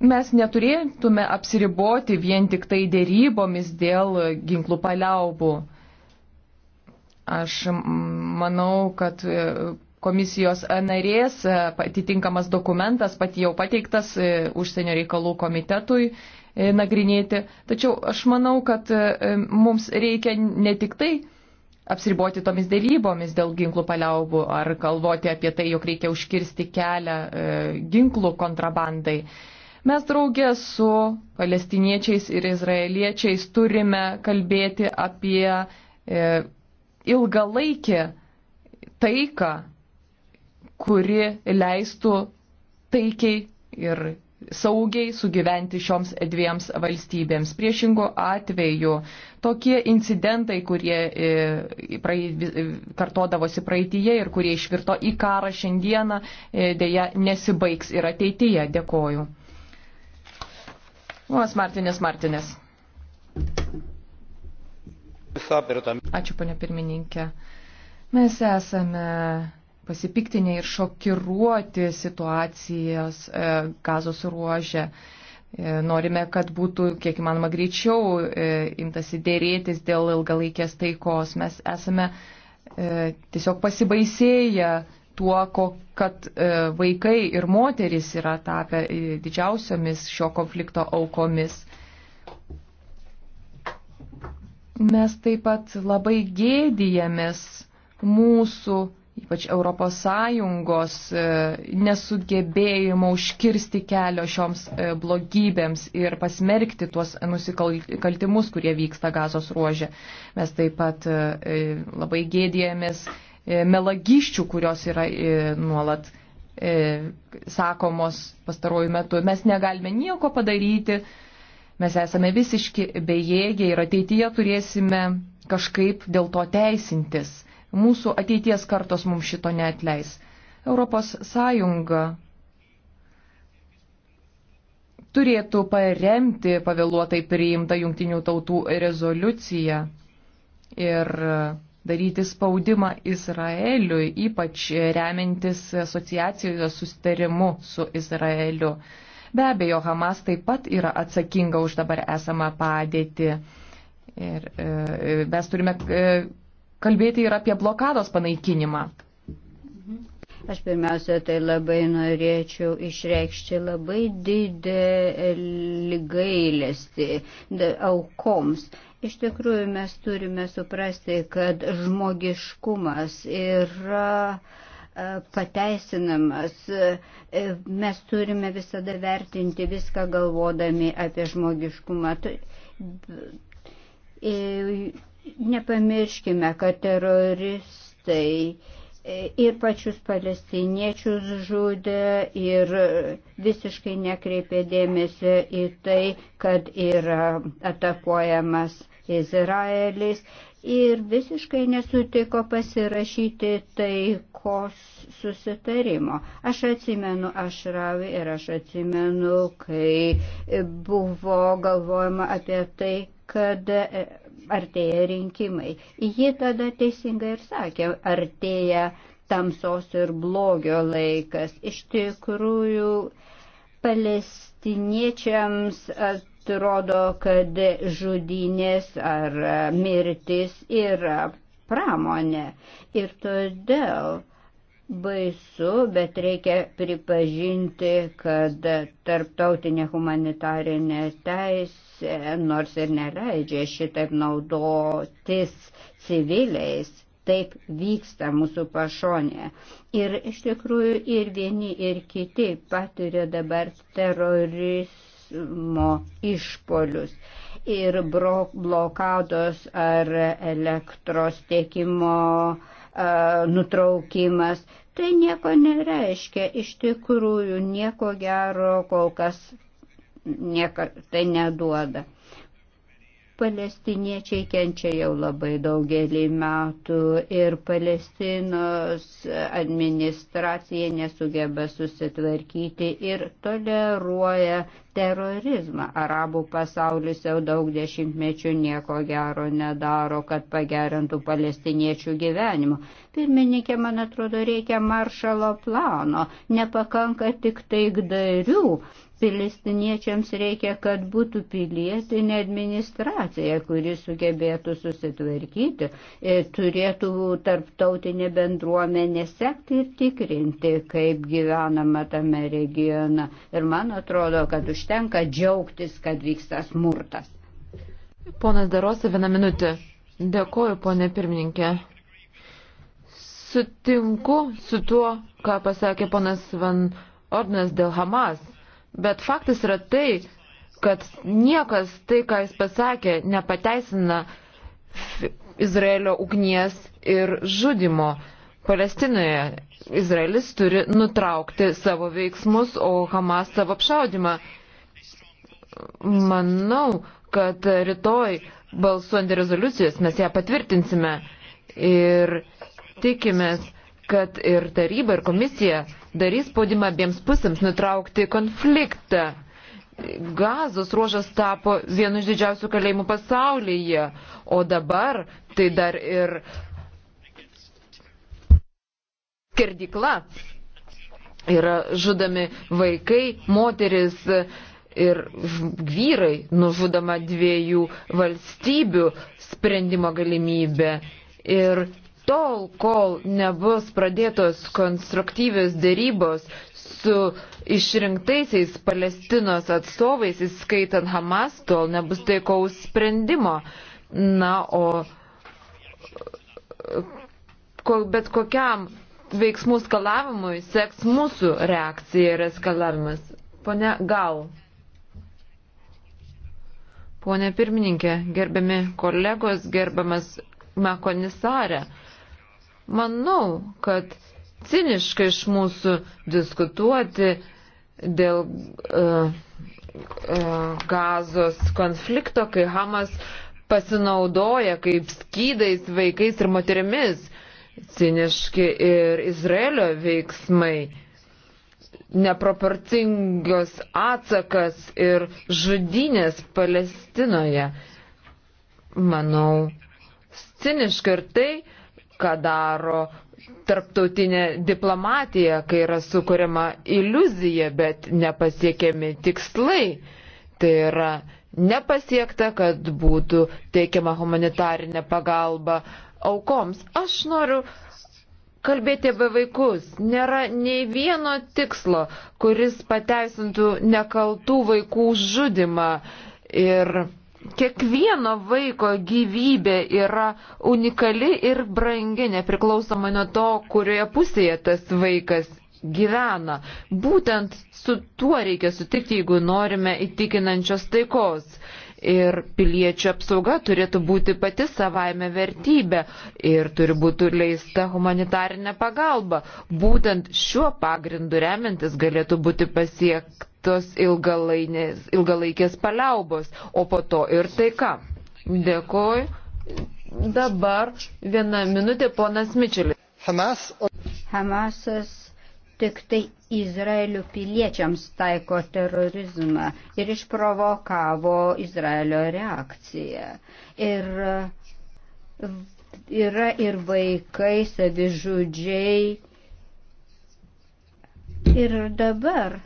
mes neturėtume apsiriboti vien tik tai dėrybomis dėl ginklų paliaubų. Aš manau, kad e, komisijos narės e, atitinkamas dokumentas pat jau pateiktas e, užsienio reikalų komitetui nagrinėti. Tačiau aš manau, kad mums reikia ne tik tai apsiriboti tomis dėrybomis dėl ginklų paliaubų ar galvoti apie tai, jog reikia užkirsti kelią ginklų kontrabandai. Mes draugė su palestiniečiais ir izraeliečiais turime kalbėti apie e, ilgalaikį taiką, kuri leistų taikiai ir saugiai sugyventi šioms dviems valstybėms. Priešingų atveju tokie incidentai, kurie e, e, kartodavosi praeitie ir kurie išvirto į karą šiandieną, e, dėja nesibaigs ir ateityje. Dėkoju. Ponas Martinės Martinės. Ačiū, ponė pirmininkė. Mes esame pasipiktinę ir šokiruoti situacijos e, gazos ruožė. E, norime, kad būtų kiek įmanoma greičiau e, imtasi dėrėtis dėl ilgalaikės taikos. Mes esame e, tiesiog pasibaisėję tuo, kad e, vaikai ir moteris yra tapę e, didžiausiomis šio konflikto aukomis. Mes taip pat labai gėdijamės mūsų, ypač ES, e, nesugebėjimo užkirsti kelio šioms blogybėms ir pasmerkti tuos nusikaltimus, kurie vyksta gazos ruožė. Mes taip pat labai gėdijamės E, melagiščių, kurios yra e, nuolat e, sakomos pastaruoju metu. Mes negalime nieko padaryti, mes esame visiški bejėgiai ir ateityje turėsime kažkaip dėl to teisintis. Mūsų ateities kartos mums šito neatleis. Europos Sąjunga turėtų paremti pavėluotai priimtą jungtinių tautų rezoliuciją ir daryti spaudimą Izraeliui, ypač remintis asociacijos sustarimu su Izraeliu. Be abejo, Hamas taip pat yra atsakinga už dabar esamą padėtį. Ir e, mes turime e, kalbėti ir apie blokados panaikinimą. Aš pirmiausia, tai labai norėčiau išreikšti labai didelį gailestį aukoms Iš tikrųjų, mes turime suprasti, kad žmogiškumas yra e, pateisinamas. E, e, mes turime visada vertinti viską galvodami apie žmogiškumą. Nepamirškime, kad teroristai ir pačius palestiniečius žudė ir visiškai nekreipė dėmesio į tai, kad yra atakuojamas Izraelis ir visiškai nesutiko pasirašyti taikos susitarimo. Aš atsimenu Ašravį ir aš atsimenu, kai buvo galvojama apie tai, kad e, artėja rinkimai. Ji tada teisingai ir sakė, artėja tamsos ir blogio laikas. Iš tikrųjų, palestiniečiams rodo, kad žudynės ar mirtis yra pramonė. Ir todėl baisu, bet reikia pripažinti, kad tarptautinė humanitarinė teisė nors ir neleidžia šitaip naudotis civiliais, taip vyksta mūsų pašonė. Ir iš tikrųjų ir vieni, ir kiti patiria dabar teroristų terorizmo išpolius ir blokados ar elektros tiekimo e, nutraukimas. Tai nieko nereiškia, iš tikrųjų nieko gero kol kas nieko tai neduoda. Palestiniečiai kenčia jau labai daugelį metų ir Palestinos administracija nesugeba susitvarkyti ir toleruoja terorizmą. Arabų pasaulis jau daug dešimtmečių nieko gero nedaro, kad pagerintų palestiniečių gyvenimą. Pirmininkė, man atrodo, reikia maršalo plano, nepakanka tik taikdarių Filistiniečiams reikia, kad būtų pilietinė administracija, kuri sugebėtų susitvarkyti, e, turėtų tarptautinė bendruomenė sekti ir tikrinti, kaip gyvenama tame regione. Ir man atrodo, kad užtenka džiaugtis, kad vyksta smurtas. Ponas Darosa, vieną minutę. Dėkoju, ponė pirmininkė. Sutinku su tuo, ką pasakė ponas Van Ordinas dėl Hamas. Bet faktas yra tai, kad niekas tai, ką jis pasakė, nepateisina Izraelio ugnies ir žudimo. Palestinoje Izraelis turi nutraukti savo veiksmus, o Hamas savo apšaudimą. Manau, kad rytoj balsuojant rezoliucijos mes ją patvirtinsime ir tikimės, kad ir taryba, ir komisija darys spaudimą abiems pusėms nutraukti konfliktą. Gazos ruožas tapo vienu iš didžiausių kalėjimų pasaulyje, o dabar tai dar ir skerdikla. Yra žudami vaikai, moteris ir vyrai, nužudama dviejų valstybių sprendimo galimybė. Ir tol, kol nebus pradėtos konstruktyvios dėrybos su išrinktaisiais Palestinos atstovais, įskaitant Hamas, tol nebus taikaus sprendimo. Na, o bet kokiam veiksmų skalavimui seks mūsų reakcija ir eskalavimas. Pone Gal. Pone pirmininkė, gerbiami kolegos, gerbiamas mekonisarė. Manau, kad ciniškai iš mūsų diskutuoti dėl uh, uh, gazos konflikto, kai Hamas pasinaudoja kaip skydais vaikais ir moterimis. Ciniški ir Izraelio veiksmai, neproporcingos atsakas ir žudynės Palestinoje. Manau, ciniška ir tai, ką daro tarptautinė diplomatija, kai yra sukuriama iliuzija, bet nepasiekiami tikslai. Tai yra nepasiekta, kad būtų teikiama humanitarinė pagalba aukoms. Aš noriu kalbėti apie vaikus. Nėra nei vieno tikslo, kuris pateisintų nekaltų vaikų žudimą. Ir kiekvieno vaiko gyvybė yra unikali ir brangi, nepriklausomai nuo to, kurioje pusėje tas vaikas gyvena. Būtent su tuo reikia sutikti, jeigu norime įtikinančios taikos. Ir piliečių apsauga turėtų būti pati savaime vertybė ir turi būti leista humanitarinė pagalba. Būtent šiuo pagrindu remiantis galėtų būti pasiekta tos ilgalaikės paliaubos, o po to ir taika. Dėkoju. Dabar viena minutė ponas Mičelis. Hamas. Hamasas tik tai Izraelio piliečiams taiko terorizmą ir išprovokavo Izraelio reakciją. Ir yra ir vaikai savižudžiai. Ir dabar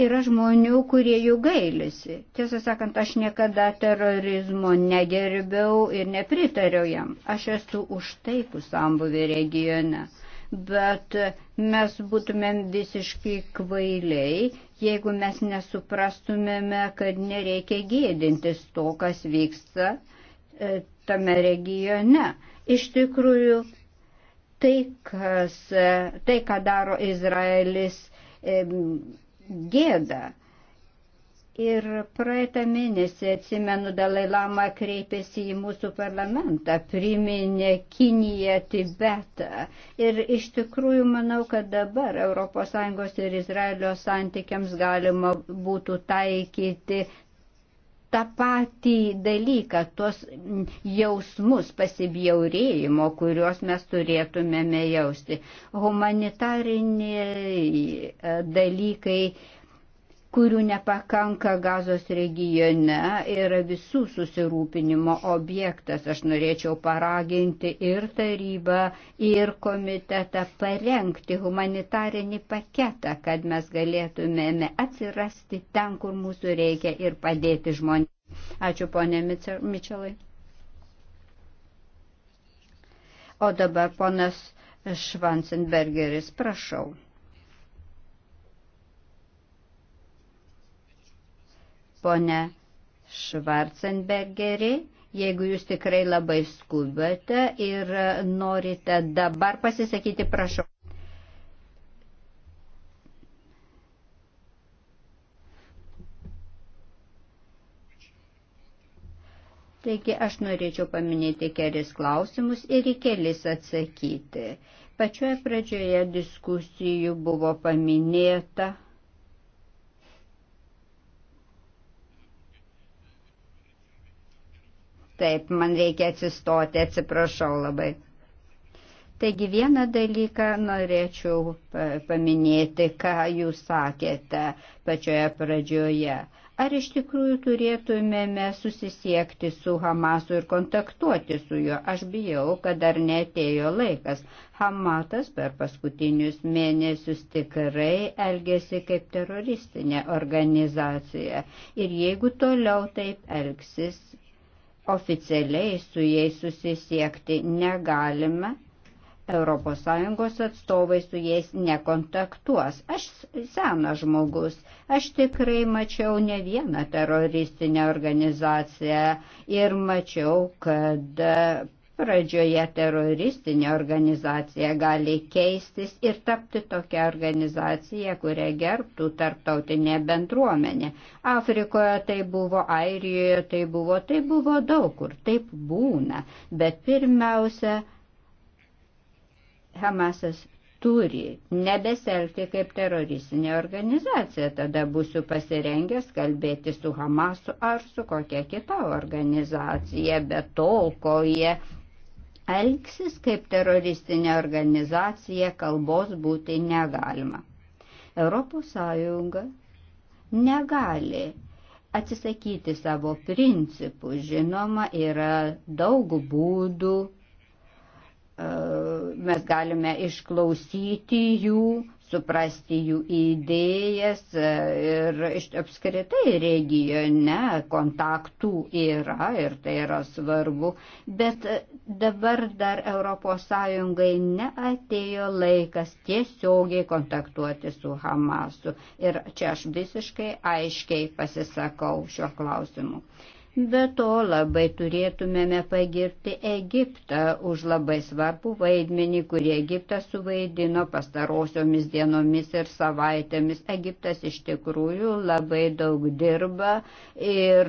yra žmonių, kurie jų gailisi. Tiesą sakant, aš niekada terorizmo negerbiau ir nepritariau jam. Aš esu už taikų sambuvį regione. Bet mes būtumėm visiškai kvailiai, jeigu mes nesuprastumėme, kad nereikia gėdintis to, kas vyksta e, tame regione. Iš tikrųjų, tai, kas, e, tai ką daro Izraelis, e, gėda. Ir praeitą mėnesį, atsimenu, Dalai Lama kreipėsi į mūsų parlamentą, priminė Kiniją, Tibetą. Ir iš tikrųjų manau, kad dabar ES ir Izraelio santykiams galima būtų taikyti tą patį dalyką, tuos jausmus pasibjaurėjimo, kuriuos mes turėtumėme jausti. Humanitariniai e, dalykai kurių nepakanka gazos regione, yra visų susirūpinimo objektas. Aš norėčiau paraginti ir tarybą, ir komitetą parengti humanitarinį paketą, kad mes galėtumėme atsirasti ten, kur mūsų reikia ir padėti žmonėms. Ačiū, ponė Mičelai. O dabar ponas Švansenbergeris, prašau. Pone Švarcenbergeri, jeigu jūs tikrai labai skubate ir norite dabar pasisakyti, prašau. Taigi aš norėčiau paminėti kelis klausimus ir į kelis atsakyti. Pačioje pradžioje diskusijų buvo paminėta, Taip, man reikia atsistoti, atsiprašau labai. Taigi vieną dalyką norėčiau e, paminėti, ką jūs sakėte pačioje pradžioje. Ar iš tikrųjų turėtumėme susisiekti su Hamasu ir kontaktuoti su juo? Aš bijau, kad dar netėjo laikas. Hamatas per paskutinius mėnesius tikrai elgėsi kaip teroristinė organizacija. Ir jeigu toliau taip elgsis, oficialiai su jais susisiekti negalime. ES atstovai su jais nekontaktuos. Aš senas žmogus, aš tikrai mačiau ne vieną teroristinę organizaciją ir mačiau, kad Pradžioje teroristinė organizacija gali keistis ir tapti tokia organizacija, kurią gerbtų tarptautinė bendruomenė. Afrikoje tai buvo, Airijoje tai buvo, tai buvo daug kur, taip būna. Bet pirmiausia, Hamasas turi nebeselgti kaip teroristinė organizacija, tada būsiu pasirengęs kalbėti su Hamasu ar su kokia kita organizacija, bet tol, kol jie elgsis kaip teroristinė organizacija, kalbos būti negalima. ES negali atsisakyti savo principų. Žinoma, yra daug būdų, e, mes galime išklausyti jų, suprasti jų idėjas e, ir apskritai regione kontaktų yra ir tai yra svarbu, bet e, dabar dar ES neatėjo laikas tiesiogiai kontaktuoti su Hamasu ir čia aš visiškai aiškiai pasisakau šiuo klausimu. Be to labai turėtumėme pagirti Egiptą už labai svarbų vaidmenį, kurį Egiptas suvaidino pastarosiomis dienomis ir savaitėmis. Egiptas iš tikrųjų labai daug dirba ir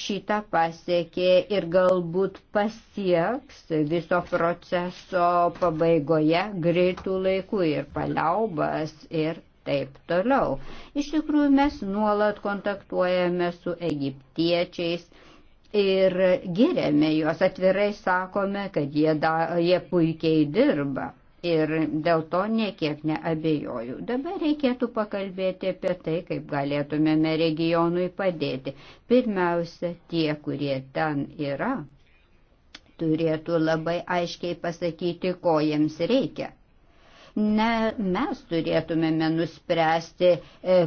šitą pasiekė ir galbūt pasieks viso proceso pabaigoje greitų laikų ir paliaubas ir taip toliau. Iš tikrųjų, mes nuolat kontaktuojame su egiptiečiais. Ir giriame juos, atvirai sakome, kad jie, da, jie puikiai dirba ir dėl to niekiek neabejoju. Dabar reikėtų pakalbėti apie tai, kaip galėtumėme regionui padėti. Pirmiausia, tie, kurie ten yra, turėtų labai aiškiai pasakyti, ko jiems reikia ne mes turėtumėme nuspręsti, e,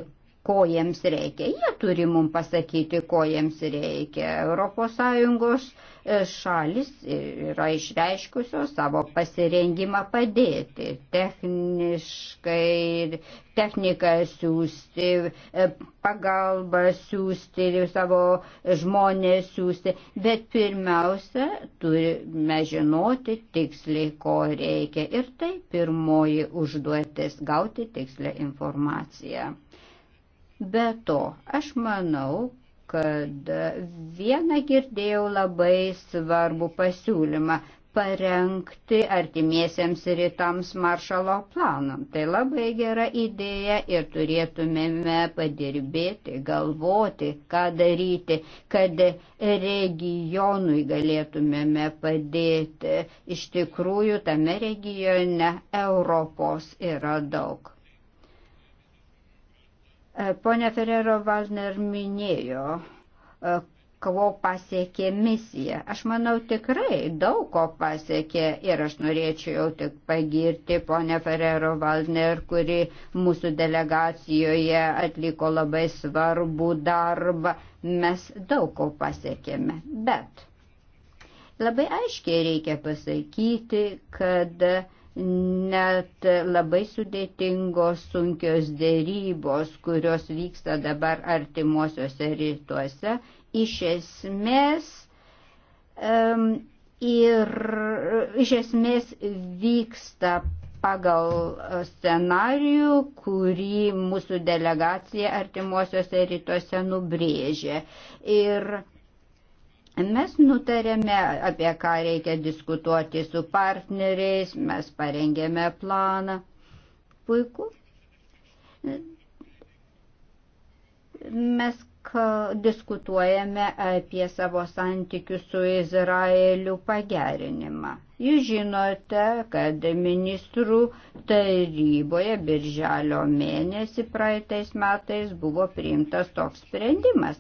ko jiems reikia. Jie turi mums pasakyti, ko jiems reikia. ES e, šalis yra išreiškusios savo pasirengimą padėti techniškai, techniką siūsti, e, pagalbą siūsti, savo žmonės siūsti. Bet pirmiausia, turime žinoti tiksliai, ko reikia. Ir tai pirmoji užduotis - gauti tikslę informaciją. Be to, aš manau, kad vieną girdėjau labai svarbų pasiūlymą parengti artimiesiems rytams maršalo planą. Tai labai gera idėja ir turėtumėme padirbėti, galvoti, ką daryti, kad regionui galėtumėme padėti. Iš tikrųjų, tame regione Europos yra daug. Pone Ferrero Valner minėjo, e, ko pasiekė misija. Aš manau tikrai daug ko pasiekė ir aš norėčiau tik pagirti ponę Ferrero Valner, kuri mūsų delegacijoje atliko labai svarbų darbą. Mes daug ko pasiekėme. Bet labai aiškiai reikia pasakyti, kad net labai sudėtingos sunkios dėrybos, kurios vyksta dabar artimuosiuose rytuose, iš esmės um, ir iš esmės vyksta pagal scenarijų, kurį mūsų delegacija artimuosiuose rytuose nubrėžė. Ir Mes nutarėme, apie ką reikia diskutuoti su partneriais, mes parengėme planą. Puiku. Mes diskutuojame apie savo santykių su Izraeliu pagerinimą. Jūs žinote, kad ministrų taryboje birželio mėnesį praeitais metais buvo priimtas toks sprendimas,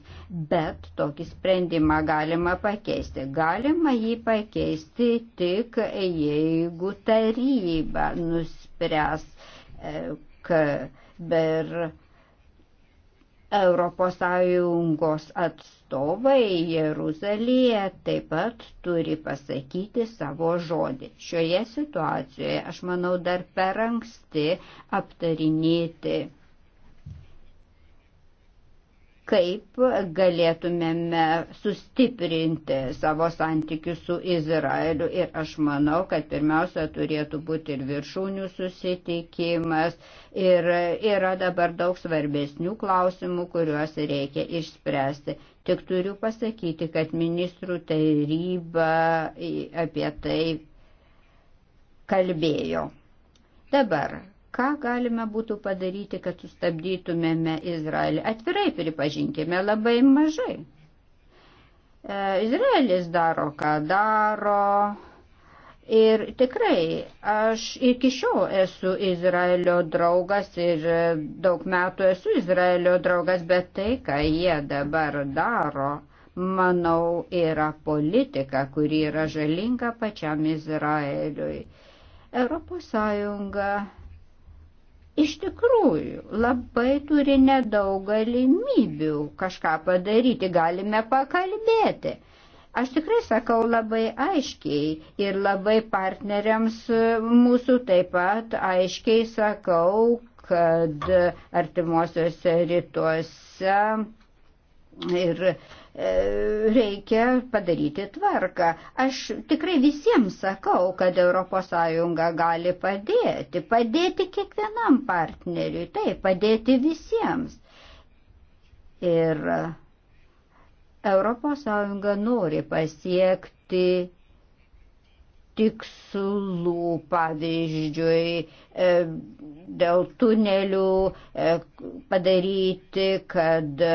bet tokį sprendimą galima pakeisti. Galima jį pakeisti tik e, jeigu taryba nuspręs, e, kad per Europos Sąjungos atstovą atstovai Jeruzalėje taip pat turi pasakyti savo žodį. Šioje situacijoje, aš manau, dar per anksti aptarinėti kaip galėtumėme sustiprinti savo santykius su Izraeliu. Ir aš manau, kad pirmiausia turėtų būti ir viršūnių susitikimas. Ir yra dabar daug svarbesnių klausimų, kuriuos reikia išspręsti. Tik turiu pasakyti, kad ministrų taryba apie tai kalbėjo. Dabar ką galime būtų padaryti, kad sustabdytumėme Izraelį. Atvirai pripažinkime, labai mažai. E, Izraelis daro, ką daro. Ir tikrai, aš iki šiol esu Izraelio draugas ir daug metų esu Izraelio draugas, bet tai, ką jie dabar daro, manau, yra politika, kuri yra žalinga pačiam Izraeliui. Europos Sąjunga iš tikrųjų labai turi nedaug galimybių kažką padaryti, galime pakalbėti. Aš tikrai sakau labai aiškiai ir labai partneriams mūsų taip pat aiškiai sakau, kad artimuosiuose rytuose ir E, reikia padaryti tvarką. Aš tikrai visiems sakau, kad ES gali padėti, padėti kiekvienam partneriui, tai padėti visiems. Ir ES nori pasiekti tikslų, pavyzdžiui, e, dėl tunelių e, padaryti, kad e,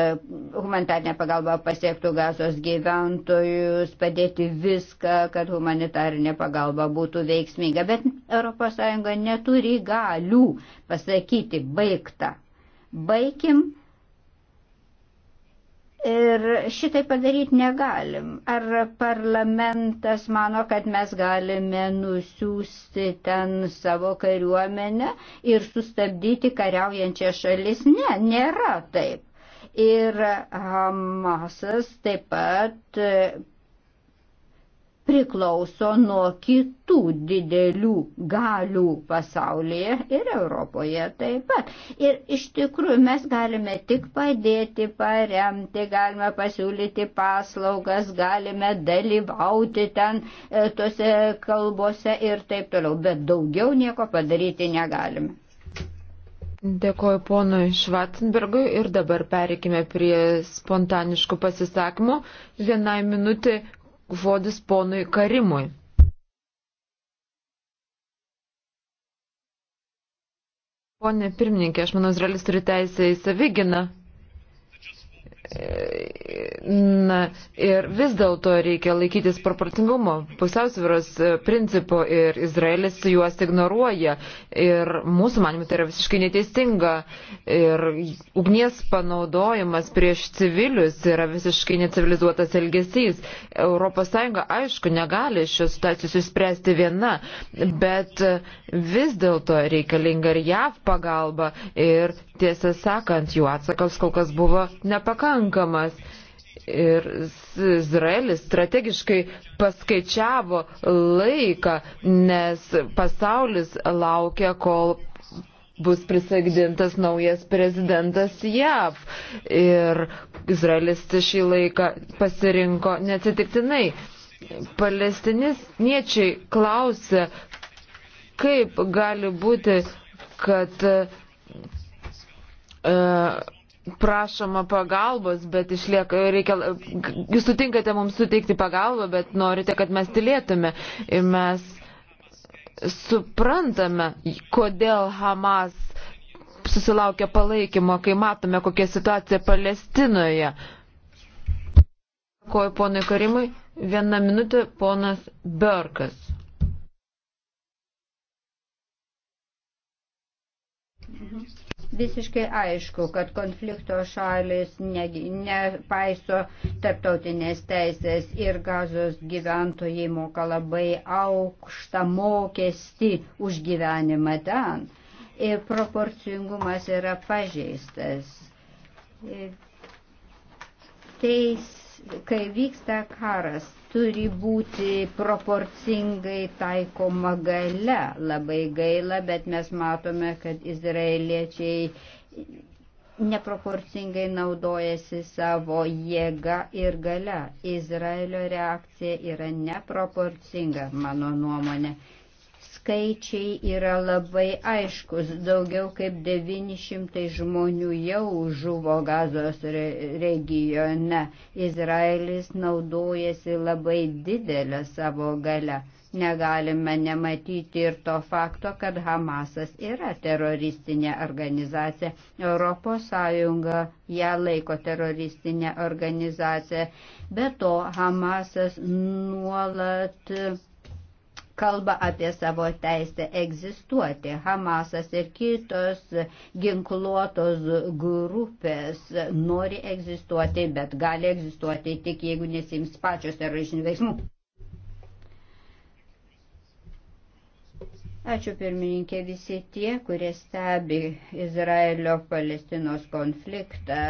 humanitarinė pagalba pasiektų gazos gyventojus, padėti viską, kad humanitarinė pagalba būtų veiksminga. Bet ES neturi galių pasakyti baigta. Baigim Ir šitai padaryti negalim. Ar parlamentas mano, kad mes galime nusiųsti ten savo kariuomenę ir sustabdyti kariaujančią šalis? Ne, nėra taip. Ir Hamasas taip pat priklauso nuo kitų didelių galių pasaulyje ir Europoje taip pat. Ir iš tikrųjų mes galime tik padėti, paremti, galime pasiūlyti paslaugas, galime dalyvauti ten e, tose kalbose ir taip toliau, bet daugiau nieko padaryti negalime. Dėkoju ponui Švatenbergui ir dabar pereikime prie spontaniškų pasisakymų. Vienai minutį žodis ponui Karimui. Pone pirmininkė, aš manau, Izraelis turi teisę į saviginą. Na ir vis dėlto reikia laikytis proporcingumo, pusiausvyros e, principų ir Izraelis juos ignoruoja. Ir mūsų manimi tai yra visiškai neteisinga. Ir ugnies panaudojimas prieš civilius yra visiškai necivilizuotas elgesys. ES aišku negali šios situacijos išspręsti viena, bet e, vis dėlto reikalinga ir JAV pagalba. Ir tiesą sakant, jų atsakas kol kas buvo nepakankamas. Ir Izraelis strategiškai paskaičiavo laiką, nes pasaulis laukia, kol bus prisagdintas naujas prezidentas JAV. Ir Izraelis šį laiką pasirinko neatsitiktinai. Palestiniečiai klausė, kaip gali būti, kad uh, prašoma pagalbos, bet išlieka, reikia, jūs sutinkate mums suteikti pagalbą, bet norite, kad mes tylėtume. Ir mes suprantame, kodėl Hamas susilaukia palaikymo, kai matome, kokia situacija Palestinoje. Koju ponui Karimui, vieną minutę ponas Berkas. Mhm. Visiškai aišku, kad konflikto šalis nepaiso ne tarptautinės teisės ir gazos gyventojai moka labai aukštą mokestį už gyvenimą ten. Ir proporcingumas yra pažeistas. Teis kai vyksta karas, turi būti proporcingai taikoma gale. Labai gaila, bet mes matome, kad izraeliečiai neproporcingai naudojasi savo jėga ir gale. Izraelio reakcija yra neproporcinga, mano nuomonė skaičiai yra labai aiškus. Daugiau kaip 900 žmonių jau žuvo gazos regione. Izraelis naudojasi labai didelę savo galę. Negalime nematyti ir to fakto, kad Hamasas yra teroristinė organizacija. ES ją laiko teroristinė organizacija. Be to, Hamasas nuolat kalba apie savo teisę egzistuoti. Hamasas ir kitos ginkluotos grupės nori egzistuoti, bet gali egzistuoti tik jeigu nesims pačios teroristinių veiksmų. Ačiū pirmininkė visi tie, kurie stebi Izraelio-Palestinos konfliktą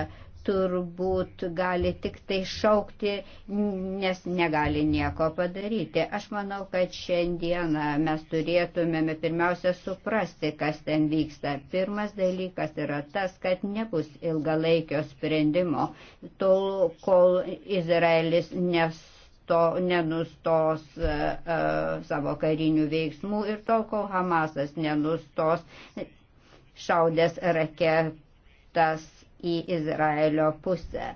turbūt gali tik tai šaukti, nes negali nieko padaryti. Aš manau, kad šiandieną mes turėtumėme pirmiausia suprasti, kas ten vyksta. Pirmas dalykas yra tas, kad nebus ilgalaikio sprendimo, tol, kol Izraelis nes to nenustos uh, uh, savo karinių veiksmų ir tol, kol Hamasas nenustos šaudęs raketas į Izraelio pusę.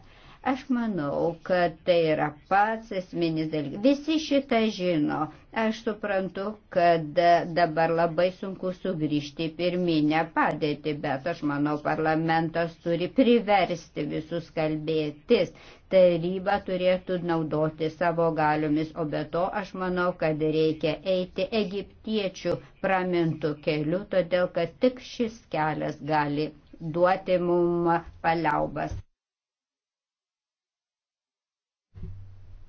Aš manau, kad tai yra pats esminis dalykas. Visi šitą žino. Aš suprantu, kad dabar labai sunku sugrįžti į pirminę padėtį, bet aš manau, parlamentas turi priversti visus kalbėtis. Taryba turėtų naudoti savo galiomis, o be to aš manau, kad reikia eiti egiptiečių pramintų keliu, todėl kad tik šis kelias gali duoti mum paliaubas.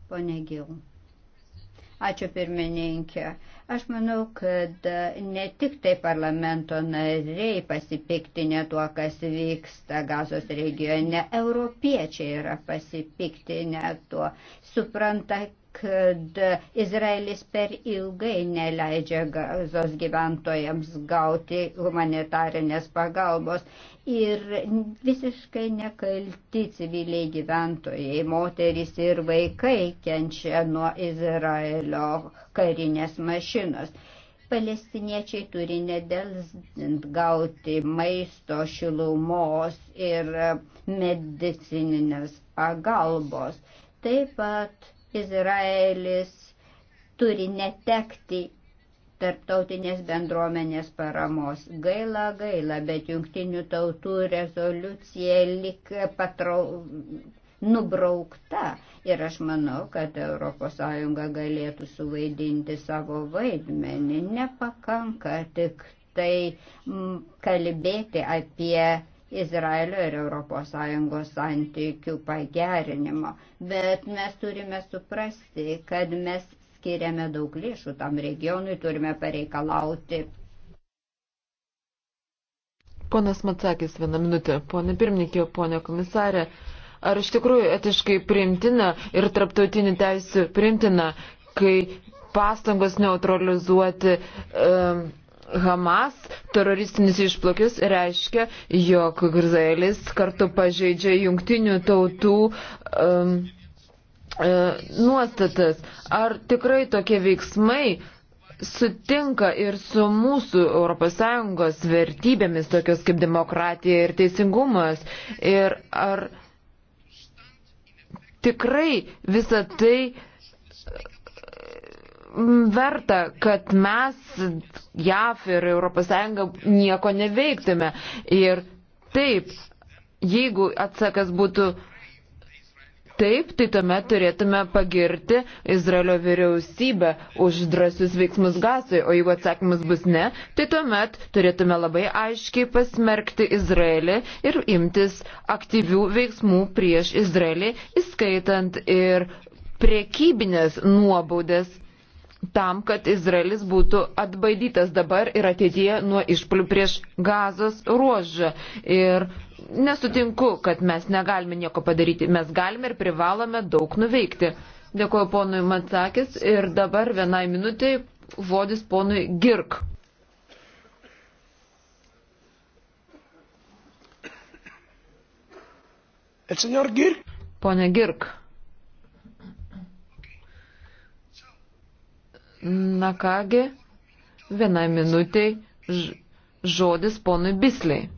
Pone Gil. Ačiū pirmininkė. Aš manau, kad ne tik tai parlamento nariai pasipiktinė tuo, kas vyksta gazos regione, europiečiai yra pasipiktinę tuo. Supranta, kad Izraelis per ilgai neleidžia gazos gyventojams gauti humanitarinės pagalbos ir visiškai nekalti civiliai gyventojai, moterys ir vaikai kenčia nuo Izraelio karinės mašinos. Palestiniečiai turi nedelsint gauti maisto, šilumos ir medicininės pagalbos. Taip pat Izraelis turi netekti tarptautinės bendruomenės paramos. Gaila, gaila, bet jungtinių tautų rezoliucija lik patrau, nubraukta. Ir aš manau, kad ES galėtų suvaidinti savo vaidmenį. Nepakanka tik tai m, kalbėti apie Izraelio ir ES santykių pagerinimo. Bet mes turime suprasti, kad mes skiriame daug lėšų tam regionui, turime pareikalauti. Ponas Matsakis, vieną minutę. Pone pirmininkė, pone komisarė, ar iš tikrųjų etiškai priimtina ir traptautinių teisų priimtina, kai pastangos neutralizuoti. Um, Hamas teroristinis išplokis reiškia, jog Izraelis kartu pažeidžia jungtinių tautų um, E, nuostatas. Ar tikrai tokie veiksmai sutinka ir su mūsų ES vertybėmis, tokios kaip demokratija ir teisingumas? Ir ar tikrai visą tai e, verta, kad mes, JAF ir ES nieko neveiktume? Ir taip, jeigu atsakas būtų taip, tai tuomet turėtume pagirti Izraelio vyriausybę už drąsius veiksmus gazui, o jeigu atsakymas bus ne, tai tuomet turėtume labai aiškiai pasmerkti Izraelį ir imtis aktyvių veiksmų prieš Izraelį, įskaitant ir priekybinės nuobaudės tam, kad Izraelis būtų atbaidytas dabar ir ateityje nuo išpolių prieš gazos ruožą. Ir nesutinku, kad mes negalime nieko padaryti. Mes galime ir privalome daug nuveikti. Dėkuoju ponui Matsakis ir dabar vienai minutiai žodis ponui Girk. Pone Girk. Na kągi, vienai minutiai žodis ponui Bisliai.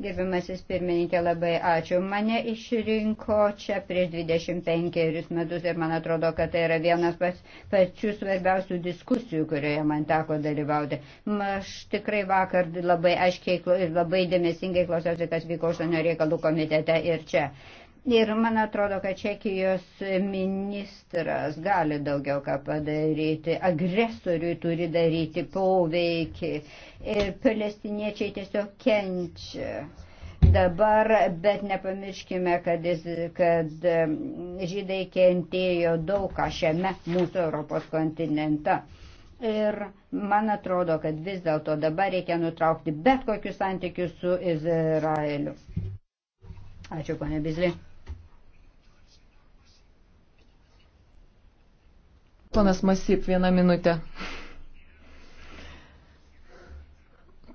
Gerbiamasis pirmininkė, labai ačiū. Mane išrinko čia prieš 25 metus ir man atrodo, kad tai yra vienas pas, pačių svarbiausių diskusijų, kurioje man teko dalyvauti. Aš tikrai vakar labai aiškiai ir labai dėmesingai klausiausi, kas vyko užsienio reikalų komitete ir čia. Ir man atrodo, kad Čekijos ministras gali daugiau ką padaryti, agresoriui turi daryti poveikį ir palestiniečiai tiesiog kenčia. Dabar, bet nepamirškime, kad, jis, kad žydai kentėjo daug ką šiame mūsų Europos kontinente. Ir man atrodo, kad vis dėlto dabar reikia nutraukti bet kokius santykius su Izraeliu. Ačiū, ponė Bizlė. Ponas Masip, vieną minutę.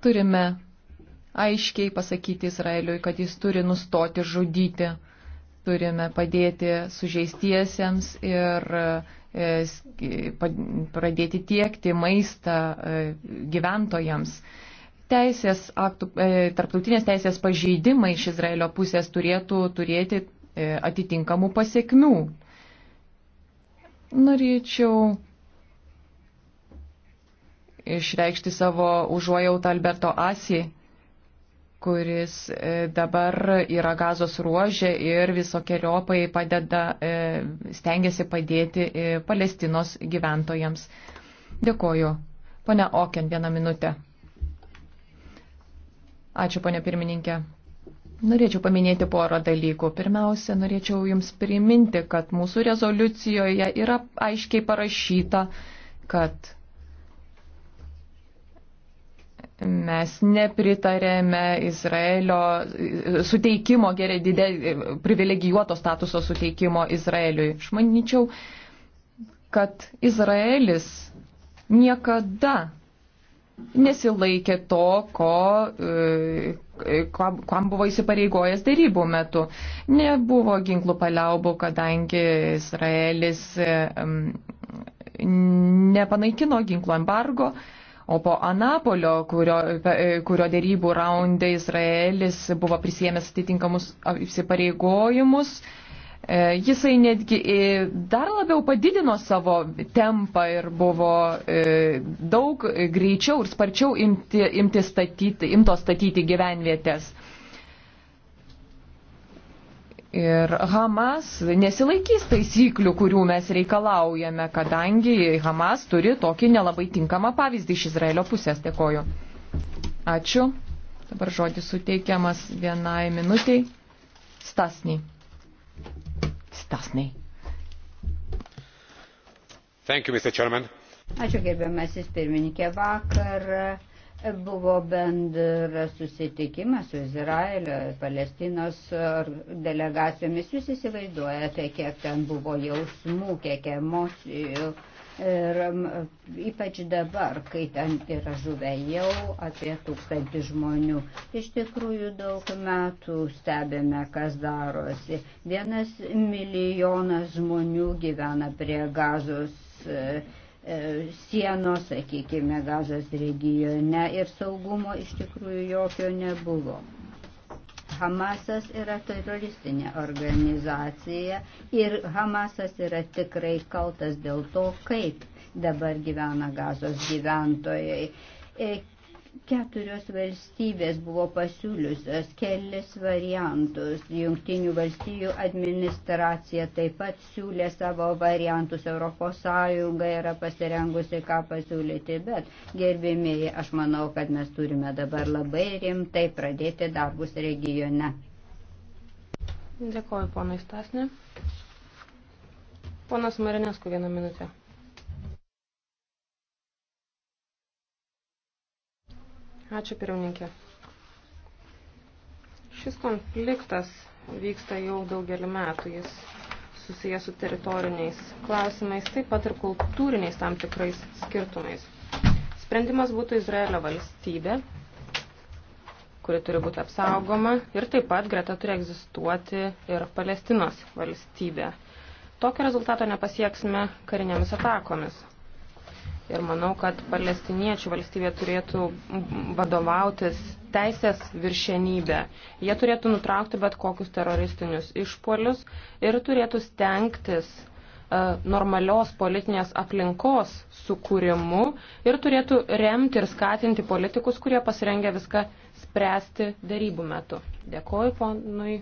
Turime aiškiai pasakyti Izraeliui, kad jis turi nustoti žudyti. Turime padėti sužeistiesiems ir e, pradėti tiekti maistą e, gyventojams. Teisės aktų, e, tarptautinės teisės pažeidimai iš Izraelio pusės turėtų turėti atitinkamų pasiekmių Norėčiau išreikšti savo užuojautą Alberto Asi, kuris e, dabar yra gazos ruožė ir visokiojopai padeda, e, stengiasi padėti e, Palestinos gyventojams. Dėkoju. Pone Oken, vieną minutę. Ačiū, ponė pirmininkė. Norėčiau paminėti porą dalykų. Pirmiausia, norėčiau Jums priminti, kad mūsų rezoliucijoje yra aiškiai parašyta, kad mes nepritarėme Izraelio suteikimo, gerai, didel, privilegijuoto statuso suteikimo Izraeliui. Aš manyčiau, kad Izraelis niekada nesilaikė to, ko, e, kam buvo įsipareigojęs darybų metu. Nebuvo ginklų paliaubų, kadangi Izraelis e, nepanaikino ginklų embargo. O po Anapolio, kurio, e, kurio dėrybų raundė Izraelis buvo prisėmęs atitinkamus įsipareigojimus, E, jisai netgi e, dar labiau padidino savo tempą ir buvo e, daug greičiau ir sparčiau imti, imti statyti, imto statyti gyvenvietės. Ir Hamas nesilaikys taisyklių, kurių mes reikalaujame, kadangi Hamas turi tokį nelabai tinkamą pavyzdį iš Izraelio pusės. Dėkoju. Ačiū. Dabar žodis suteikiamas vienai minutiai. Stasny stasnai. Thank you, Mr. Chairman. Ačiū gerbiamasis pirmininkė. Vakar buvo bendras susitikimas su Izraelio ir Palestinos delegacijomis. Jūs įsivaizduojate, kiek ten buvo jausmų, kiek emocijų Ir ypač dabar, kai ten yra žuvę jau apie tūkstantį žmonių. Iš tikrųjų daug metų stebime, kas darosi. Vienas milijonas žmonių gyvena prie gazos e, e, sienos, sakykime, gazos regione ir saugumo iš tikrųjų jokio nebuvo. Hamasas yra teroristinė organizacija ir Hamasas yra tikrai kaltas dėl to, kaip dabar gyvena gazos gyventojai e, Keturios valstybės buvo pasiūliusios kelis variantus. Jungtinių valstybių administracija taip pat siūlė savo variantus. ES yra pasirengusi, ką pasiūlyti. Bet, gerbėmėji, aš manau, kad mes turime dabar labai rimtai pradėti darbus regione. Dėkoju, ponai Stasne. Ponas Marinesku, vieną minutę. Ačiū pirmininkė. Šis konfliktas vyksta jau daugelį metų. Jis susijęs su teritoriniais klausimais, taip pat ir kultūriniais tam tikrais skirtumais. Sprendimas būtų Izraelio valstybė, kuri turi būti apsaugoma ir taip pat greta turi egzistuoti ir Palestinos valstybė. Tokio rezultato nepasieksime karinėmis atakomis. Ir manau, kad palestiniečių valstybė turėtų vadovautis teisės viršenybė. Jie turėtų nutraukti bet kokius teroristinius išpolius ir turėtų stengtis e, normalios politinės aplinkos sukūrimu ir turėtų remti ir skatinti politikus, kurie pasirengia viską spręsti darybų metu. Dėkoju ponui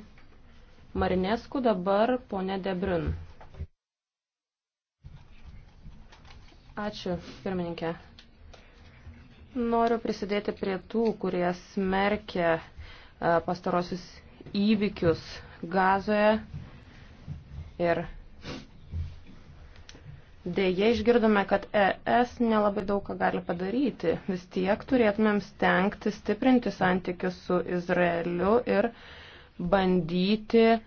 Marinesku, dabar ponė Debrin. Ačiū, pirmininkė. Noriu prisidėti prie tų, kurie smerkia e, pastarosius įvykius gazoje ir Deja, išgirdome, kad ES nelabai daug ką gali padaryti. Vis tiek turėtumėm stengti stiprinti santykius su Izraeliu ir bandyti e,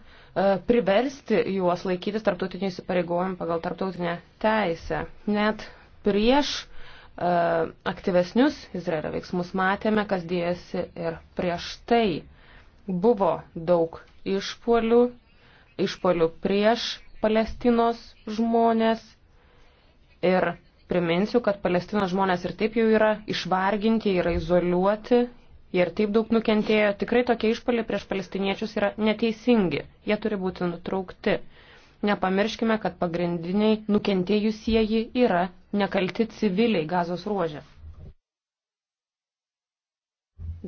priversti juos laikytis tarptautinių įsipareigojimų pagal tarptautinę teisę. Net prieš e, aktyvesnius Izraelio veiksmus matėme, kas dėjasi ir prieš tai. Buvo daug išpolių, išpolių prieš Palestinos žmonės ir priminsiu, kad Palestinos žmonės ir taip jau yra išvarginti, yra izoliuoti, jie ir taip daug nukentėjo. Tikrai tokie išpoliai prieš palestiniečius yra neteisingi, jie turi būti nutraukti. Nepamirškime, kad pagrindiniai nukentėjusieji yra nekalti civiliai gazos ruožė.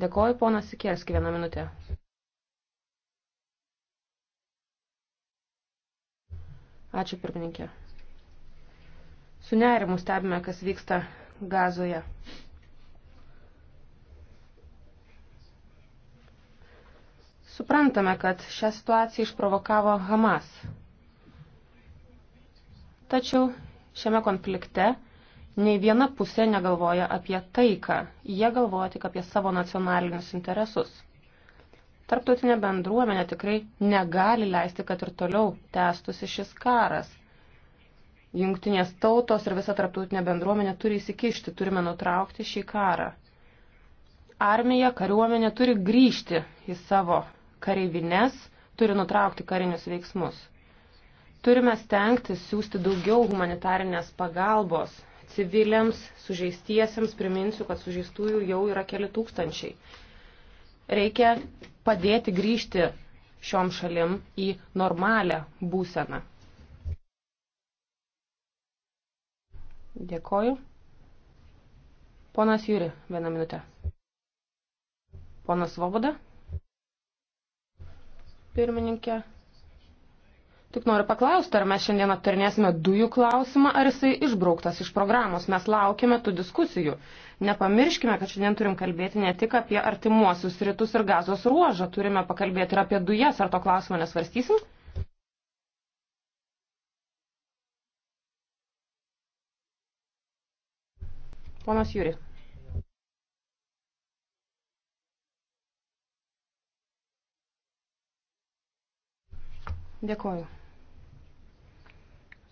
Dėkoju, ponas Sikerski, vieną minutę. Ačiū, pirmininkė. Su nerimu stebime, kas vyksta gazoje. Suprantame, kad šią situaciją išprovokavo Hamas. Tačiau Šiame konflikte nei viena pusė negalvoja apie taiką, jie galvoja tik apie savo nacionalinius interesus. Tarptautinė bendruomenė tikrai negali leisti, kad ir toliau tęstusi šis karas. Jungtinės tautos ir visa tarptautinė bendruomenė turi įsikišti, turime nutraukti šį karą. Armija, kariuomenė turi grįžti į savo kareivines, turi nutraukti karinius veiksmus. Turime stengtis siūsti daugiau humanitarinės pagalbos civiliams, sužeistiesiems, priminsiu, kad sužeistųjų jau yra keli tūkstančiai. Reikia padėti grįžti šiom šalim į normalią būseną. Dėkoju. Ponas Jūri, vieną minutę. Ponas Svoboda. Pirmininkė, Tik noriu paklausti, ar mes šiandien aptarinėsime dujų klausimą, ar jisai išbrauktas iš programos. Mes laukime tų diskusijų. Nepamirškime, kad šiandien turim kalbėti ne tik apie artimuosius rytus ir gazos ruožą, turime pakalbėti ir apie dujas. Ar to klausimo nesvarstysim? Ponas Jūri. Dėkoju.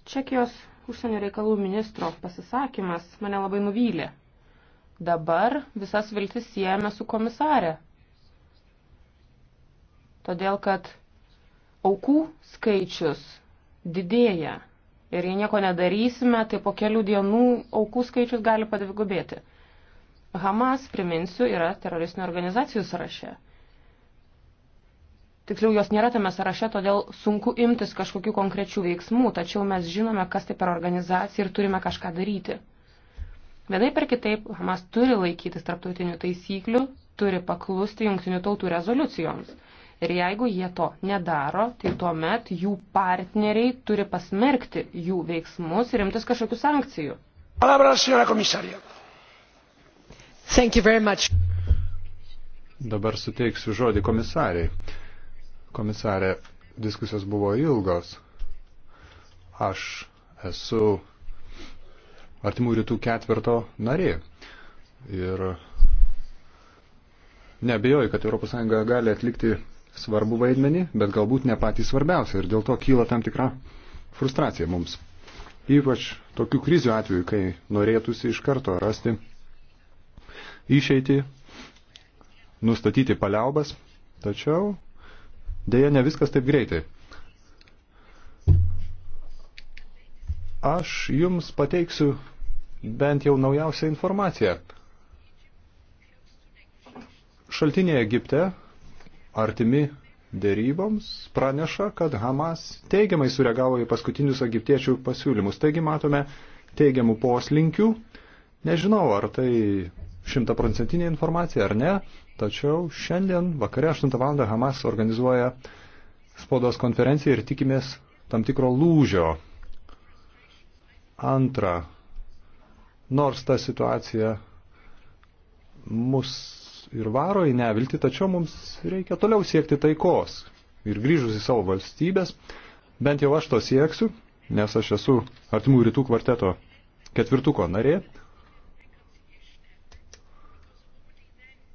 Čekijos užsienio reikalų ministro pasisakymas mane labai nuvylė. Dabar visas viltis siejame su komisarė. Todėl, kad aukų skaičius didėja ir jei nieko nedarysime, tai po kelių dienų aukų skaičius gali padvigubėti. Hamas, priminsiu, yra teroristinių organizacijų sąraše tiksliau jos nėra tame sąraše, todėl sunku imtis kažkokių konkrečių veiksmų, tačiau mes žinome, kas tai per organizacija ir turime kažką daryti. Vienai per kitaip Hamas turi laikytis tarptautinių taisyklių, turi paklusti jungtinių tautų rezoliucijoms. Ir jeigu jie to nedaro, tai tuomet jų partneriai turi pasmerkti jų veiksmus ir imtis kažkokių sankcijų. Palabra, Dabar suteiksiu žodį komisariai. Komisarė, diskusijos buvo ilgos. Aš esu Artimų rytų ketvirto narė. Ir nebejoju, kad ES gali atlikti svarbu vaidmenį, bet galbūt ne patį svarbiausią. Ir dėl to kyla tam tikra frustracija mums. Ypač tokių krizių atveju, kai norėtųsi iš karto rasti išeitį, nustatyti paliaubas, tačiau Deja, ne viskas taip greitai. Aš jums pateiksiu bent jau naujausią informaciją. Šaltiniai Egipte, artimi dėryboms, praneša, kad Hamas teigiamai sureagavo į paskutinius egiptiečių pasiūlymus. Taigi matome teigiamų poslinkių. Nežinau, ar tai šimtaprocentinė informacija ar ne, tačiau šiandien vakare 8 val. Hamas organizuoja spaudos konferenciją ir tikimės tam tikro lūžio. Antra, nors ta situacija mus ir varo į nevilti, tačiau mums reikia toliau siekti taikos. Ir grįžus į savo valstybės, bent jau aš to sieksiu, nes aš esu Artimų rytų kvarteto ketvirtuko narė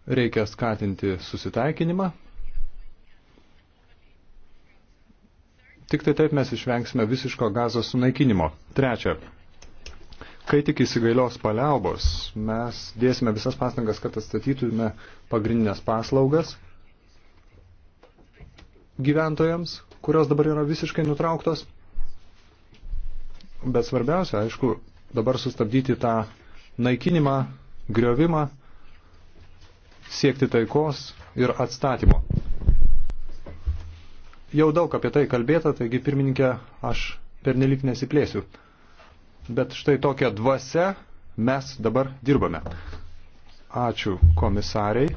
Reikia skatinti susitaikinimą. Tik tai taip mes išvengsime visiško gazos sunaikinimo. Trečia, kai tik įsigailios paliaubos, mes dėsime visas pastangas, kad atstatytume pagrindinės paslaugas gyventojams, kurios dabar yra visiškai nutrauktos. Bet svarbiausia, aišku, dabar sustabdyti tą naikinimą, griovimą siekti taikos ir atstatymo. Jau daug apie tai kalbėta, taigi pirmininkė, aš pernelik nesiplėsiu. Bet štai tokia dvasia mes dabar dirbame. Ačiū komisariai.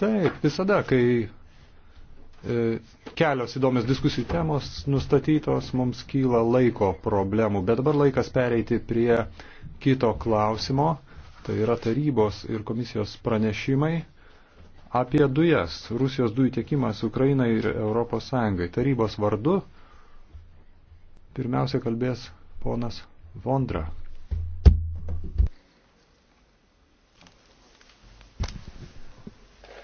Taip, visada, kai e, kelios įdomios diskusijų temos nustatytos, mums kyla laiko problemų, bet dabar laikas pereiti prie kito klausimo. Tai yra tarybos ir komisijos pranešimai apie dujas, Rusijos dujų tiekimas Ukrainai ir Europos Sąjungai. Tarybos vardu pirmiausia kalbės ponas Vondra.